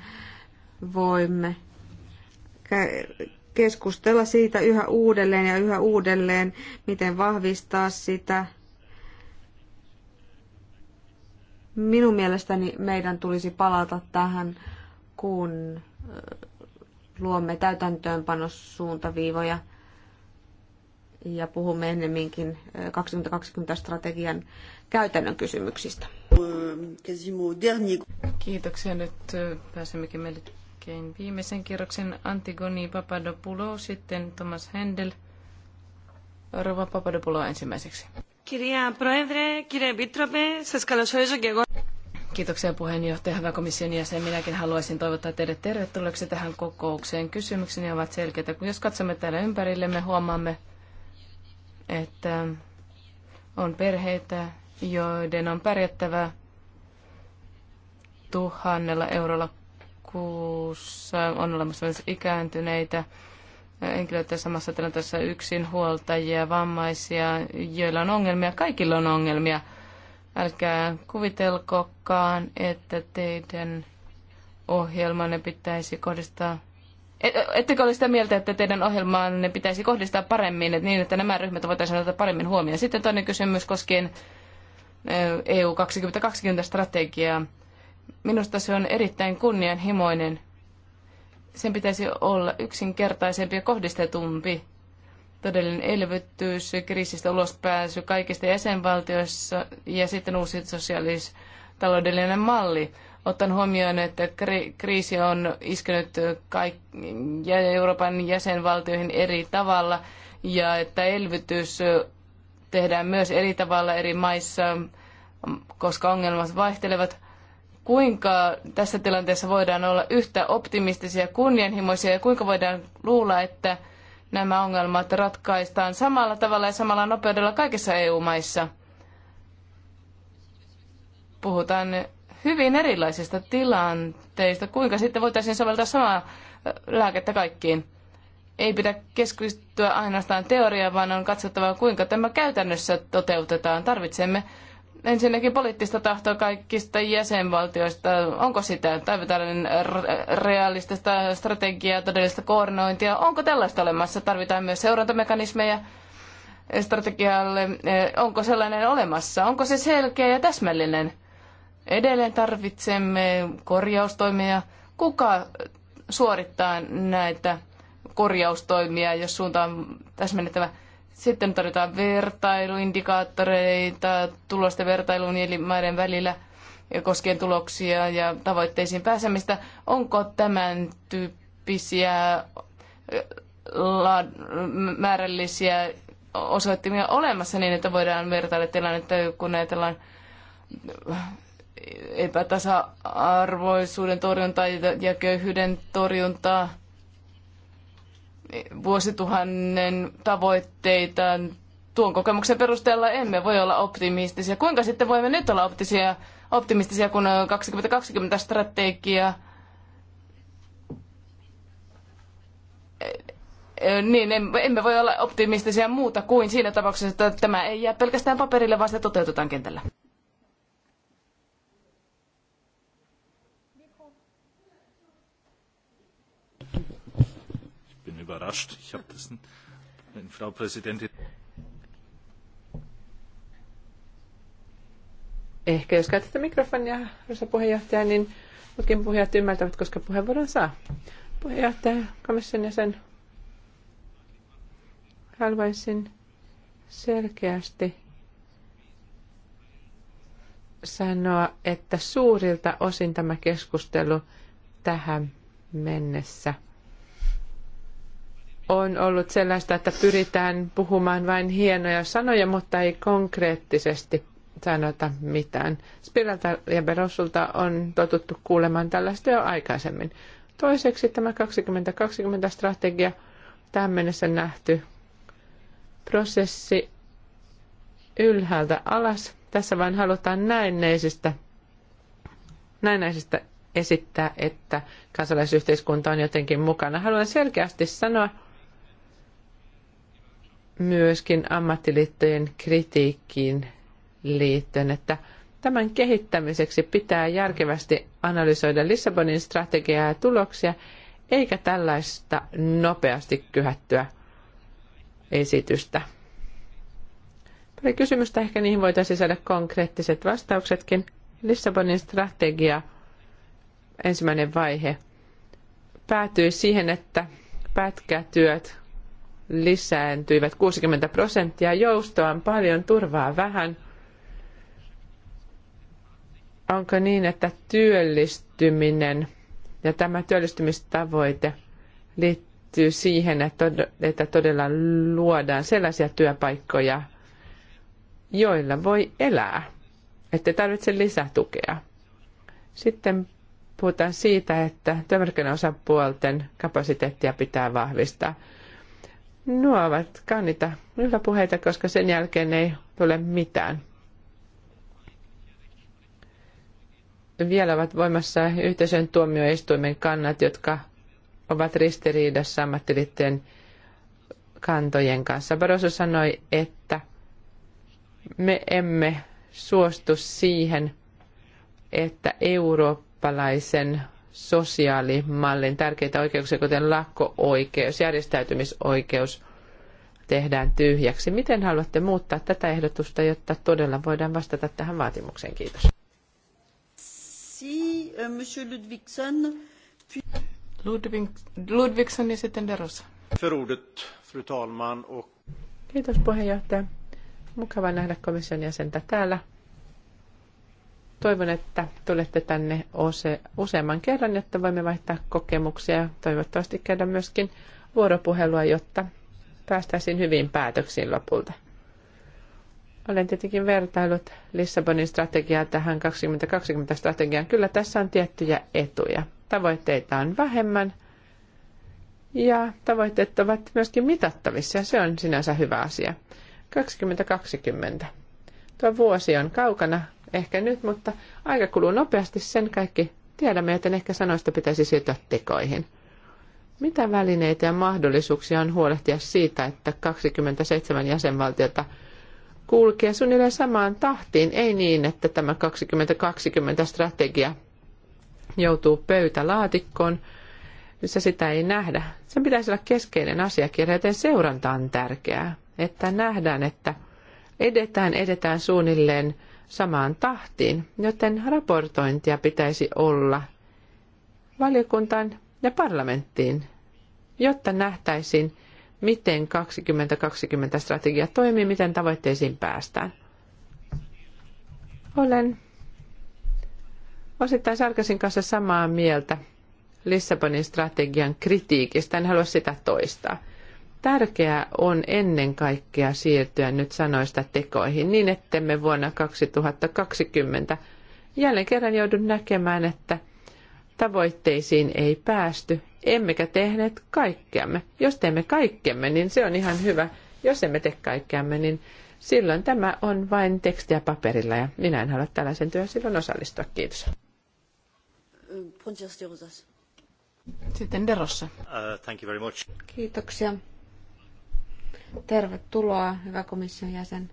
voimme keskustella siitä yhä uudelleen ja yhä uudelleen, miten vahvistaa sitä. Minun mielestäni meidän tulisi palata tähän, kun luomme täytäntöönpanossuuntaviivoja ja puhumme ennemminkin 2020 strategian käytännön kysymyksistä. Euh, quasiment au dernier. Kiitoksia. Nyt äh, pääsemmekin melkein viimeisen kierroksen. Antigoni Papadopoulos, sitten Thomas Händel. Rova Papadopoulos ensimmäiseksi. Κυρία Πρόεδρε, κύριε Επίτροπε, σας καλωσορίζω και εγώ. Kiitoksia puheenjohtaja, hyvä komission jäsen. Minäkin haluaisin toivottaa teidät tervetulleeksi tähän kokoukseen. Kysymykseni ovat selkeitä. Kun jos katsomme täällä me huomaamme, että on perheitä, joiden on pärjättävä tuhannella eurolla kuussa. On olemassa myös ikääntyneitä henkilöitä samassa tilanteessa yksinhuoltajia, vammaisia, joilla on ongelmia. Kaikilla on ongelmia. Älkää kuvitelkokaan, että teidän ohjelmanne pitäisi kohdistaa e, e, Ettekö ole sitä mieltä, että teidän ohjelmaanne pitäisi kohdistaa paremmin, että niin, että nämä ryhmät voitaisiin ottaa paremmin huomioon? Sitten toinen kysymys koskien EU 2020-strategiaa. Minusta se on erittäin kunnianhimoinen. Sen pitäisi olla yksinkertaisempi ja kohdistetumpi. Todellinen elvyttyys, kriisistä ulospääsy kaikista jäsenvaltioissa ja sitten uusi sosiaalis-taloudellinen malli Otan huomioon, että kriisi on iskenyt kaik- Euroopan jäsenvaltioihin eri tavalla ja että elvytys tehdään myös eri tavalla eri maissa, koska ongelmat vaihtelevat kuinka tässä tilanteessa voidaan olla yhtä optimistisia ja kunnianhimoisia ja kuinka voidaan luulla, että nämä ongelmat ratkaistaan samalla tavalla ja samalla nopeudella kaikissa EU-maissa. Puhutaan hyvin erilaisista tilanteista. Kuinka sitten voitaisiin soveltaa samaa lääkettä kaikkiin? Ei pidä keskittyä ainoastaan teoriaan, vaan on katsottava, kuinka tämä käytännössä toteutetaan. Tarvitsemme ensinnäkin poliittista tahtoa kaikista jäsenvaltioista. Onko sitä? Tarvitaan realistista strategiaa, todellista koordinointia. Onko tällaista olemassa? Tarvitaan myös seurantamekanismeja strategialle. Eh, onko sellainen olemassa? Onko se selkeä ja täsmällinen? Edelleen tarvitsemme korjaustoimia. Kuka suorittaa näitä korjaustoimia, jos suunta on täsmennettävä? Sitten tarvitaan vertailuindikaattoreita tulosten vertailuun eli maiden välillä koskien tuloksia ja tavoitteisiin pääsemistä. Onko tämän tyyppisiä äh, määrällisiä osoittimia olemassa niin, että voidaan vertailla tilannetta, kun ajatellaan äh, epätasa-arvoisuuden torjuntaa ja köyhyyden torjuntaa vuosituhannen tavoitteita. Tuon kokemuksen perusteella emme voi olla optimistisia. Kuinka sitten voimme nyt olla optisia, optimistisia, kun 2020 strategia niin, emme voi olla optimistisia muuta kuin siinä tapauksessa, että tämä ei jää pelkästään paperille, vaan se toteutetaan kentällä. überrascht. Ich habe das, wenn Frau Präsidentin. Ehkä jos käytätte mikrofonia, arvoisa puheenjohtaja, niin muutkin puheenjohtajat ymmärtävät, koska puheenvuoron saa. Puheenjohtaja, komission jäsen, haluaisin selkeästi sanoa, että suurilta osin tämä keskustelu tähän mennessä – on ollut sellaista, että pyritään puhumaan vain hienoja sanoja, mutta ei konkreettisesti sanota mitään. Spiralta ja Berossulta on totuttu kuulemaan tällaista jo aikaisemmin. Toiseksi tämä 2020-strategia, tähän mennessä nähty prosessi ylhäältä alas. Tässä vain halutaan näennäisistä, näennäisistä esittää, että kansalaisyhteiskunta on jotenkin mukana. Haluan selkeästi sanoa, myöskin ammattiliittojen kritiikkiin liittyen, että tämän kehittämiseksi pitää järkevästi analysoida Lissabonin strategiaa ja tuloksia, eikä tällaista nopeasti kyhättyä esitystä. Pari kysymystä ehkä niihin voitaisiin saada konkreettiset vastauksetkin. Lissabonin strategia, ensimmäinen vaihe, päätyi siihen, että pätkätyöt lisääntyivät 60 prosenttia. Joustoa on paljon, turvaa vähän. Onko niin, että työllistyminen ja tämä työllistymistavoite liittyy siihen, että todella luodaan sellaisia työpaikkoja, joilla voi elää, ettei tarvitse lisätukea. Sitten puhutaan siitä, että työmarkkinaosapuolten kapasiteettia pitää vahvistaa. Nuo ovat kauniita puheita, koska sen jälkeen ei tule mitään. Vielä ovat voimassa yhteisön tuomioistuimen kannat, jotka ovat ristiriidassa ammattiliittojen kantojen kanssa. Barroso sanoi, että me emme suostu siihen, että eurooppalaisen sosiaalimallin tärkeitä oikeuksia, kuten lakko-oikeus, järjestäytymisoikeus, tehdään tyhjäksi. Miten haluatte muuttaa tätä ehdotusta, jotta todella voidaan vastata tähän vaatimukseen? Kiitos. Si, euh, Monsieur Ludvigsen. Ludvig, ja sitten Derosa. För fru talman. Och... Kiitos puheenjohtaja. Mukava nähdä komission jäsentä täällä. Toivon, että tulette tänne use, useamman kerran, jotta voimme vaihtaa kokemuksia ja toivottavasti käydä myöskin vuoropuhelua, jotta päästäisiin hyvin päätöksiin lopulta. Olen tietenkin vertailut Lissabonin strategiaa tähän 2020-strategiaan. Kyllä tässä on tiettyjä etuja. Tavoitteita on vähemmän ja tavoitteet ovat myöskin mitattavissa ja se on sinänsä hyvä asia. 2020. Tuo vuosi on kaukana, ehkä nyt, mutta aika kuluu nopeasti, sen kaikki tiedämme, joten ehkä sanoista pitäisi siirtyä tekoihin. Mitä välineitä ja mahdollisuuksia on huolehtia siitä, että 27 jäsenvaltiota kulkee suunnilleen samaan tahtiin, ei niin, että tämä 2020-strategia joutuu pöytälaatikkoon, missä sitä ei nähdä. Sen pitäisi olla keskeinen asiakirja, joten seuranta on tärkeää, että nähdään, että edetään, edetään suunnilleen – samaan tahtiin, joten raportointia pitäisi olla valiokuntaan ja parlamenttiin, jotta nähtäisiin, miten 2020-strategia toimii, miten tavoitteisiin päästään. Olen osittain Sarkasin kanssa samaa mieltä Lissabonin strategian kritiikistä, en halua sitä toistaa. Tärkeää on ennen kaikkea siirtyä nyt sanoista tekoihin niin, ettemme vuonna 2020 jälleen kerran joudu näkemään, että tavoitteisiin ei päästy, emmekä tehneet kaikkeamme. Jos teemme kaikkemme, niin se on ihan hyvä. Jos emme tee kaikkeamme, niin silloin tämä on vain tekstiä paperilla ja minä en halua tällaisen työn silloin osallistua. Kiitos. Sitten Derossa. Uh, thank you very much. Kiitoksia. Tervetuloa, hyvä komission jäsen,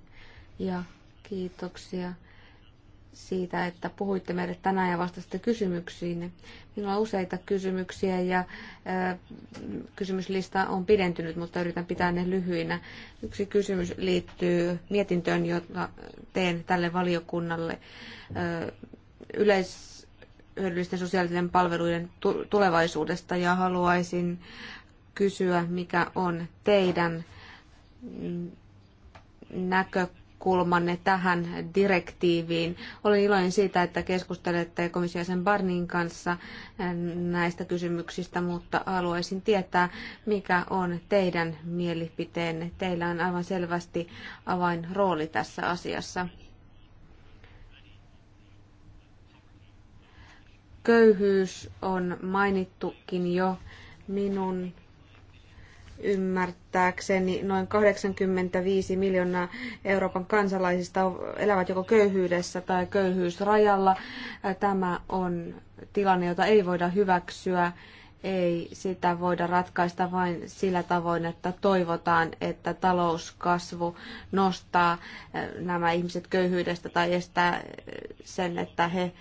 ja kiitoksia siitä, että puhuitte meille tänään ja vastasitte kysymyksiin. Minulla on useita kysymyksiä ja kysymyslista on pidentynyt, mutta yritän pitää ne lyhyinä. Yksi kysymys liittyy mietintöön, jota teen tälle valiokunnalle yleishyödyllisten sosiaalisten palveluiden tulevaisuudesta ja haluaisin kysyä, mikä on teidän näkökulmanne tähän direktiiviin. Olen iloinen siitä, että keskustelette komissiaisen Barnin kanssa näistä kysymyksistä, mutta haluaisin tietää, mikä on teidän mielipiteenne. Teillä on aivan selvästi avainrooli tässä asiassa. Köyhyys on mainittukin jo minun ymmärtääkseni noin 85 miljoonaa Euroopan kansalaisista elävät joko köyhyydessä tai köyhyysrajalla. Tämä on tilanne, jota ei voida hyväksyä. Ei sitä voida ratkaista vain sillä tavoin, että toivotaan, että talouskasvu nostaa nämä ihmiset köyhyydestä tai estää sen, että he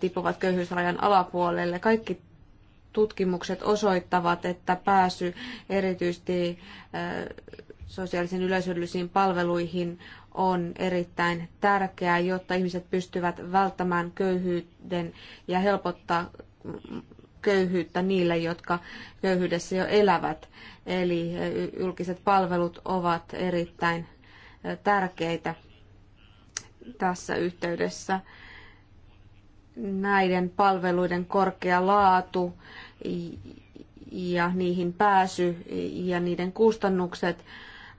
tippuvat köyhyysrajan alapuolelle. Kaikki tutkimukset osoittavat, että pääsy erityisesti sosiaalisiin yleisöllisiin palveluihin on erittäin tärkeää, jotta ihmiset pystyvät välttämään köyhyyden ja helpottaa köyhyyttä niille, jotka köyhyydessä jo elävät. Eli julkiset palvelut ovat erittäin tärkeitä tässä yhteydessä näiden palveluiden korkea laatu ja niihin pääsy ja niiden kustannukset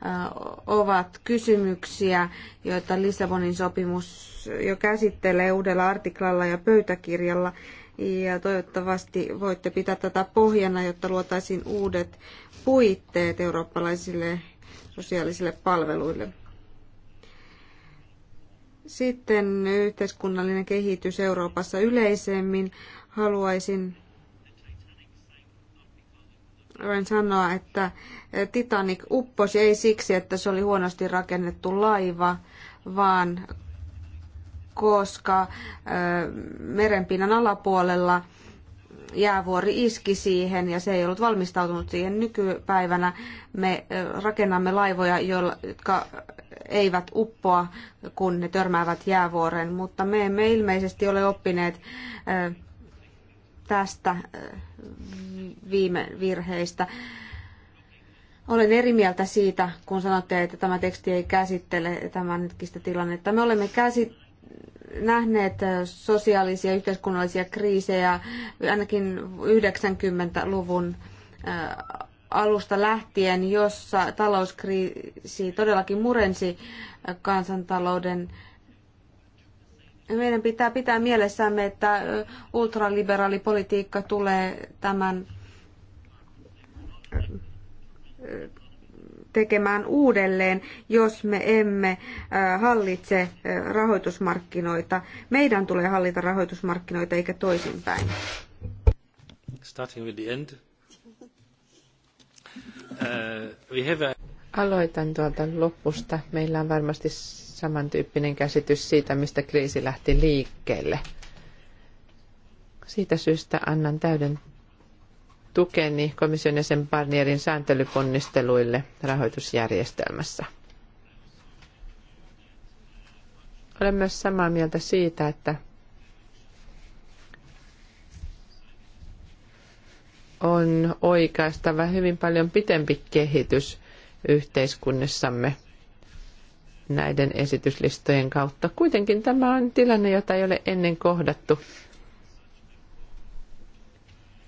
äh, ovat kysymyksiä, joita Lissabonin sopimus jo käsittelee uudella artiklalla ja pöytäkirjalla. Ja toivottavasti voitte pitää tätä pohjana, jotta luotaisiin uudet puitteet eurooppalaisille sosiaalisille palveluille. Sitten yhteiskunnallinen kehitys Euroopassa yleisemmin. Haluaisin voin sanoa, että Titanic upposi ei siksi, että se oli huonosti rakennettu laiva, vaan koska merenpinnan alapuolella jäävuori iski siihen ja se ei ollut valmistautunut siihen nykypäivänä. Me rakennamme laivoja, jotka eivät uppoa, kun ne törmäävät jäävuoren, mutta me emme ilmeisesti ole oppineet tästä viime virheistä. Olen eri mieltä siitä, kun sanotte, että tämä teksti ei käsittele hetkistä tilannetta. Me olemme käsitteleet nähneet äh, sosiaalisia ja yhteiskunnallisia kriisejä ainakin 90-luvun äh, alusta lähtien, jossa talouskriisi todellakin murensi äh, kansantalouden. Meidän pitää pitää mielessämme, että ultraliberaalipolitiikka tulee tämän tekemään uudelleen, jos me emme hallitse rahoitusmarkkinoita. Meidän tulee hallita rahoitusmarkkinoita eikä toisinpäin. Starting with the end. Uh, we have a... Aloitan tuolta lopusta. Meillä on varmasti samantyyppinen käsitys siitä, mistä kriisi lähti liikkeelle. Siitä syystä annan täyden tukeni komission jäsen Barnierin sääntelyponnisteluille rahoitusjärjestelmässä. Olen myös samaa mieltä siitä, että on oikaistava hyvin paljon pitempi kehitys yhteiskunnissamme näiden esityslistojen kautta. Kuitenkin tämä on tilanne, jota ei ole ennen kohdattu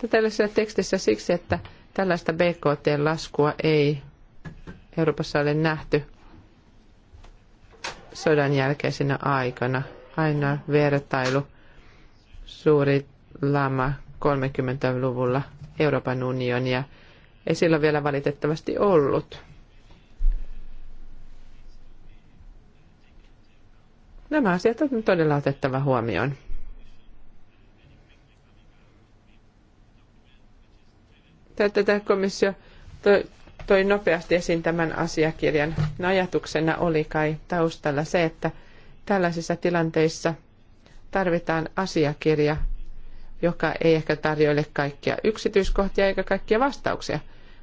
Tätä ei siellä tekstissä siksi, että tällaista BKT-laskua ei Euroopassa ole nähty sodan jälkeisenä aikana. Aina vertailu suuri lama 30-luvulla Euroopan unionia ei sillä vielä valitettavasti ollut. Nämä asiat on todella otettava huomioon. tätä komissio toi nopeasti esiin tämän asiakirjan. No, ajatuksena oli kai taustalla se, että tällaisissa tilanteissa tarvitaan asiakirja, joka ei ehkä tarjoile kaikkia yksityiskohtia eikä kaikkia vastauksia,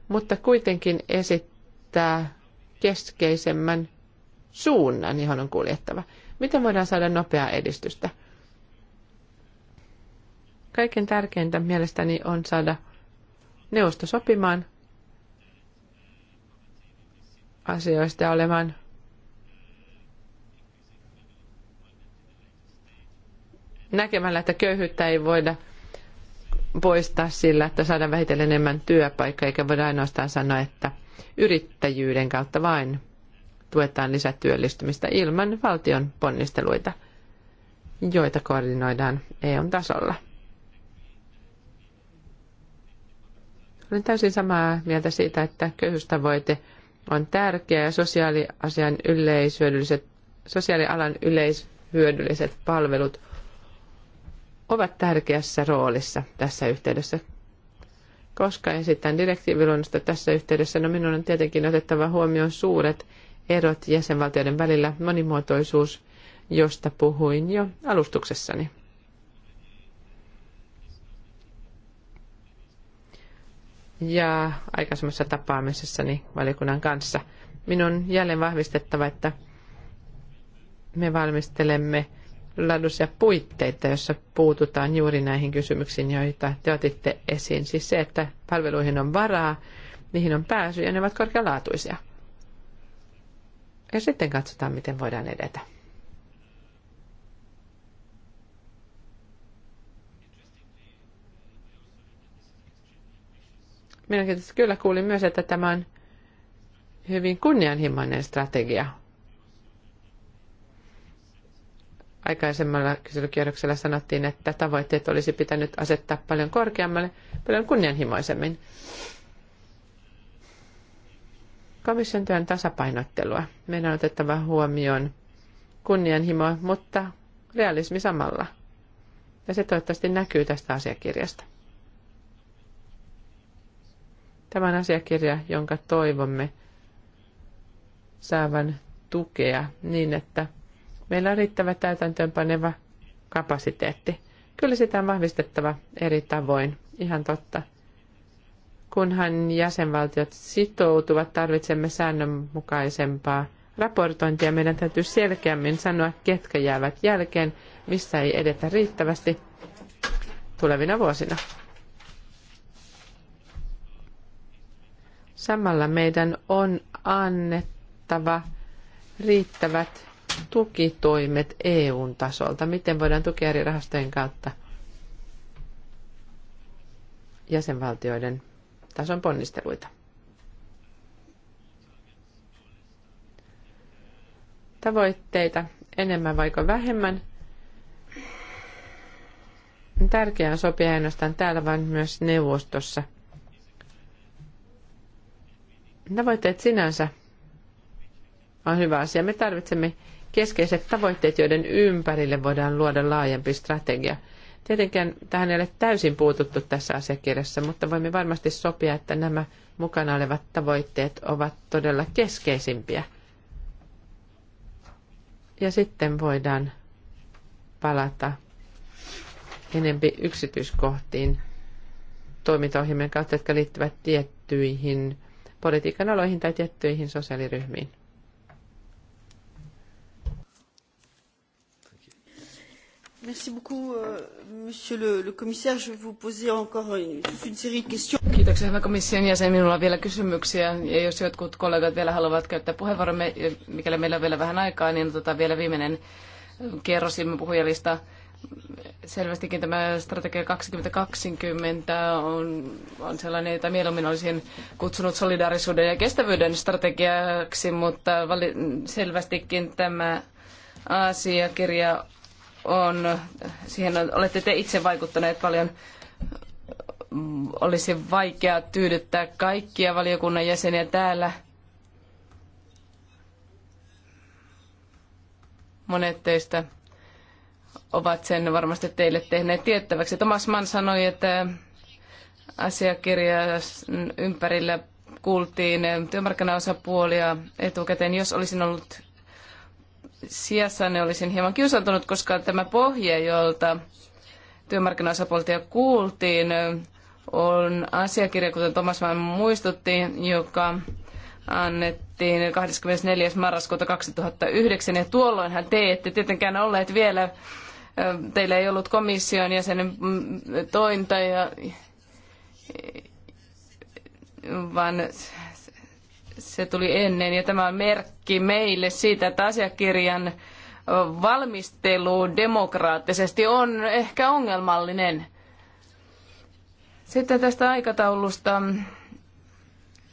mutta kuitenkin esittää keskeisemmän suunnan, johon on kuljettava. Miten voidaan saada nopeaa edistystä? Kaiken tärkeintä mielestäni on saada – neuvosto sopimaan asioista ja olemaan näkemällä, että köyhyyttä ei voida poistaa sillä, että saadaan vähitellen enemmän työpaikkaa, eikä voida ainoastaan sanoa, että yrittäjyyden kautta vain tuetaan lisätyöllistymistä ilman valtion ponnisteluita, joita koordinoidaan EUn tasolla. Olen täysin samaa mieltä siitä, että köyhyystavoite on tärkeä ja sosiaaliasian yleishyödylliset, sosiaalialan yleishyödylliset palvelut ovat tärkeässä roolissa tässä yhteydessä. Koska esitän direktiiviluonnosta tässä yhteydessä, no minun on tietenkin otettava huomioon suuret erot jäsenvaltioiden välillä, monimuotoisuus, josta puhuin jo alustuksessani. ja aikaisemmassa tapaamisessani valiokunnan kanssa. Minun jälleen vahvistettava, että me valmistelemme ladusia puitteita, jossa puututaan juuri näihin kysymyksiin, joita te otitte esiin. Siis se, että palveluihin on varaa, niihin on pääsy ja ne ovat korkealaatuisia. Ja sitten katsotaan, miten voidaan edetä. Mielenkiintoista kyllä kuulin myös, että tämä on hyvin kunnianhimoinen strategia. Aikaisemmalla kyselykierroksella sanottiin, että tavoitteet olisi pitänyt asettaa paljon korkeammalle, paljon kunnianhimoisemmin. Komission työn tasapainottelua. Meidän on otettava huomioon kunnianhimo, mutta realismi samalla. Ja se toivottavasti näkyy tästä asiakirjasta. Tämän asiakirja, jonka toivomme saavan tukea niin, että meillä on riittävä täytäntöönpaneva kapasiteetti. Kyllä sitä on vahvistettava eri tavoin, ihan totta. Kunhan jäsenvaltiot sitoutuvat, tarvitsemme säännönmukaisempaa raportointia. Meidän täytyy selkeämmin sanoa, ketkä jäävät jälkeen, missä ei edetä riittävästi tulevina vuosina. Samalla meidän on annettava riittävät tukitoimet EUn tasolta. Miten voidaan tukea eri rahastojen kautta jäsenvaltioiden tason ponnisteluita? Tavoitteita enemmän vaiko vähemmän? Tärkeää on sopia ainoastaan täällä, vaan myös neuvostossa – Tavoitteet sinänsä on hyvä asia. Me tarvitsemme keskeiset tavoitteet, joiden ympärille voidaan luoda laajempi strategia. Tietenkään tähän ei ole täysin puututtu tässä asiakirjassa, mutta voimme varmasti sopia, että nämä mukana olevat tavoitteet ovat todella keskeisimpiä. Ja sitten voidaan palata enempi yksityiskohtiin toimintaohjelmien kautta, jotka liittyvät tiettyihin politiikan aloihin tai tiettyihin sosiaaliryhmiin. Merci beaucoup, euh, monsieur le, le commissaire. Je vous encore une, une série de questions. Kiitoksia, hyvä komission jäsen. Minulla on vielä kysymyksiä. Ja jos jotkut kollegat vielä haluavat käyttää puheenvuoron, mikäli meillä on vielä vähän aikaa, niin otetaan vielä viimeinen kierros ilman puhujalista selvästikin tämä strategia 2020 on, on sellainen, jota mieluummin olisin kutsunut solidaarisuuden ja kestävyyden strategiaksi, mutta selvästikin tämä asiakirja on, siihen olette te itse vaikuttaneet paljon. Olisi vaikea tyydyttää kaikkia valiokunnan jäseniä täällä. Monet teistä ovat sen varmasti teille tehneet tiettäväksi. Thomas Mann sanoi, että asiakirjan ympärillä kuultiin työmarkkinaosapuolia etukäteen. Jos olisin ollut sijassa, niin olisin hieman kiusantunut, koska tämä pohje, jolta työmarkkinaosapuolia kuultiin, on asiakirja, kuten Thomas Mann muistutti, joka annettiin 24. marraskuuta 2009, ja tuolloinhan te ette tietenkään olleet vielä teillä ei ollut komission jäsenen mm, tointa, ja, vaan se tuli ennen. Ja tämä on merkki meille siitä, että asiakirjan valmistelu demokraattisesti on ehkä ongelmallinen. Sitten tästä aikataulusta.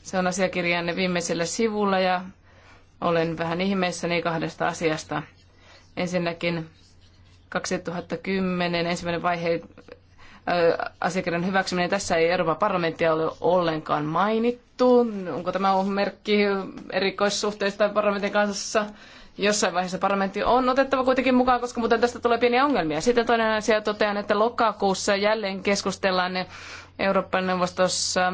Se on asiakirjanne viimeisellä sivulla ja olen vähän ihmeessäni kahdesta asiasta. Ensinnäkin 2010 ensimmäinen vaihe asiakirjan hyväksyminen. Tässä ei Euroopan parlamenttia ole ollenkaan mainittu. Onko tämä merkki erikoissuhteista parlamentin kanssa? Jossain vaiheessa parlamentti on otettava kuitenkin mukaan, koska muuten tästä tulee pieniä ongelmia. Sitten toinen asia totean, että lokakuussa jälleen keskustellaan Euroopan neuvostossa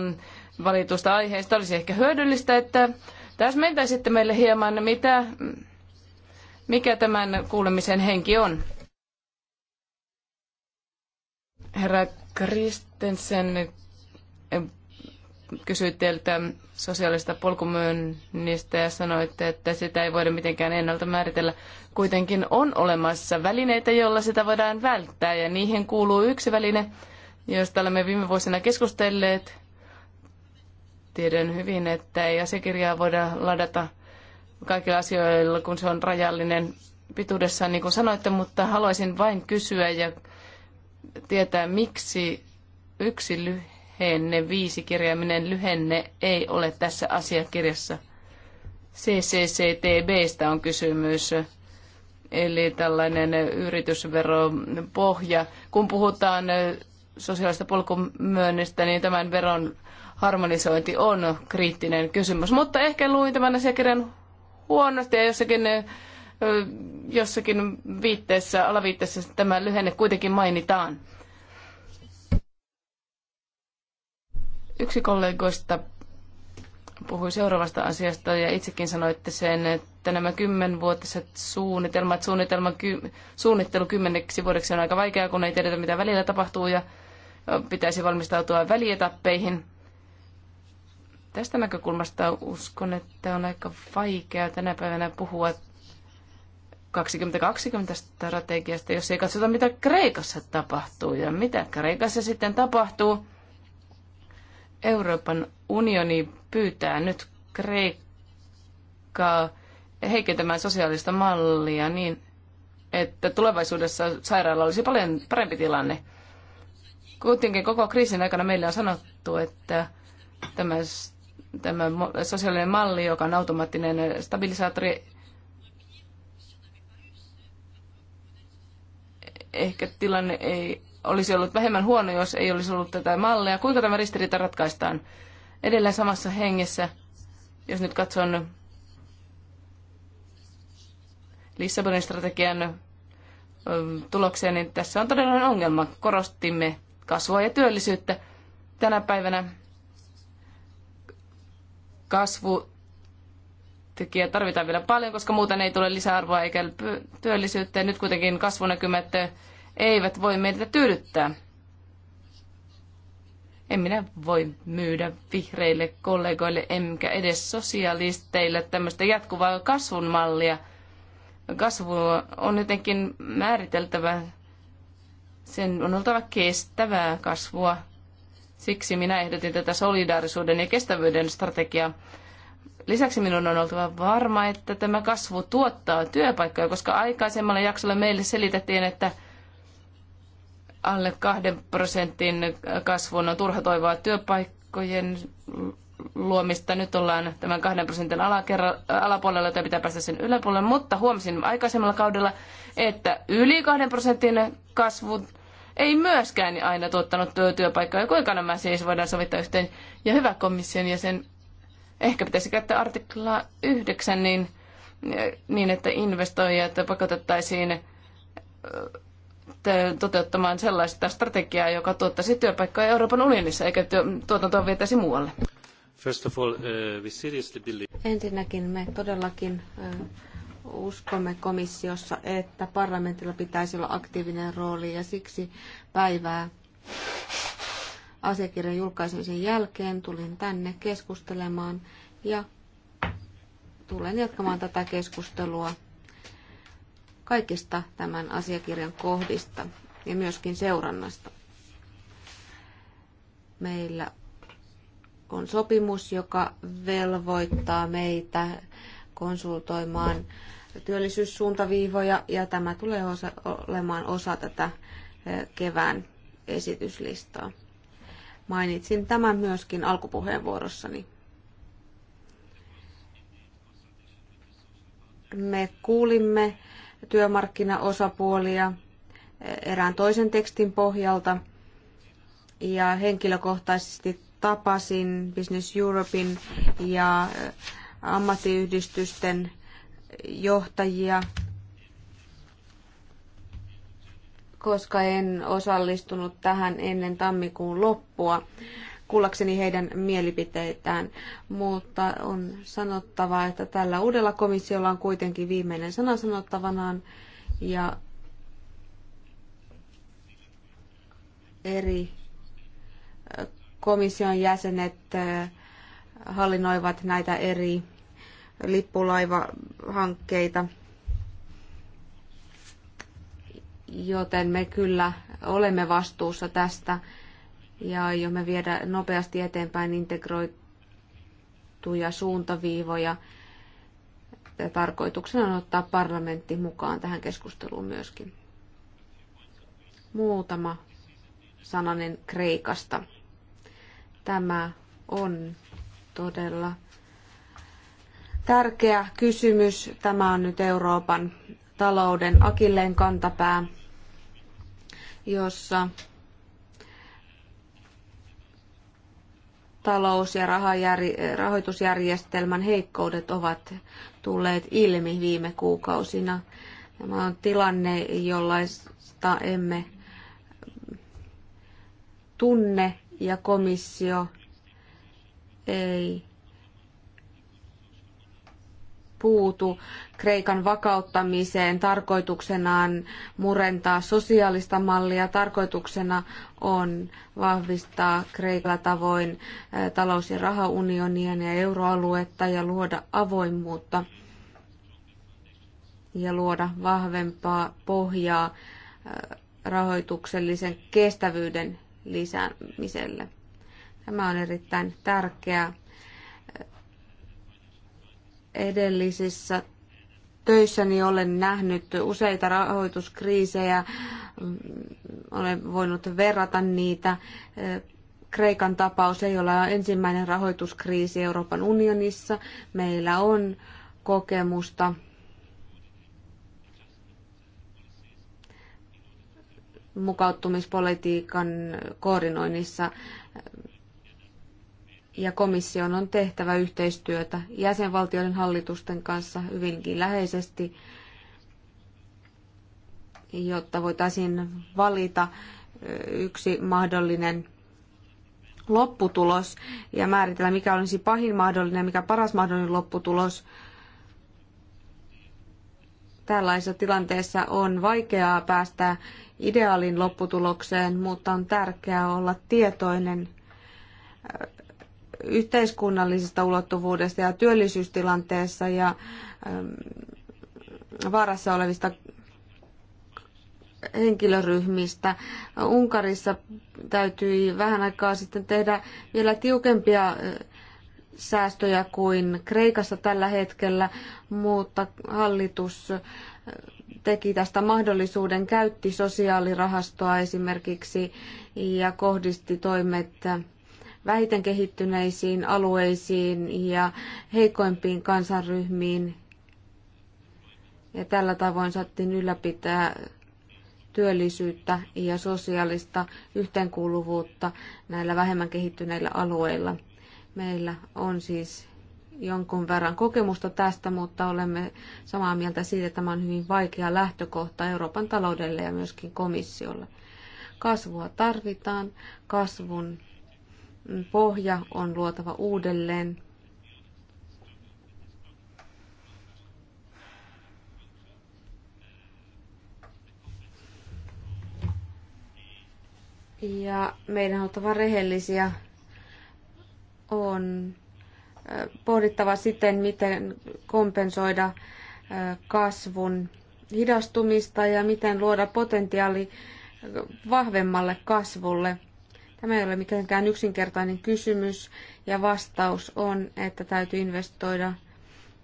valituista aiheista Olisi ehkä hyödyllistä, että tässä sitten meille hieman, mitä, mikä tämän kuulemisen henki on. Herra Kristensen kysyi teiltä sosiaalista polkumyynnistä ja sanoitte, että sitä ei voida mitenkään ennalta määritellä. Kuitenkin on olemassa välineitä, joilla sitä voidaan välttää ja niihin kuuluu yksi väline, josta olemme viime vuosina keskustelleet. Tiedän hyvin, että ei asiakirjaa voida ladata kaikilla asioilla, kun se on rajallinen pituudessaan, niin kuin sanoitte, mutta haluaisin vain kysyä ja tietää, miksi yksi lyhenne, viisi kirjaiminen lyhenne ei ole tässä asiakirjassa. CCCTBstä on kysymys, eli tällainen yritysveropohja. Kun puhutaan sosiaalista polkumyönnistä, niin tämän veron harmonisointi on kriittinen kysymys. Mutta ehkä luin tämän asiakirjan huonosti ja jossakin jossakin viitteessä, alaviitteessä tämä lyhenne kuitenkin mainitaan. Yksi kollegoista puhui seuraavasta asiasta ja itsekin sanoitte sen, että nämä kymmenvuotiset suunnitelmat, suunnitelma, ky, suunnittelu kymmeneksi vuodeksi on aika vaikeaa, kun ei tiedetä mitä välillä tapahtuu ja pitäisi valmistautua välietappeihin. Tästä näkökulmasta uskon, että on aika vaikeaa tänä päivänä puhua 2020 strategiasta, jos ei katsota, mitä Kreikassa tapahtuu ja mitä Kreikassa sitten tapahtuu. Euroopan unioni pyytää nyt Kreikkaa heikentämään sosiaalista mallia niin, että tulevaisuudessa sairaala olisi paljon parempi tilanne. Kuitenkin koko kriisin aikana meillä on sanottu, että tämä, tämä sosiaalinen malli, joka on automaattinen stabilisaattori, ehkä tilanne ei olisi ollut vähemmän huono, jos ei olisi ollut tätä mallia. Kuinka tämä ristiriita ratkaistaan? Edelleen samassa hengessä, jos nyt katson Lissabonin strategian tulokseen, niin tässä on todellinen ongelma. Korostimme kasvua ja työllisyyttä. Tänä päivänä kasvu tykiä tarvitaan vielä paljon, koska muuten ei tule lisäarvoa eikä työllisyyttä. Ja nyt kuitenkin kasvunäkymät eivät voi meitä tyydyttää. En minä voi myydä vihreille kollegoille, emmekä edes sosialisteille tämmöistä jatkuvaa kasvun mallia. Kasvu on jotenkin määriteltävä, sen on oltava kestävää kasvua. Siksi minä ehdotin tätä solidaarisuuden ja kestävyyden strategiaa Lisäksi minun on oltava varma, että tämä kasvu tuottaa työpaikkoja, koska aikaisemmalla jaksolla meille selitettiin, että alle kahden prosentin kasvun on turha toivoa työpaikkojen luomista. Nyt ollaan tämän kahden prosentin alapuolella, jota pitää päästä sen yläpuolelle, mutta huomasin aikaisemmalla kaudella, että yli kahden prosentin kasvu ei myöskään aina tuottanut työpaikkoja. Kuinka nämä siis voidaan sovittaa yhteen? Ja hyvä komission jäsen, Ehkä pitäisi käyttää artiklaa 9 niin, niin että investoijat pakotettaisiin toteuttamaan sellaista strategiaa, joka tuottaisi työpaikkoja Euroopan unionissa, eikä työ, tuotantoa vietäisi muualle? First of all, uh, we seriously believe... Ensinnäkin me todellakin uh, uskomme komissiossa, että parlamentilla pitäisi olla aktiivinen rooli ja siksi päivää asiakirjan julkaisemisen jälkeen tulin tänne keskustelemaan ja tulen jatkamaan tätä keskustelua kaikista tämän asiakirjan kohdista ja myöskin seurannasta. Meillä on sopimus, joka velvoittaa meitä konsultoimaan työllisyyssuuntaviivoja ja tämä tulee osa, olemaan osa tätä eh, kevään esityslistaa. Mainitsin tämän myöskin alkupuheenvuorossani. Me kuulimme työmarkkinaosapuolia erään toisen tekstin pohjalta ja henkilökohtaisesti tapasin Business Europein ja ammattiyhdistysten johtajia koska en osallistunut tähän ennen tammikuun loppua kuullakseni heidän mielipiteitään, mutta on sanottava, että tällä uudella komissiolla on kuitenkin viimeinen sana sanottavanaan ja eri komission jäsenet hallinnoivat näitä eri lippulaivahankkeita – joten me kyllä olemme vastuussa tästä ja aiomme viedä nopeasti eteenpäin integroituja suuntaviivoja. Tarkoituksena on ottaa parlamentti mukaan tähän keskusteluun myöskin. Muutama sananen Kreikasta. Tämä on todella tärkeä kysymys. Tämä on nyt Euroopan talouden akilleen kantapää jossa talous- ja rahoitusjärjestelmän heikkoudet ovat tulleet ilmi viime kuukausina. Tämä on tilanne, jollaista emme tunne ja komissio ei puutu Kreikan vakauttamiseen. Tarkoituksena on murentaa sosiaalista mallia. Tarkoituksena on vahvistaa Kreikalla tavoin eh, talous- ja rahaunionia ja euroaluetta ja luoda avoimuutta ja luoda vahvempaa pohjaa eh, rahoituksellisen kestävyyden lisäämiselle. Tämä on erittäin tärkeää edellisissä töissäni olen nähnyt useita rahoituskriisejä, olen voinut verrata niitä. Kreikan tapaus ei ole ensimmäinen rahoituskriisi Euroopan unionissa. Meillä on kokemusta mukauttumispolitiikan koordinoinnissa ja komission on tehtävä yhteistyötä jäsenvaltioiden hallitusten kanssa hyvinkin läheisesti, jotta voitaisiin valita yksi mahdollinen lopputulos ja määritellä, mikä olisi pahin mahdollinen, mikä paras mahdollinen lopputulos. Tällaisessa tilanteessa on vaikeaa päästä ideaalin lopputulokseen, mutta on tärkeää olla tietoinen yhteiskunnallisesta ulottuvuudesta ja työllisyystilanteessa ja ähm, vaarassa olevista henkilöryhmistä. Unkarissa täytyi vähän aikaa sitten tehdä vielä tiukempia äh, säästöjä kuin Kreikassa tällä hetkellä, mutta hallitus äh, teki tästä mahdollisuuden, käytti sosiaalirahastoa esimerkiksi ja kohdisti toimet vähiten kehittyneisiin alueisiin ja heikoimpiin kansanryhmiin. Ja tällä tavoin saattiin ylläpitää työllisyyttä ja sosiaalista yhteenkuuluvuutta näillä vähemmän kehittyneillä alueilla. Meillä on siis jonkun verran kokemusta tästä, mutta olemme samaa mieltä siitä, että tämä on hyvin vaikea lähtökohta Euroopan taloudelle ja myöskin komissiolle. Kasvua tarvitaan, kasvun pohja on luotava uudelleen. Ja meidän on oltava rehellisiä. On pohdittava siten, miten kompensoida kasvun hidastumista ja miten luoda potentiaali vahvemmalle kasvulle – Tämä ei ole mitenkään yksinkertainen kysymys ja vastaus on, että täytyy investoida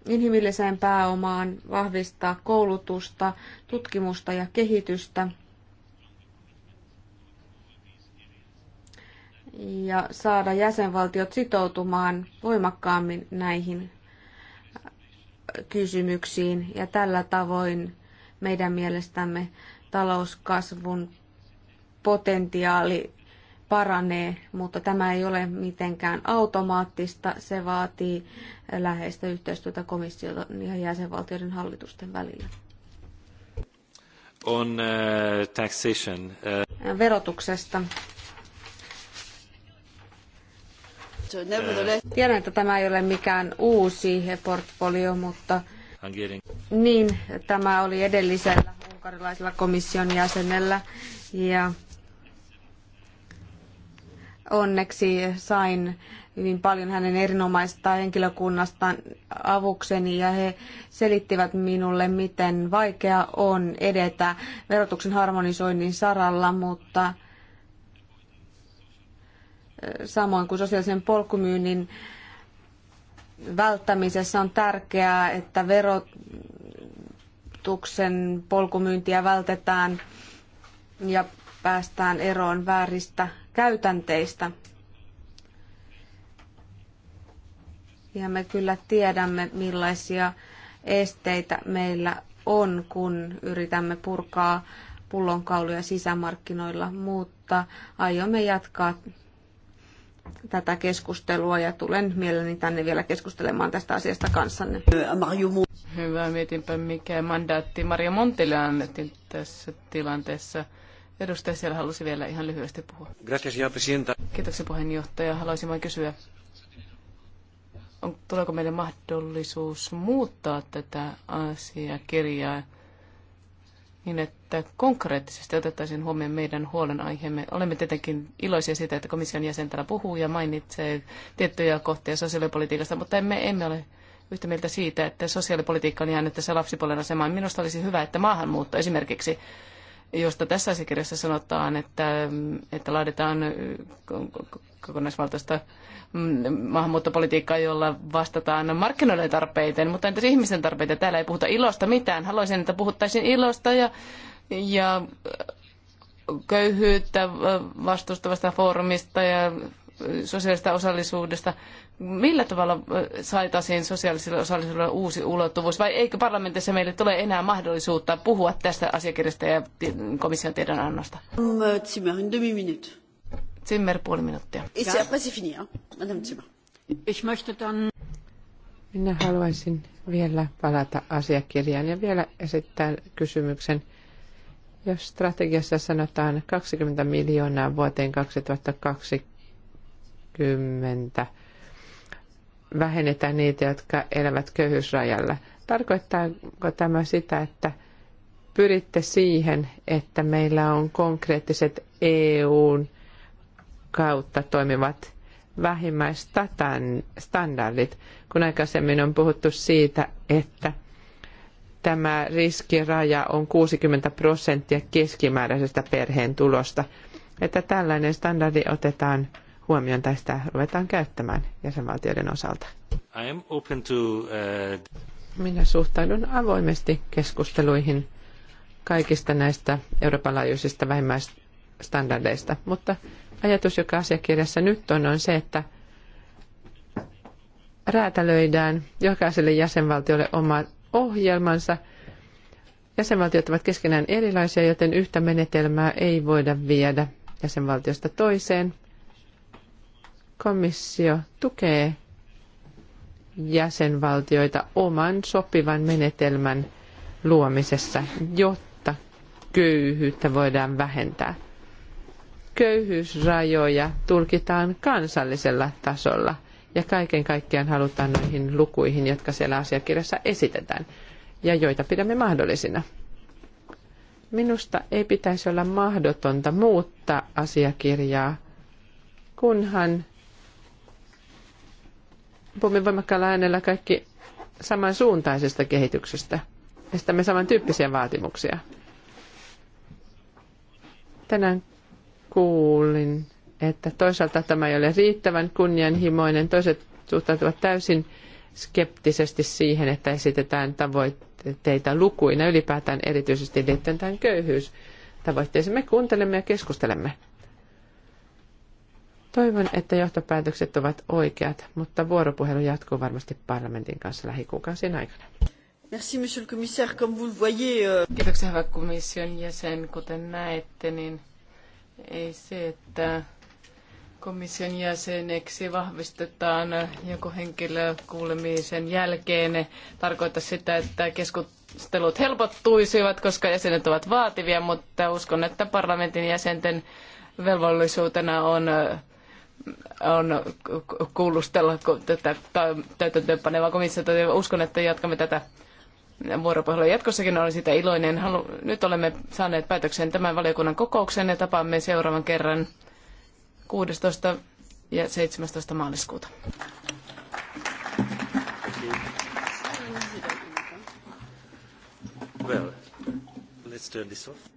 inhimilliseen pääomaan, vahvistaa koulutusta, tutkimusta ja kehitystä ja saada jäsenvaltiot sitoutumaan voimakkaammin näihin äh, kysymyksiin ja tällä tavoin meidän mielestämme talouskasvun potentiaali paranee, mutta tämä ei ole mitenkään automaattista. Se vaatii läheistä yhteistyötä komissiota ja jäsenvaltioiden hallitusten välillä. On uh, taxation. Uh... Verotuksesta. Äh, tiedän, että tämä ei ole mikään uusi portfolio, mutta niin, tämä oli edellisellä unkarilaisella komission jäsenellä. Ja onneksi sain hyvin paljon hänen erinomaista henkilökunnastaan avukseni ja he selittivät minulle, miten vaikea on edetä verotuksen harmonisoinnin saralla, mutta samoin kuin sosiaalisen polkumyynnin välttämisessä on tärkeää, että verotuksen polkumyyntiä vältetään ja päästään eroon vääristä käytänteistä. Ja me kyllä tiedämme, millaisia esteitä meillä on, kun yritämme purkaa pullonkauluja sisämarkkinoilla, mutta aiomme jatkaa tätä keskustelua ja tulen mielelläni tänne vielä keskustelemaan tästä asiasta kanssanne. Hyvä, mietinpä mikä mandaatti Maria Montille annettiin tässä tilanteessa. Edustaja siellä halusi vielä ihan lyhyesti puhua. Gracias, Kiitoksia puheenjohtaja. Haluaisin vain kysyä, on, tuleeko meille mahdollisuus muuttaa tätä asiakirjaa niin, että konkreettisesti otettaisiin huomioon meidän huolenaiheemme. Olemme tietenkin iloisia siitä, että komission jäsen täällä puhuu ja mainitsee tiettyjä kohtia sosiaalipolitiikasta, mutta emme, emme ole yhtä mieltä siitä, että sosiaalipolitiikka on jäänyt tässä lapsipuolen asemaan. Minusta olisi hyvä, että maahanmuutto esimerkiksi josta tässä asiakirjassa sanotaan, että, että laaditaan kokonaisvaltaista maahanmuuttopolitiikkaa, jolla vastataan markkinoiden tarpeiden, mutta entäs ihmisten tarpeita? Täällä ei puhuta ilosta mitään. Haluaisin, että puhuttaisiin ilosta ja, ja köyhyyttä vastustavasta foorumista ja sosiaalista osallisuudesta. Millä tavalla saitaisiin sosiaalisella osallisuudella uusi ulottuvuus, vai eikö parlamentissa meille tule enää mahdollisuutta puhua tästä asiakirjasta ja komission tiedonannosta? Mm, Zimmer, demi minute. Zimmer, puoli minuuttia. Minä haluaisin vielä palata asiakirjaan ja vielä esittää kysymyksen. Jos strategiassa sanotaan 20 miljoonaa vuoteen 2020, 20. vähennetään niitä, jotka elävät köyhyysrajalla. Tarkoittaako tämä sitä, että pyritte siihen, että meillä on konkreettiset EUn kautta toimivat vähimmäisstandardit, kun aikaisemmin on puhuttu siitä, että tämä riskiraja on 60 prosenttia keskimääräisestä perheen tulosta, että tällainen standardi otetaan huomioon tästä ruvetaan käyttämään jäsenvaltioiden osalta. I am open to, uh... Minä suhtaudun avoimesti keskusteluihin kaikista näistä Euroopan laajuisista vähimmäisstandardeista, mutta ajatus, joka asiakirjassa nyt on, on se, että räätälöidään jokaiselle jäsenvaltiolle oma ohjelmansa. Jäsenvaltiot ovat keskenään erilaisia, joten yhtä menetelmää ei voida viedä jäsenvaltiosta toiseen – komissio tukee jäsenvaltioita oman sopivan menetelmän luomisessa, jotta köyhyyttä voidaan vähentää. Köyhyysrajoja tulkitaan kansallisella tasolla ja kaiken kaikkiaan halutaan noihin lukuihin, jotka siellä asiakirjassa esitetään ja joita pidämme mahdollisina. Minusta ei pitäisi olla mahdotonta muuttaa asiakirjaa, kunhan puhumme voimakkaalla äänellä kaikki samansuuntaisesta kehityksestä. Estämme samantyyppisiä vaatimuksia. Tänään kuulin, että toisaalta tämä ei ole riittävän kunnianhimoinen, toiset suhtautuvat täysin skeptisesti siihen, että esitetään tavoitteita lukuina ylipäätään erityisesti liittyen tähän Tavoitteisiin Me kuuntelemme ja keskustelemme Toivon, että johtopäätökset ovat oikeat, mutta vuoropuhelu jatkuu varmasti parlamentin kanssa lähikuukausien aikana. Merci, monsieur le commissaire. Comme vous le voyez, euh... Kiitoksia, hyvä komission jäsen. Kuten näette, niin ei se, että komission jäseneksi vahvistetaan joku henkilö kuulemisen jälkeen, tarkoita sitä, että keskustelut helpottuisivat, koska jäsenet ovat vaativia, mutta uskon, että parlamentin jäsenten velvollisuutena on on kuulustella tätä täytäntöönpanevaa komissiota. Uskon, että jatkamme tätä vuoropuhelua jatkossakin. Olen siitä iloinen. Halu- Nyt olemme saaneet päätöksen tämän valiokunnan kokouksen ja tapaamme seuraavan kerran 16. ja 17. maaliskuuta. Well, let's turn this off.